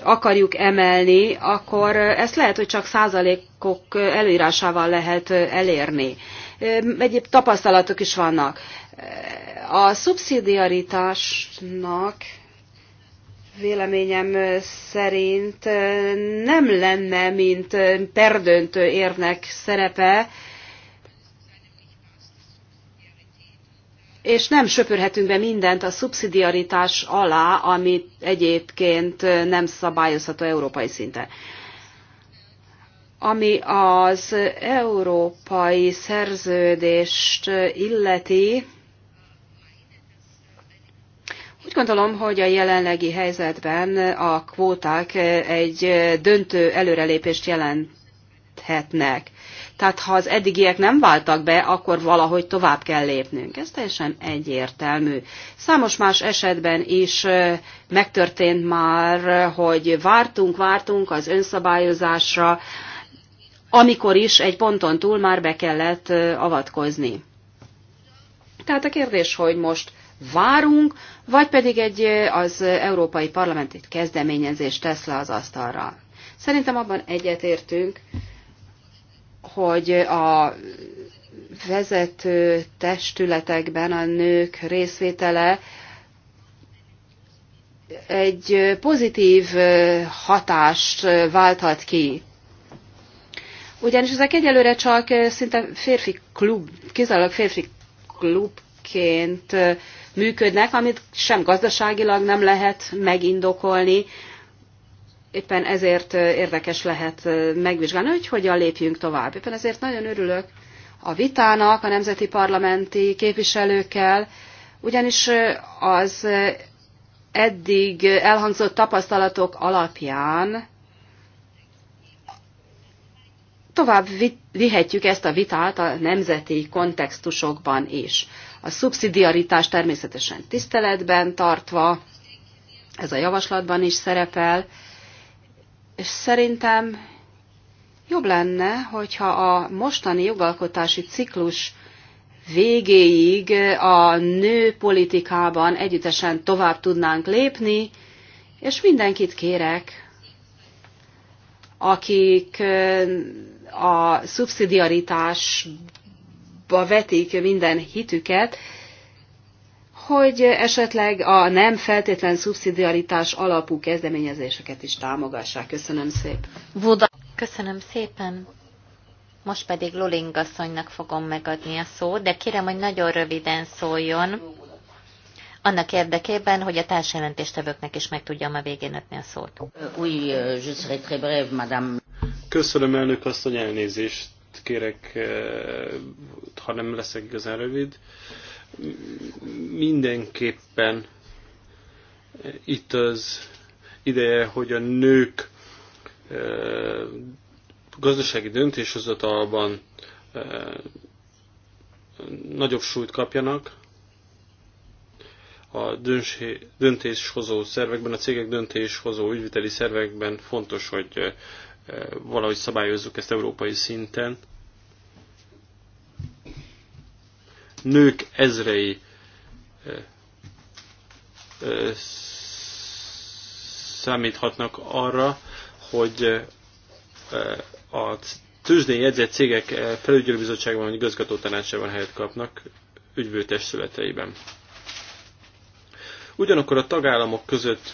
akarjuk emelni, akkor ezt lehet, hogy csak százalékok előírásával lehet elérni. Egyéb tapasztalatok is vannak. A szubszidiaritásnak véleményem szerint nem lenne, mint perdöntő érnek szerepe, és nem söpörhetünk be mindent a szubszidiaritás alá, amit egyébként nem szabályozható európai szinten. Ami az európai szerződést illeti, úgy gondolom, hogy a jelenlegi helyzetben a kvóták egy döntő előrelépést jelenthetnek. Tehát ha az eddigiek nem váltak be, akkor valahogy tovább kell lépnünk. Ez teljesen egyértelmű. Számos más esetben is megtörtént már, hogy vártunk, vártunk az önszabályozásra, amikor is egy ponton túl már be kellett avatkozni. Tehát a kérdés, hogy most várunk, vagy pedig egy az Európai Parlament egy kezdeményezést tesz le az asztalra. Szerintem abban egyetértünk, hogy a vezető testületekben a nők részvétele egy pozitív hatást válthat ki. Ugyanis ezek egyelőre csak szinte férfi klub, kizárólag férfi klubként működnek, amit sem gazdaságilag nem lehet megindokolni. Éppen ezért érdekes lehet megvizsgálni, hogy hogyan lépjünk tovább. Éppen ezért nagyon örülök a vitának a nemzeti parlamenti képviselőkkel, ugyanis az eddig elhangzott tapasztalatok alapján tovább vihetjük ezt a vitát a nemzeti kontextusokban is a szubszidiaritás természetesen tiszteletben tartva, ez a javaslatban is szerepel, és szerintem jobb lenne, hogyha a mostani jogalkotási ciklus végéig a nő politikában együttesen tovább tudnánk lépni, és mindenkit kérek, akik a szubszidiaritás abba vetik minden hitüket, hogy esetleg a nem feltétlen szubszidiaritás alapú kezdeményezéseket is támogassák. Köszönöm szépen. Voda. Köszönöm szépen. Most pedig Luling asszonynak fogom megadni a szót, de kérem, hogy nagyon röviden szóljon, annak érdekében, hogy a társjelentéstevőknek is meg tudjam a végén adni a szót. Köszönöm, elnök asszony, elnézést kérek, eh, ha nem leszek igazán rövid. Mindenképpen itt az ideje, hogy a nők eh, gazdasági döntéshozatalban eh, nagyobb súlyt kapjanak, a döntéshozó szervekben, a cégek döntéshozó ügyviteli szervekben fontos, hogy valahogy szabályozzuk ezt európai szinten. Nők ezrei számíthatnak arra, hogy a tőzsdén jegyzett cégek felügyelőbizottságban vagy igazgató tanácsában helyet kapnak születeiben. Ugyanakkor a tagállamok között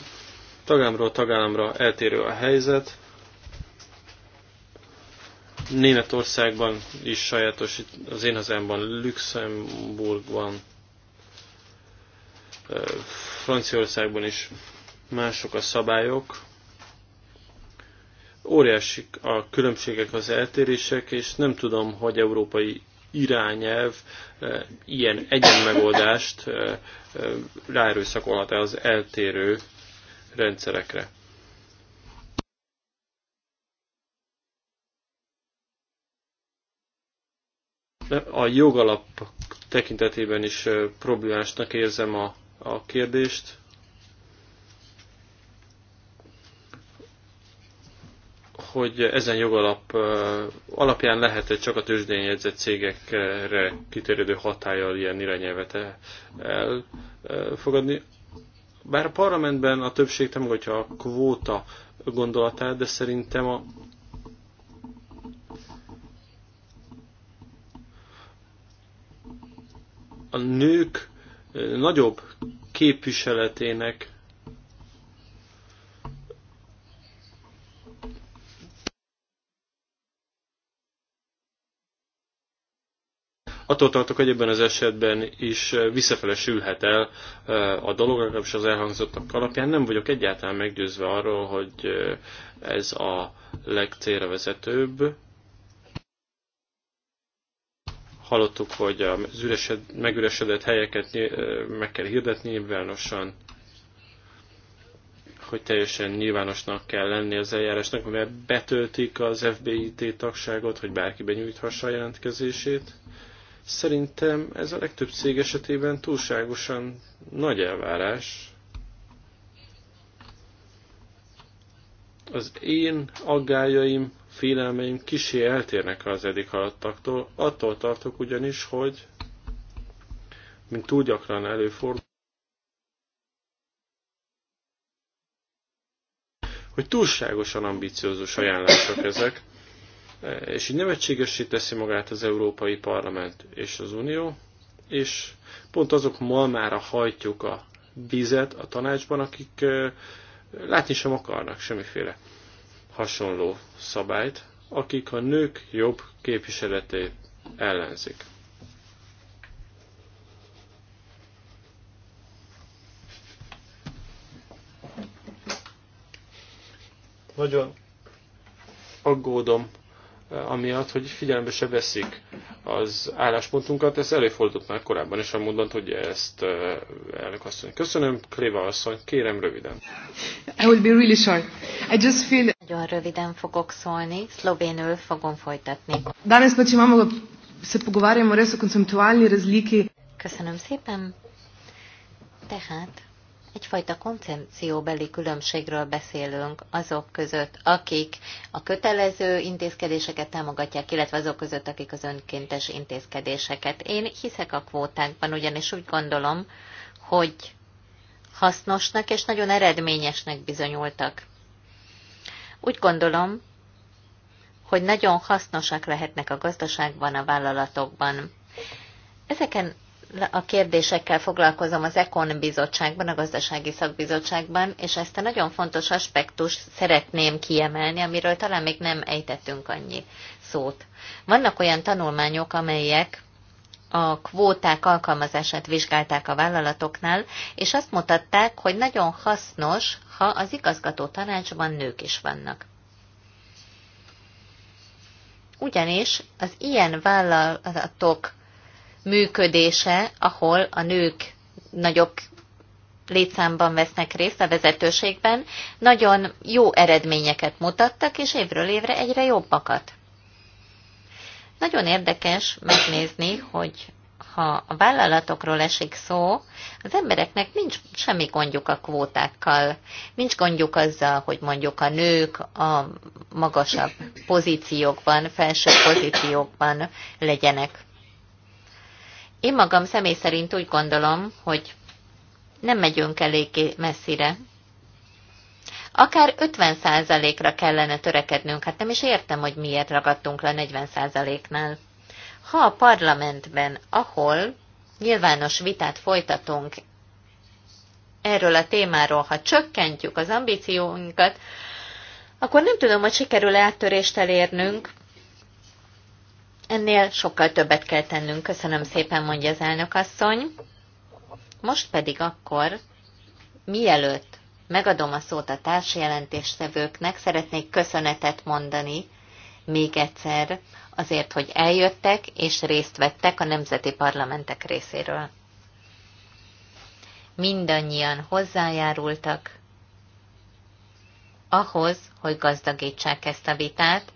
tagállamról tagállamra eltérő a helyzet, Németországban is sajátos, az én hazámban, Luxemburgban, Franciaországban is mások a szabályok. Óriási a különbségek, az eltérések, és nem tudom, hogy európai irányelv ilyen egyen megoldást ráerőszakolhat-e az eltérő rendszerekre. a jogalap tekintetében is problémásnak érzem a, a kérdést. hogy ezen jogalap alapján lehet -e csak a tőzsdén jegyzett cégekre kiterjedő hatállyal ilyen irányelvet e, elfogadni. Bár a parlamentben a többség támogatja a kvóta gondolatát, de szerintem a, a nők nagyobb képviseletének attól tartok, hogy ebben az esetben is visszafele sülhet el a dolog, legalábbis az elhangzottak alapján. Nem vagyok egyáltalán meggyőzve arról, hogy ez a legcélra vezetőbb. Hallottuk, hogy a üresed, megüresedett helyeket meg kell hirdetni nyilvánosan, hogy teljesen nyilvánosnak kell lenni az eljárásnak, mert betöltik az FBIT tagságot, hogy bárki benyújthassa a jelentkezését. Szerintem ez a legtöbb cég esetében túlságosan nagy elvárás. Az én aggájaim félelmeim kisé eltérnek az eddig haladtaktól. Attól tartok ugyanis, hogy mint túl gyakran előfordul, hogy túlságosan ambiciózus ajánlások ezek, és így nevetségessé teszi magát az Európai Parlament és az Unió, és pont azok malmára hajtjuk a vizet a tanácsban, akik eh, látni sem akarnak semmiféle hasonló szabályt, akik a nők jobb képviseletét ellenzik. Nagyon aggódom eh, amiatt, hogy figyelembe se veszik az álláspontunkat. Ez előfordult már korábban és amúgy hogy ezt eh, elnök asszony. Köszönöm, Kléva asszony, kérem röviden. I will be really short. I just feel... Nagyon röviden fogok szólni, szlovénül fogom folytatni. Danes pač imamo, se pogovarjamo res o konceptuálni razliki. Köszönöm szépen. Tehát egyfajta koncepcióbeli különbségről beszélünk azok között, akik a kötelező intézkedéseket támogatják, illetve azok között, akik az önkéntes intézkedéseket. Én hiszek a kvótákban, ugyanis úgy gondolom, hogy hasznosnak és nagyon eredményesnek bizonyultak. Úgy gondolom, hogy nagyon hasznosak lehetnek a gazdaságban, a vállalatokban. Ezeken a kérdésekkel foglalkozom az Econ bizottságban, a gazdasági szakbizottságban, és ezt a nagyon fontos aspektus szeretném kiemelni, amiről talán még nem ejtettünk annyi szót. Vannak olyan tanulmányok, amelyek a kvóták alkalmazását vizsgálták a vállalatoknál, és azt mutatták, hogy nagyon hasznos, ha az igazgató tanácsban nők is vannak. Ugyanis az ilyen vállalatok működése, ahol a nők nagyobb létszámban vesznek részt a vezetőségben, nagyon jó eredményeket mutattak, és évről évre egyre jobbakat. Nagyon érdekes megnézni, hogy ha a vállalatokról esik szó, az embereknek nincs semmi gondjuk a kvótákkal. Nincs gondjuk azzal, hogy mondjuk a nők a magasabb pozíciókban, felső pozíciókban legyenek. Én magam személy szerint úgy gondolom, hogy nem megyünk eléggé messzire akár 50%-ra kellene törekednünk. Hát nem is értem, hogy miért ragadtunk le 40%-nál. Ha a parlamentben, ahol nyilvános vitát folytatunk erről a témáról, ha csökkentjük az ambícióinkat, akkor nem tudom, hogy sikerül-e áttörést elérnünk. Ennél sokkal többet kell tennünk. Köszönöm szépen, mondja az elnök asszony. Most pedig akkor, mielőtt megadom a szót a társjelentéstevőknek, szeretnék köszönetet mondani még egyszer azért, hogy eljöttek és részt vettek a nemzeti parlamentek részéről. Mindannyian hozzájárultak ahhoz, hogy gazdagítsák ezt a vitát,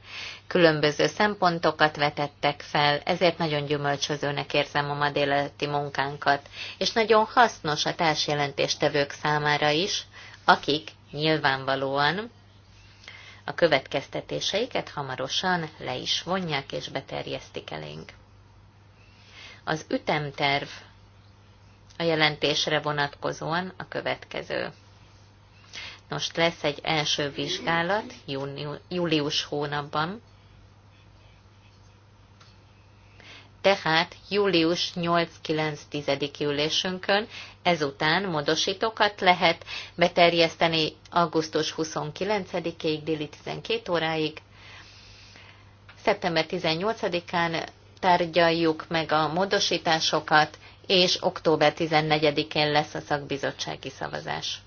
különböző szempontokat vetettek fel, ezért nagyon gyümölcsözőnek érzem a ma délelőtti munkánkat, és nagyon hasznos a társjelentéstevők számára is, akik nyilvánvalóan a következtetéseiket hamarosan le is vonják és beterjesztik elénk. Az ütemterv a jelentésre vonatkozóan a következő. Most lesz egy első vizsgálat június, július hónapban, tehát július 8-9-10. ülésünkön ezután modosítókat lehet beterjeszteni augusztus 29-ig déli 12 óráig. Szeptember 18-án tárgyaljuk meg a módosításokat, és október 14-én lesz a szakbizottsági szavazás.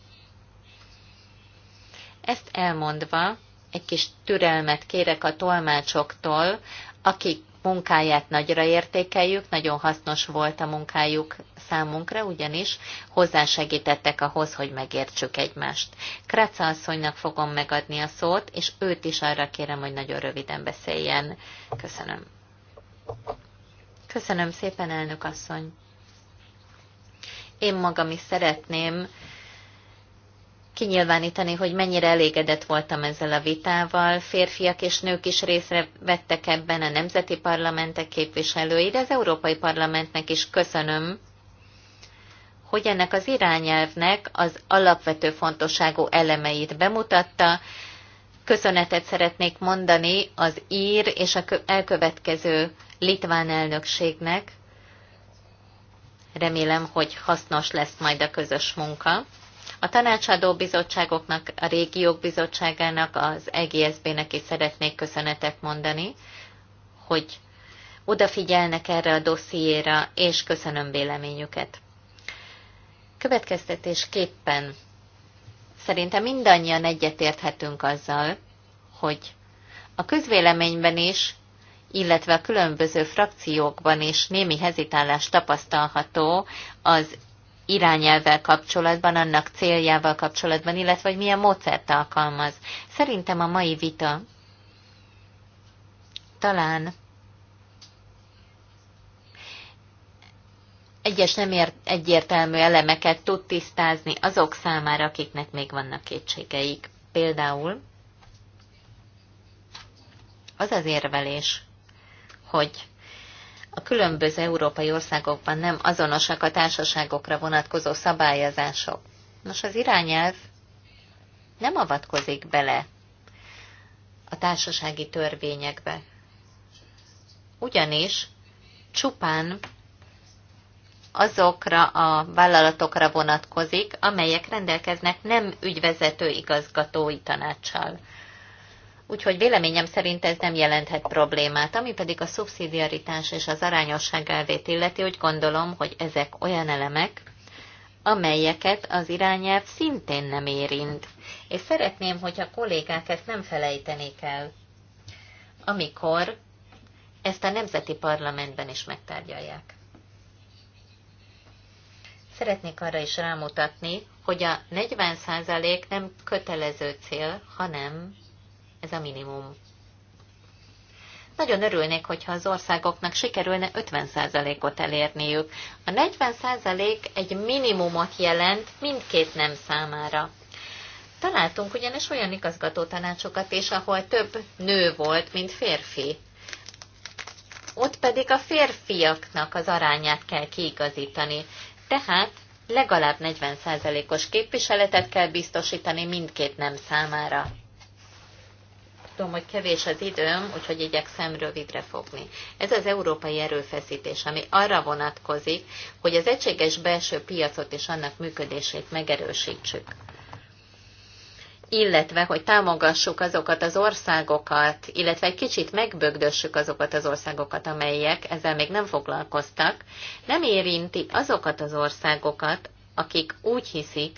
Ezt elmondva, egy kis türelmet kérek a tolmácsoktól, akik munkáját nagyra értékeljük, nagyon hasznos volt a munkájuk számunkra, ugyanis hozzásegítettek ahhoz, hogy megértsük egymást. Kraca asszonynak fogom megadni a szót, és őt is arra kérem, hogy nagyon röviden beszéljen. Köszönöm. Köszönöm szépen, elnök asszony. Én magam is szeretném kinyilvánítani, hogy mennyire elégedett voltam ezzel a vitával. Férfiak és nők is részre vettek ebben a nemzeti parlamentek képviselői, de az Európai Parlamentnek is köszönöm, hogy ennek az irányelvnek az alapvető fontosságú elemeit bemutatta. Köszönetet szeretnék mondani az ír és a elkövetkező litván elnökségnek. Remélem, hogy hasznos lesz majd a közös munka. A tanácsadó bizottságoknak, a régiók bizottságának, az EGSB-nek is szeretnék köszönetet mondani, hogy odafigyelnek erre a dossziéra, és köszönöm véleményüket. Következtetésképpen szerintem mindannyian egyetérthetünk azzal, hogy a közvéleményben is, illetve a különböző frakciókban is némi hezitálás tapasztalható az irányelvvel kapcsolatban, annak céljával kapcsolatban, illetve hogy milyen módszert alkalmaz. Szerintem a mai vita talán egyes nem ért, egyértelmű elemeket tud tisztázni azok számára, akiknek még vannak kétségeik. Például az az érvelés, hogy a különböző európai országokban nem azonosak a társaságokra vonatkozó szabályozások. Nos, az irányelv nem avatkozik bele a társasági törvényekbe. Ugyanis csupán azokra a vállalatokra vonatkozik, amelyek rendelkeznek nem ügyvezető igazgatói tanácssal. Úgyhogy véleményem szerint ez nem jelenthet problémát. Ami pedig a szubszidiaritás és az arányosság elvét illeti, úgy gondolom, hogy ezek olyan elemek, amelyeket az irányelv szintén nem érint. És szeretném, hogy a kollégák ezt nem felejtenék el, amikor ezt a nemzeti parlamentben is megtárgyalják. Szeretnék arra is rámutatni, hogy a 40% nem kötelező cél, hanem ez a minimum. Nagyon örülnék, hogyha az országoknak sikerülne 50%-ot elérniük. A 40% egy minimumot jelent mindkét nem számára. Találtunk ugyanis olyan igazgató tanácsokat is, ahol több nő volt, mint férfi. Ott pedig a férfiaknak az arányát kell kiigazítani. Tehát legalább 40%-os képviseletet kell biztosítani mindkét nem számára. Tudom, hogy kevés az időm, úgyhogy igyekszem rövidre fogni. Ez az európai erőfeszítés, ami arra vonatkozik, hogy az egységes belső piacot és annak működését megerősítsük illetve hogy támogassuk azokat az országokat, illetve egy kicsit megbögdössük azokat az országokat, amelyek ezzel még nem foglalkoztak, nem érinti azokat az országokat, akik úgy hiszik,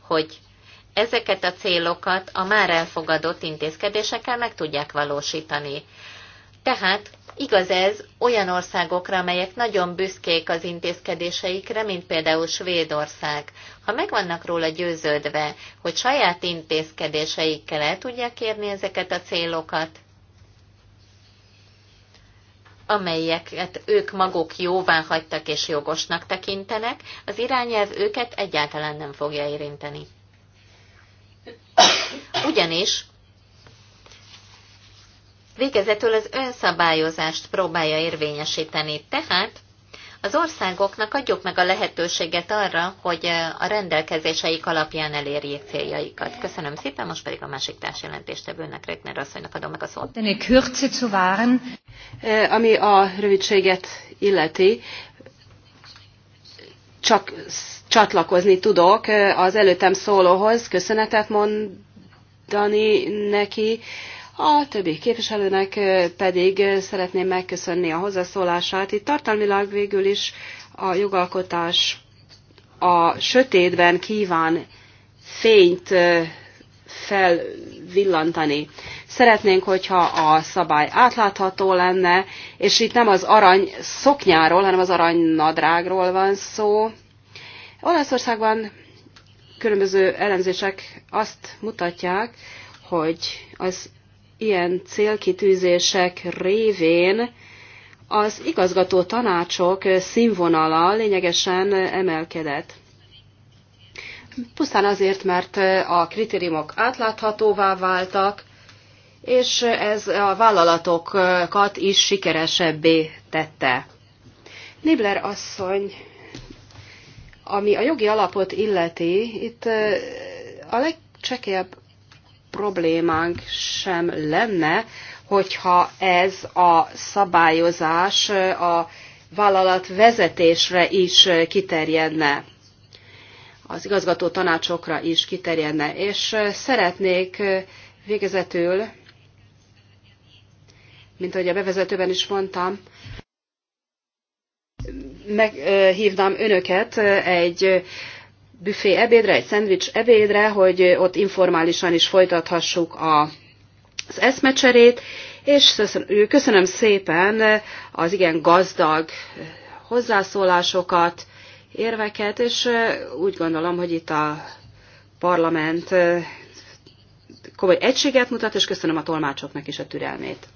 hogy ezeket a célokat a már elfogadott intézkedésekkel meg tudják valósítani. Tehát igaz ez olyan országokra, amelyek nagyon büszkék az intézkedéseikre, mint például Svédország. Ha meg vannak róla győződve, hogy saját intézkedéseikkel el tudják érni ezeket a célokat, amelyeket ők maguk jóvá hagytak és jogosnak tekintenek, az irányelv őket egyáltalán nem fogja érinteni. Ugyanis végezetül az önszabályozást próbálja érvényesíteni, tehát az országoknak adjuk meg a lehetőséget arra, hogy a rendelkezéseik alapján elérjék céljaikat. Köszönöm szépen, most pedig a másik társjelentéstevőnek, Regner asszonynak adom meg a szót. Ami a rövidséget illeti, csak csatlakozni tudok az előttem szólóhoz, köszönetet mondani neki, a többi képviselőnek pedig szeretném megköszönni a hozzászólását. Itt tartalmilag végül is a jogalkotás a sötétben kíván fényt felvillantani. Szeretnénk, hogyha a szabály átlátható lenne, és itt nem az arany szoknyáról, hanem az arany nadrágról van szó, Olaszországban különböző elemzések azt mutatják, hogy az ilyen célkitűzések révén az igazgató tanácsok színvonala lényegesen emelkedett. Pusztán azért, mert a kritériumok átláthatóvá váltak, és ez a vállalatokat is sikeresebbé tette. Nibler asszony ami a jogi alapot illeti, itt a legcsekélyebb problémánk sem lenne, hogyha ez a szabályozás a vállalat vezetésre is kiterjedne, az igazgató tanácsokra is kiterjedne. És szeretnék végezetül, mint ahogy a bevezetőben is mondtam, meghívnám önöket eh, egy eh, büfé ebédre, egy szendvics ebédre, hogy eh, ott informálisan is folytathassuk az eszmecserét, és köszönöm szépen az igen gazdag hozzászólásokat, érveket, és úgy gondolom, hogy itt a parlament komoly egységet mutat, és köszönöm a tolmácsoknak is a türelmét.